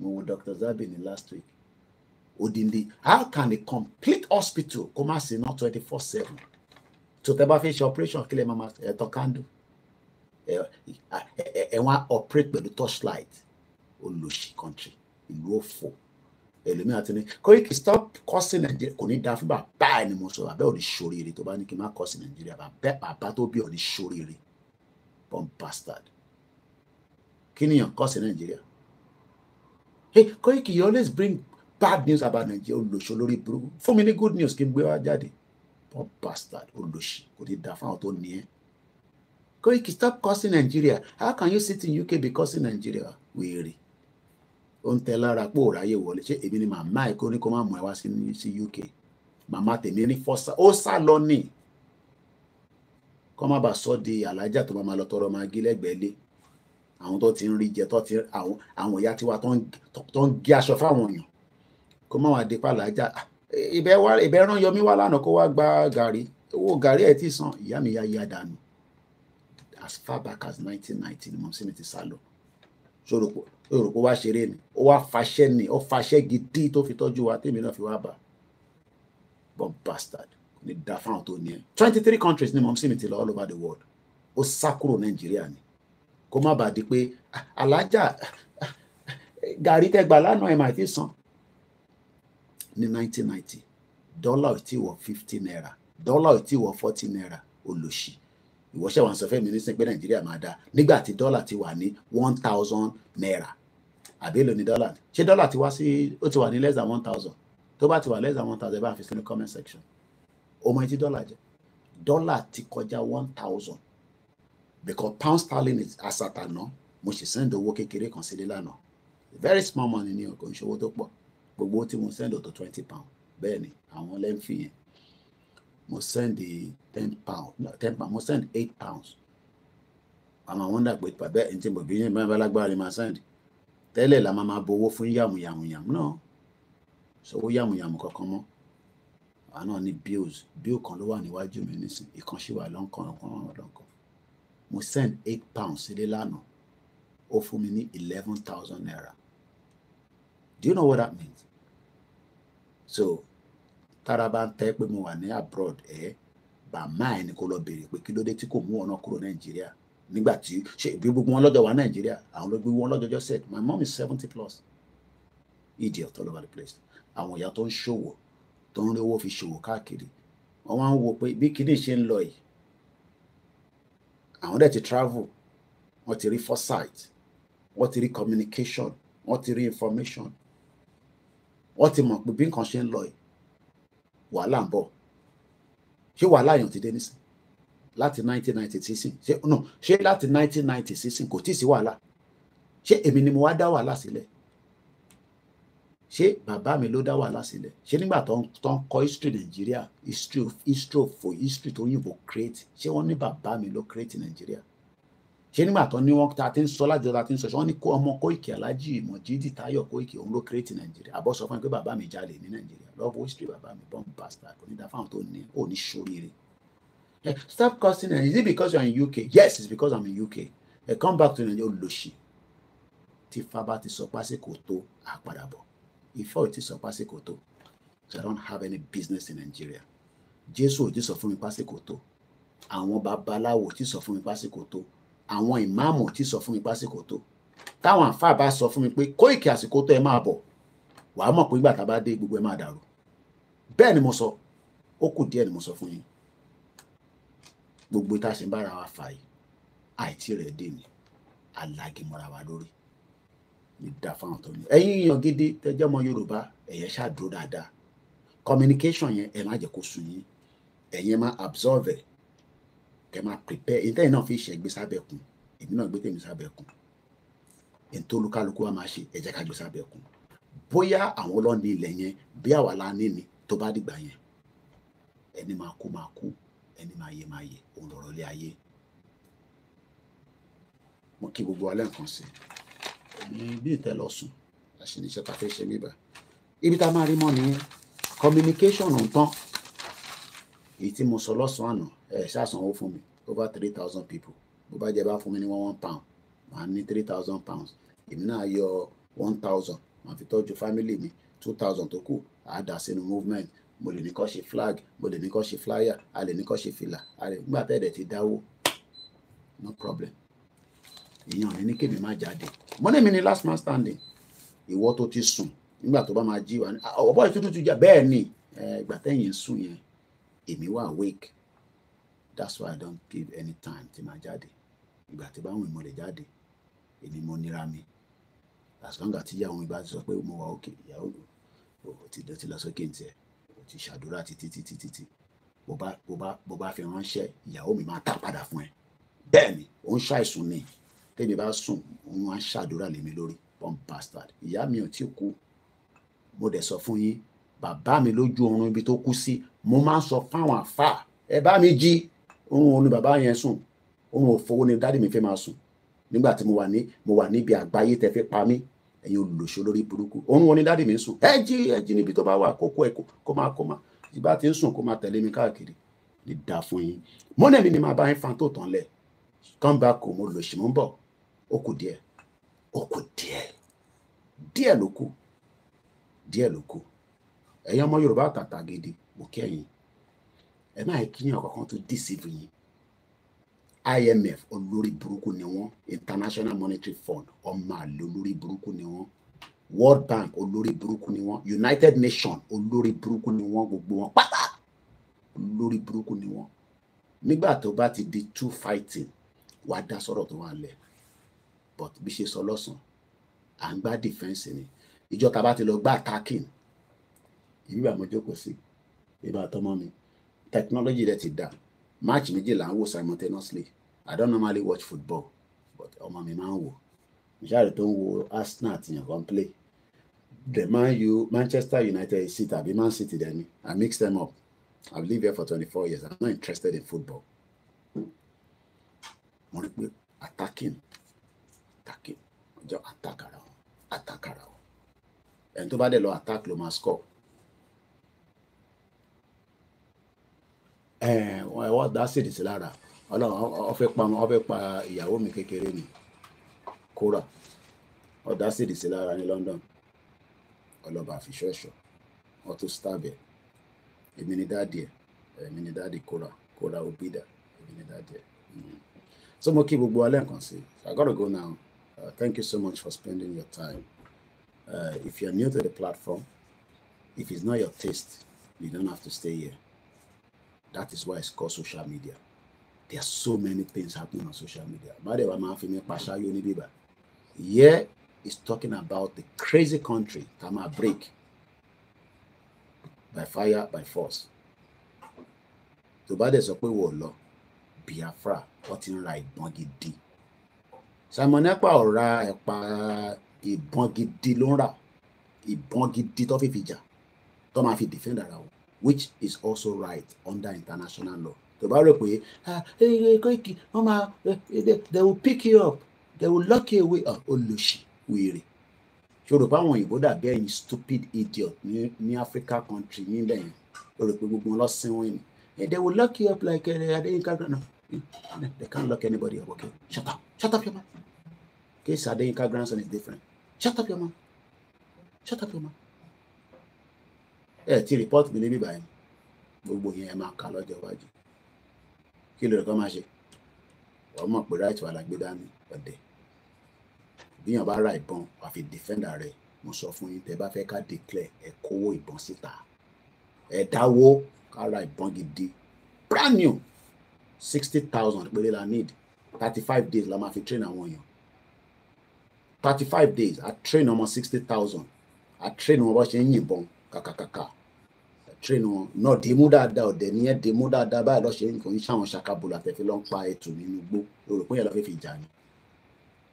mo wọn dr zabi ní last week odindi how can a complete hospital kó má sí ná twenty four seven tó tẹ́ bá fẹ́ ṣe operation kílẹ̀ máa ẹ tàn candle ẹ wọ́n á operate pẹ̀lú torchlight olóṣì country ìlú òfò ẹlòmíràn ti ní Koiki stop cursing Nigeria kò ní da fún bàbá ẹni mo sọ bàbá ò ní ṣoríire tó bá ní kí n má cursing Nigeria bàbá tó bí ò ní ṣoríire bomb bastard kí nìyàn cursing Nigeria hey Koiki you always bring bad news about Nigeria olóṣò lórí burúkú fún mi ní good news kí n gbé wá jáde poor bastard olóṣì kò ní da to tó ní ẹ. stop cursing Nigeria how can you sit in UK be cursing Nigeria weary? ó tell her lára pé ò ráyè wọlé ṣé èmi ni màmá ẹ kó ní kó má mú ẹ wá UK Mama tèmi ní fọ́sà ó sá lọ ní kọ́ má bàa sọ di alájà tó máa lọ tọrọ máa gí lẹ́gbẹ̀ẹ́ lé àwọn tó ti ń rí jẹ tó ti àwọn ìyá tiwa tó ń gé aṣọ fáwọn èèyàn kó má wàá di pa alájà ah, ìbẹ̀ rán yọmí wá lánàá kó wá gba gàrí owó gàrí ẹ̀ ti san ìyá mi ya ya dànù as far back as nineteen ninety ni mo sì ní ti sá lọ sórúkọ sórúkọ wá ṣeré ni ó wá fàṣẹ ni ó fàṣẹ gidi tó fi tọ́jú wa tèmi náà fi wá bá bob bastard ní da fáwọn tó ní ẹ twenty three countries ni mo sì ní ti lọ all over the world ó sá kúrò nàìjíríà ni kó má bàa di pé ah, alájà ah, ah, gàrí tẹ gbà lánàá ẹ̀ máa ti san ní 1990 dọ́là ò tí wọ 50 naira dọ́là ò tí wọ 40 naira olóṣì ìwọ ṣẹ̀ wá ń sọ fẹ́mi ní sìn pé nàìjíríà máa dáa nígbà tí dọ́là ti wà ní 1000 naira àbí èlò ní dọ́là ṣé dọ́là ti wá sí ó ti wà ní less than 1000 tó bá ti wà less than 1000 bá fi sínú comment section ó mọ etí dọ́là jẹ dọ́là ti kọjá 1000 because pound sterling is asatana mo sì sẹ́ńdọ̀ owó kékeré kan sílé lánàá very small money ni o kò ń ṣe tó pọ̀ gbogbo tí mo send ọ̀tọ̀ twenty pound bẹ́ẹ̀ ni àwọn lẹ́ǹfì yẹn mo send ten pound ten pound mo send eight pounds àwọn àwọn dà pé bàbá ẹ̀ ń tí mo bí yẹn bá lágbára ni màá send tẹ́lẹ̀ la máa bowó fún yàmùyàmùyàmù náà sọwọ́ yàmùyàmù kankan mọ́ àwa náà ní bills bill kan ló wà níwájú mi nísìn ìkànṣe wà lọ́nkàn lọ́nkàn lọ́nkàn mo send eight pounds sílé lánàá ó fún mi ní eleven thousand naira do you know what that means so tára bá ń tẹ́ pé mo wà ní abroad ẹ̀ bàmá ẹni kó lọ béèrè pé kí ló dé tí kò mú ọ̀nà kúrò nàìjíríà nígbà tí ṣe ìbí gbogbo wọn lọ́jọ́ wà nàìjíríà àwọn ló gbé wọn lọ́jọ́ just said my mom is seventy plus idiot all over the place àwọn ìyá tó ń ṣòwò tó ń rí owó fi ṣòwò káàkiri wọn wá ń wo pé bí kinní ṣe ń lọ yìí àwọn dẹ̀ ti travel wọ́n ti rí foresight wọ́n ti rí communication wọ́n ti rí information wọ́n ti mọ̀ pé bí nǹkan ṣe ń lọ yìí wàhálà ń bọ̀ ṣé wàhálà yàn ti dé nísìn láti 1990 sísìn no ṣé láti 1990 sísìn kò tí ì sí wàhálà ṣé èmi ni mo wá dá wàhálà sílẹ̀ ṣé bàbá mi ló dá wàhálà sílẹ̀ ṣé nígbà tó ń kọ history Nàìjíríà history of history of for history tó yìnbó create ṣé wọ́n ní bàbá mi ló create Nigeria ṣé nígbà tó ní wọn ta ti ń sọ láti ọ̀la ti ń sọ ṣé wọn ní kó ọmọ Kóìkì Alhaji Mojidi Tayo Kóìkì òun ló kírètì Nàìjíríà àbọ̀ sọ fún mi pé bàbá mi jalè ní Nàìjíríà lọ́wọ́ history bàbá mi bomb pastor kò ní da fáwọn tó ní ò ní ṣoríire. stop cursing Nigeria is it because you are in UK yes it's because I'm in UK I come back to Nigeria olóṣì tí fábà ti sọ pásíkò tó àpàdàbọ̀ ìfọ́ ò ti sọ pásíkò tó so I don't have any business in Nigeria Jésù ò ti sọ fún mi pásíkò tó àwọn babaláwo ò ti sọ fún mi pásíkò tó àwọn ìmáàmù ti sọ fún mi pásìkò tó táwọn àfáà bá sọ fún mi pé Kóìkì àsìkò tó ẹ máa bọ̀ wàá mọ̀ pé ìgbà tá a bá dé gbogbo ẹ máa dàrú bẹ́ẹ̀ ni mo sọ ó kù díẹ̀ ni mo sọ fún yín gbogbo tá sì ń bára wa fà yìí àìtí rẹ̀ dé ni alágìmọ̀ra wa lórí ní dá fáwọn tó ní ẹ̀yin èèyàn gidi tẹ́jọ́ ọmọ Yorùbá ẹ̀yẹ ṣáà dúró dáadáa communication yẹn ẹ má jẹ́ kó sú yín ẹ̀yin má absorb ẹ̀ kẹ máa prepare èyí tẹ́yìn náà fi ṣẹ̀gbé sábẹ́ kùn èmi náà gbé tèmi sábẹ́ kùn èyí tó olúkálukú wa máa ṣe ẹ jẹ́ ká gbé sábẹ́ kùn bóyá àwọn ọlọ́ni ilẹ̀ yẹn bí àwa la ní ni tó bá dìgbà yẹn ẹni máa kú máa kú ẹni máa yẹ máa yẹ òun lọ̀rọ̀ lé ayé mo kí gbogbo alẹ́ nǹkan sí ẹni bí ìtẹ́ lọ sùn àṣìníṣẹ́ ta fẹ́ ṣe níbà ibi tá a máa rí mọ́ nìyẹn communication ń tán èyí tí mo sọ lọ́sàn-án àná ẹ ṣàṣànwó fún mi over three thousand people bó bá jẹ bá fún mi ní one one pound màá ní three thousand pounds èmi náà yọ one thousand màá fi tọ́jú family mi two thousand tó kù àá dà sínú movement mo lè ní kó ṣe flag mo lè ní kó ṣe flyer a lè ní kó ṣe fìlà a lè nígbà tẹ́ẹ̀dẹ̀ ti dáwó no problem èèyàn ní kébì má jáde mọ́nà mi ni last man standing ìwọ tó ti sùn nígbà tó bá máa jí wa ah, ọ̀bọ̀ ìtútù ti jà bẹ́ẹ̀ ni ìgbà tẹ́yìn sùn yẹn èmi wà wake that's why i don't give any time to my daddy. ìgbà tí bá wùn mo lè jáde èmi mo nira mi as long as tíyàwó mi bá ti sọ pé mo wà òkè ìyàwó o ti dọ̀tí lọ sókè nìyẹn o ti ṣàdúrà títí títí títí bó bá bó bá bó bá fi ránṣẹ́ ìyàwó mi máa tà padà fún ẹ bẹ́ẹ̀ ni ó ń ṣàìsùn ni tèmi bá sùn òun á ṣàdúrà lèmi lórí bomb bastard ìyá mi ò tí kú mo dẹ̀ sọ fún yín bàbá mi lójú oorun ibi tó kú sí mo máa ń sọ fáwọn àfà ẹ bá mi jí òun ò ní bàbá yẹn sùn òun ò fowó ni dáàdì mi fẹ́ máa sùn nígbà tí mo wà ní mo wà níbi àgbáyé tẹ fẹ́ pa mí ẹ̀yin olùlòṣó lórí burúkú òun wọn ni dáàdì mi ń sùn ẹ jí ẹ jí níbi tó bá wà kókó ẹ kó máa kó máa ìbá ti ń sùn kó máa tẹ̀lé mi káàkiri lè dà fún yín mọ́nà mi ni màá bá yín fan tó tán lẹ̀ come back home olùlòṣì mọ́ ń bọ̀ ó kù díẹ̀ ó kù díẹ̀ díẹ̀ ló kù díẹ̀ ló kù ẹ̀yin ọmọ Yorùbá tàtà gidi mo kẹ́yìn ẹ máa kíyàn kankan tó deceive yín IMF olórí burúkú ni wọn International Monetary Fund ọmọ àlè olórí burúkú ni wọn World Bank olórí burúkú ni wọn United Nations olórí burúkú ni wọn gbogbo wọn pátá olórí burúkú ni wọn nígbà tó bá ti di two fighting wàá dá sọ̀rọ̀ tó wà lẹ̀ but bí ṣe sọ lọ́sàn à ń gbá defence ni ìjọ tá a bá ti lọ gbá attacking ìlú àmọ́jókòó sí ìbátan mọ́ mi technology rẹ it down. match me là ń wò simultaneously i don't normally watch football but ọmọ mi máa ń wò ìṣáàrè tó ń wo arsenal àti yankan play the man you manchester united is it be man city then. i mix them up I've lived here for 24 years i'm not interested in football attacking attacking ọjọ́ attack around, attack around. And to tó bá dẹ̀ attack lo máa score. ẹ wọ́n dá sídìí lára ọlọ́run ó pa ó pa ìyàwó mi kékeré ni kóra ó dá lára ní London ọlọ́ba àfiṣọ́ṣọ́ wọ́n tún èmi ni dáàdì ẹ̀ èmi ni dáàdì kóra kóra obìdà èmi ni dáàdì ẹ̀ hmm. so mo kí gbogbo alẹ́ nǹkan sí I gotta go now uh, thank you so much for spending your time uh, if you are new to the platform if it's not your taste you don't have to stay here. That is why it's called social media. There are so many things happening on social media. By the way, máa fi mi pàṣà yóò is talking about the crazy country tá máa break by fire by force. Tó bá dẹ̀ sọ Biafra wọ́n ti ń D. ìbọn gidi. Simon Ekpa ò ra ẹ̀pà ìbọn gidi ló ń rà ìbọn gidi tó fi fi jà tó máa fi defend which is also right under international law tó bá rò pé Koiki wọ́n máa they will pick you up they will lock you away olùsì wèrè yorùbá àwọn òyìnbó dàbí ẹ̀yin stupid idiot ní ní Africa country yín lẹ́yìn ó rò pé gbogbo wọn lọ wọn ni they will lock you up like Adéyínká Grandstand they can't lock anybody up okay shut up shut up your mouth case Adéyínká Grandstand is different shut up your mouth shut up your mouth ẹ ti report mi níbí báyìí gbogbo yẹn ẹ máa kà lọ́jọ́ iwájú kí lóore kan máa ṣe wọ́n mọ̀ pé right wà lágbé dání ọ̀dẹ̀ bíyàn bá ra ìbọn wàá fi defender mo sọ fún yín tẹ bá fẹ́ ká declare ẹ kówó ìbọn síta ẹ dáwó ká ra ìbọn gidi brand new sixty thousand péré la need thirty five days la máa fi train àwọn èèyàn thirty five days a train ọmọ sixty thousand a train wọn bó ṣe ń yìnbọn kàkàkàkà tírínù náà dìímú dáadáa ọ̀dẹ̀ ní ẹ̀ dìímú dáadáa báyìí lọ́ọ́ ṣe ń kò ń ṣàwọn ṣàkàbọ̀ làtẹ̀fẹ́ lọ́n pa ètò nínú igbó lórí pé yẹn lọ́ọ́ fẹ́ fi jà ni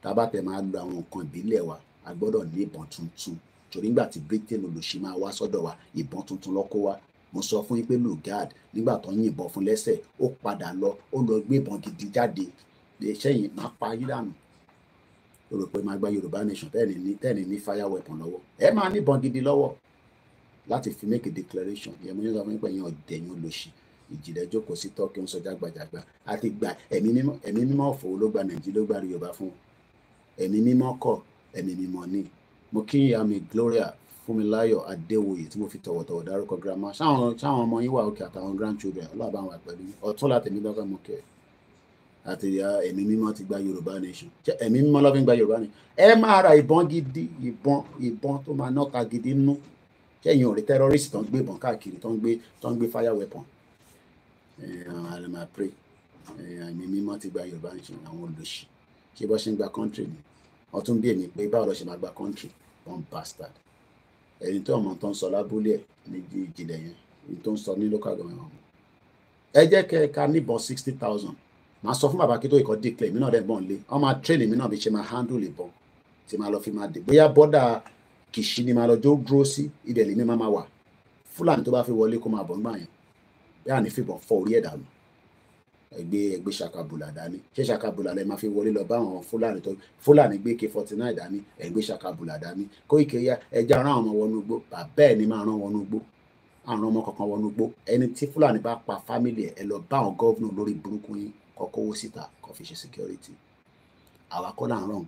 tábàtẹ̀ máa lo àwọn nǹkan ìbílẹ̀ wa a gbọ́dọ̀ ní ìbọn tuntun torí nígbà tí Britain olùṣí máa wá sọ́dọ̀ wa ìbọn tuntun lọ́kọ́ wa mo sọ fún yín pé lugard nígbà tó ń yìnbọn fún lẹ́sẹ̀ ó padà lọ ó lọ gbé ìbọn gidi jáde iṣẹ́ yìí máa pa yín dànù o rò pé máa gba Yorùbá nation tẹ́ẹ̀ni ní fire weapon lọ́wọ́ ẹ máa ní ìbọn gidi lọ́wọ́ láti fi make a declaration ìyẹn mo ní sọ fún pé èèyàn ọ̀dẹ̀ yín olóṣì ìjìnlẹ̀ jókòó sí tọ́kì ń sọjá gbajàgba àti gba ẹ̀mí mímọ́ ẹ̀mí mímọ́ ọ̀fọ̀ ló gba nàìjíríà ló gba yorùbá fún ẹ̀mí mímọ́ kọ̀ ẹ̀mí mímọ́ ní mo kí àmì gloria fúnmiláyọ̀ adéwòye tí mo fi tọ̀wọ̀tọ̀wọ̀ dárúkọ girama sáwọn sáwọn ọmọ yín wà òkè àtàwọn grandchildren ọlọ́ọ̀bá wà pẹ̀lú ọ̀tún láti ẹ̀mí lọ́kàn mọ́ kẹ́ àti ẹ̀mí mímọ́ ti gba yorùbá nation ẹ̀mí mímọ́ ló fi ń gba yorùbá nation ẹ máa ra ìbọn gidi ìbọn ìbọn tó máa nọ́ta gidi nú kẹ́yìn ò rí terrorist tó ń gbé ìbọn káàkiri tó ń gbé tó ń gbé fire weapon àwọn pray àmì mímọ́ ti gba yorùbá ń ṣe àwọn olóṣì kí bọ́ ṣe ń gba country ni wọ́n tún bí èmi pé báwo lọ ṣe máa gba country one bastard ẹni tó ọmọ tó ń sọ lábúlé ẹ̀ níbi ìjìnlẹ̀ yẹn ẹni tó ń sọ ní local government ọmọ ẹ jẹ́ kẹ́ ẹ ká níbọn sixty thousand màá sọ fún bàbá kí tó ìkọ́ declare èmi náà rẹ̀ bọ̀ ń lé wọ́n máa train èmi náà bí ṣe máa handle ìbọn tí máa lọ fi máa dé bóyá bọ́dà Kìṣí ni màá lọ jó dúró sí ibẹ̀ lèmi máa wà Fúlàní tó bá fi wọlé kó máa bọ̀ ńgbà yẹn bẹ́ẹ̀ ni fìbọn fọ orí ẹ̀ dànù ẹgbẹ́ ẹgbẹ́ ṣakabula dání ṣé ṣakabula lẹ máa fi wọlé lọ bá àwọn Fúlàní tó Fúlàní gbé k forty nine dání ẹgbẹ́ ṣakabula dání Kóìkì ya ẹja rán àwọn ọmọ wọnú igbó bàbá ẹ̀ ni máa rán wọnú igbó àwọn ọmọ kankan wọnú igbó ẹni tí Fúlàní bá pa fámìlì ẹ̀ ẹ lọ bá àwọn gọ́vnù lórí burúkú yín kọ́kọ́ síta kó security àwa kọ́ là ń rán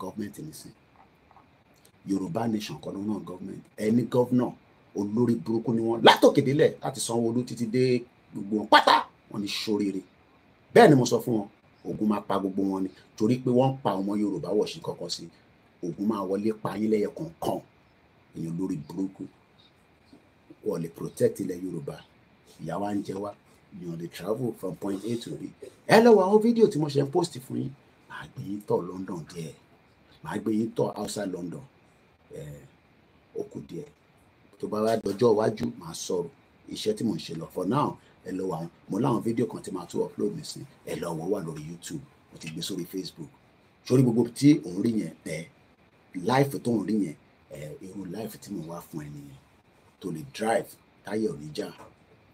yorùbá nation kan náà gọọmenti ẹni gọvnọ olórí burúkú ni wọn látòkè délẹ̀ láti sanwóolu títí dé gbogbo wọn pátá wọn ni ṣoríire bẹ́ẹ̀ ni mo sọ fún wọn ogun máa pa gbogbo wọn ni torí pé wọn pa ọmọ yorùbá wọ̀ṣí kọ̀ọ̀kan sí ogun máa wọlé pa yín lẹ́yẹ kọ̀ọ̀kan èèyàn lórí burúkú wọn lè protect ilẹ̀ yorùbá ìyà ń jẹ wá èèyàn lè travel from point a to b ẹ lọ wo àwọn fídíò tí mo ṣe ń post fún yín màá gbé yín tọ̀ london díẹ̀ màá gbé yín tọ̀ outside london ó kù díẹ̀ tó bá wá dọjọ́ iwájú màá sọ̀rọ̀ iṣẹ́ tí mò ń ṣe lọ for now ẹ lọ wà mo láwọn fídíò kan tí màá tún upload mi sí ẹ lọ wọ́n wà lórí YouTube mo ti gbé sórí Facebook sórí gbogbo tí òun rí yẹn ẹ láìfù tó ń rí yẹn ẹ irú láìfù tí mò ń wá fún ẹ nìyẹn tó lè drive táyà ò ní já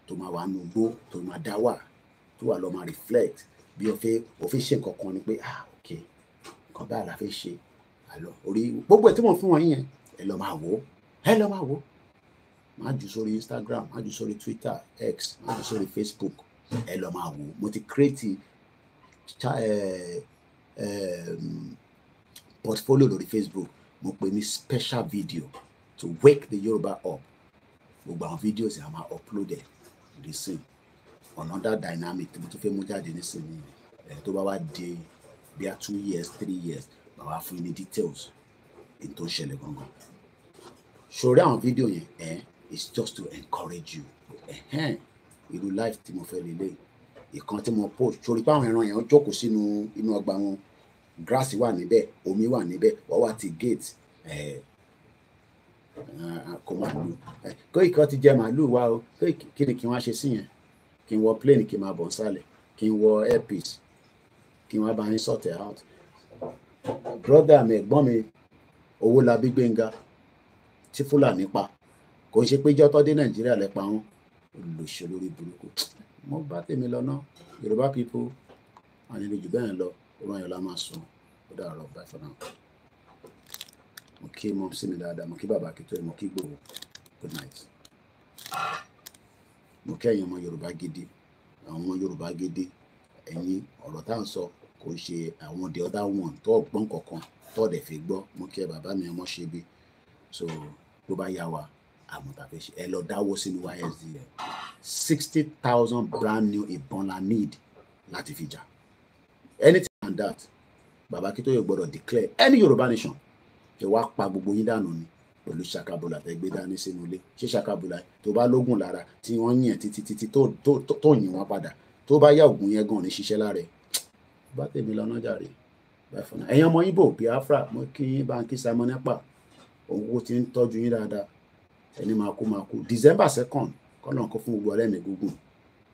tó máa wà nù gbó tó máa dá wà tó wà lọ máa reflect bí o fẹ́ o fẹ́ ṣe nǹkan kan ni pé ah ok nǹkan báyìí la fẹ́ ṣe ẹ lọ orí gbogbo ẹ tí mo fún wọn yẹn ẹ lọ máa wò ó ẹ lọ máa wò ó máa jù sórí Instagram máa jù sórí Twitter X máa jù sórí Facebook ẹ lọ máa wò ó mo ti create portfolio lórí Facebook mo pè ní special video to wake the Yoruba up gbogbo àwọn videos yẹn a máa upload ẹ the same another dynamic tí mo tún fẹ́ mú jáde nísìnyí ẹ̀ tó bá wá di bí a two years three years wàá fún yín ní details èyí tó ń ṣẹlẹ̀ gangan ṣòrí àwọn fídíò yẹn ẹ eh, it's just to encourage you Eh? ẹhẹn irú life tí mo fẹ́ lélẹ̀ ìkan tí mo post ṣòrí pé àwọn ẹran yẹn jókòó sínú inú ọgbà wọn grass wà níbẹ̀ omi wà níbẹ̀ wọ́n wà ti gate eh, eh, kò màlúù kó ìkan ti jẹ màlúù wa o kí ni kí wọ́n á ṣe sí yẹn kí n wọ plane kí n máa bọ̀ nsàlẹ̀ kí n wọ airpiece kí n wá bá yín sort it out brọ́dà mi ẹ̀gbọ́n mi Owólabí Gbénga tí Fúlàní pa kò ń ṣe pé jọ́tọ́ dé Nàìjíríà lẹ pa wọ́n olùṣe lórí burúkú mo bá tèmi lọ́nà Yorùbá people àníbi jù bẹ́ẹ̀ lọ oorun ayọ̀ la máa sùn ó dàrọ̀ báyìí fún náà mo kí mọ́ sí mi dáadáa mo kí bàbá kìtó mo kí gbòòrò good night mo kí ẹ̀yin ọmọ Yorùbá gidi àwọn ọmọ Yorùbá gidi ẹ̀yin ọ̀rọ̀ tá à ń sọ kò ń ṣe àwọn the other one tó gbọ́n kankan tó dẹ̀ fi gbọ́ mo kí ẹ bàbá mi ọmọ ṣe bí so ló bá yá wa àmọ̀tàfẹ́ ṣe ẹ lọ dáwọ́ sínú ysdn sixty thousand brand new ìbọn la need láti fi jà anything and that bàbá Akíntóyè gbọ́dọ̀ declare any Yorùbá nation ẹ wá pa gbogbo yín dànù ni pẹ̀lú ṣakabula tẹ́ gbé dání sínú ilé ṣé ṣakabula tó bá lógùn lára tí wọ́n yàn títí títí tó yìn wọ́n padà tó bá yá ògùn yẹn gan ní ṣiṣẹ́ lára ẹ̀ bá tèmi lọ náà jàre ọmọ Ìgbò Biafra mo kí yín Banky Simon Ekpa ti ń tọ́jú yín dáadáa ẹni máa kú máa kú December second kọ́nà kó fún gbogbo gúngùn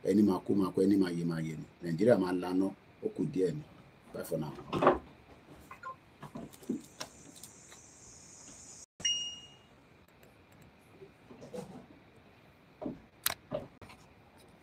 ẹni máa ni Nàìjíríà máa ó kù díẹ̀ ni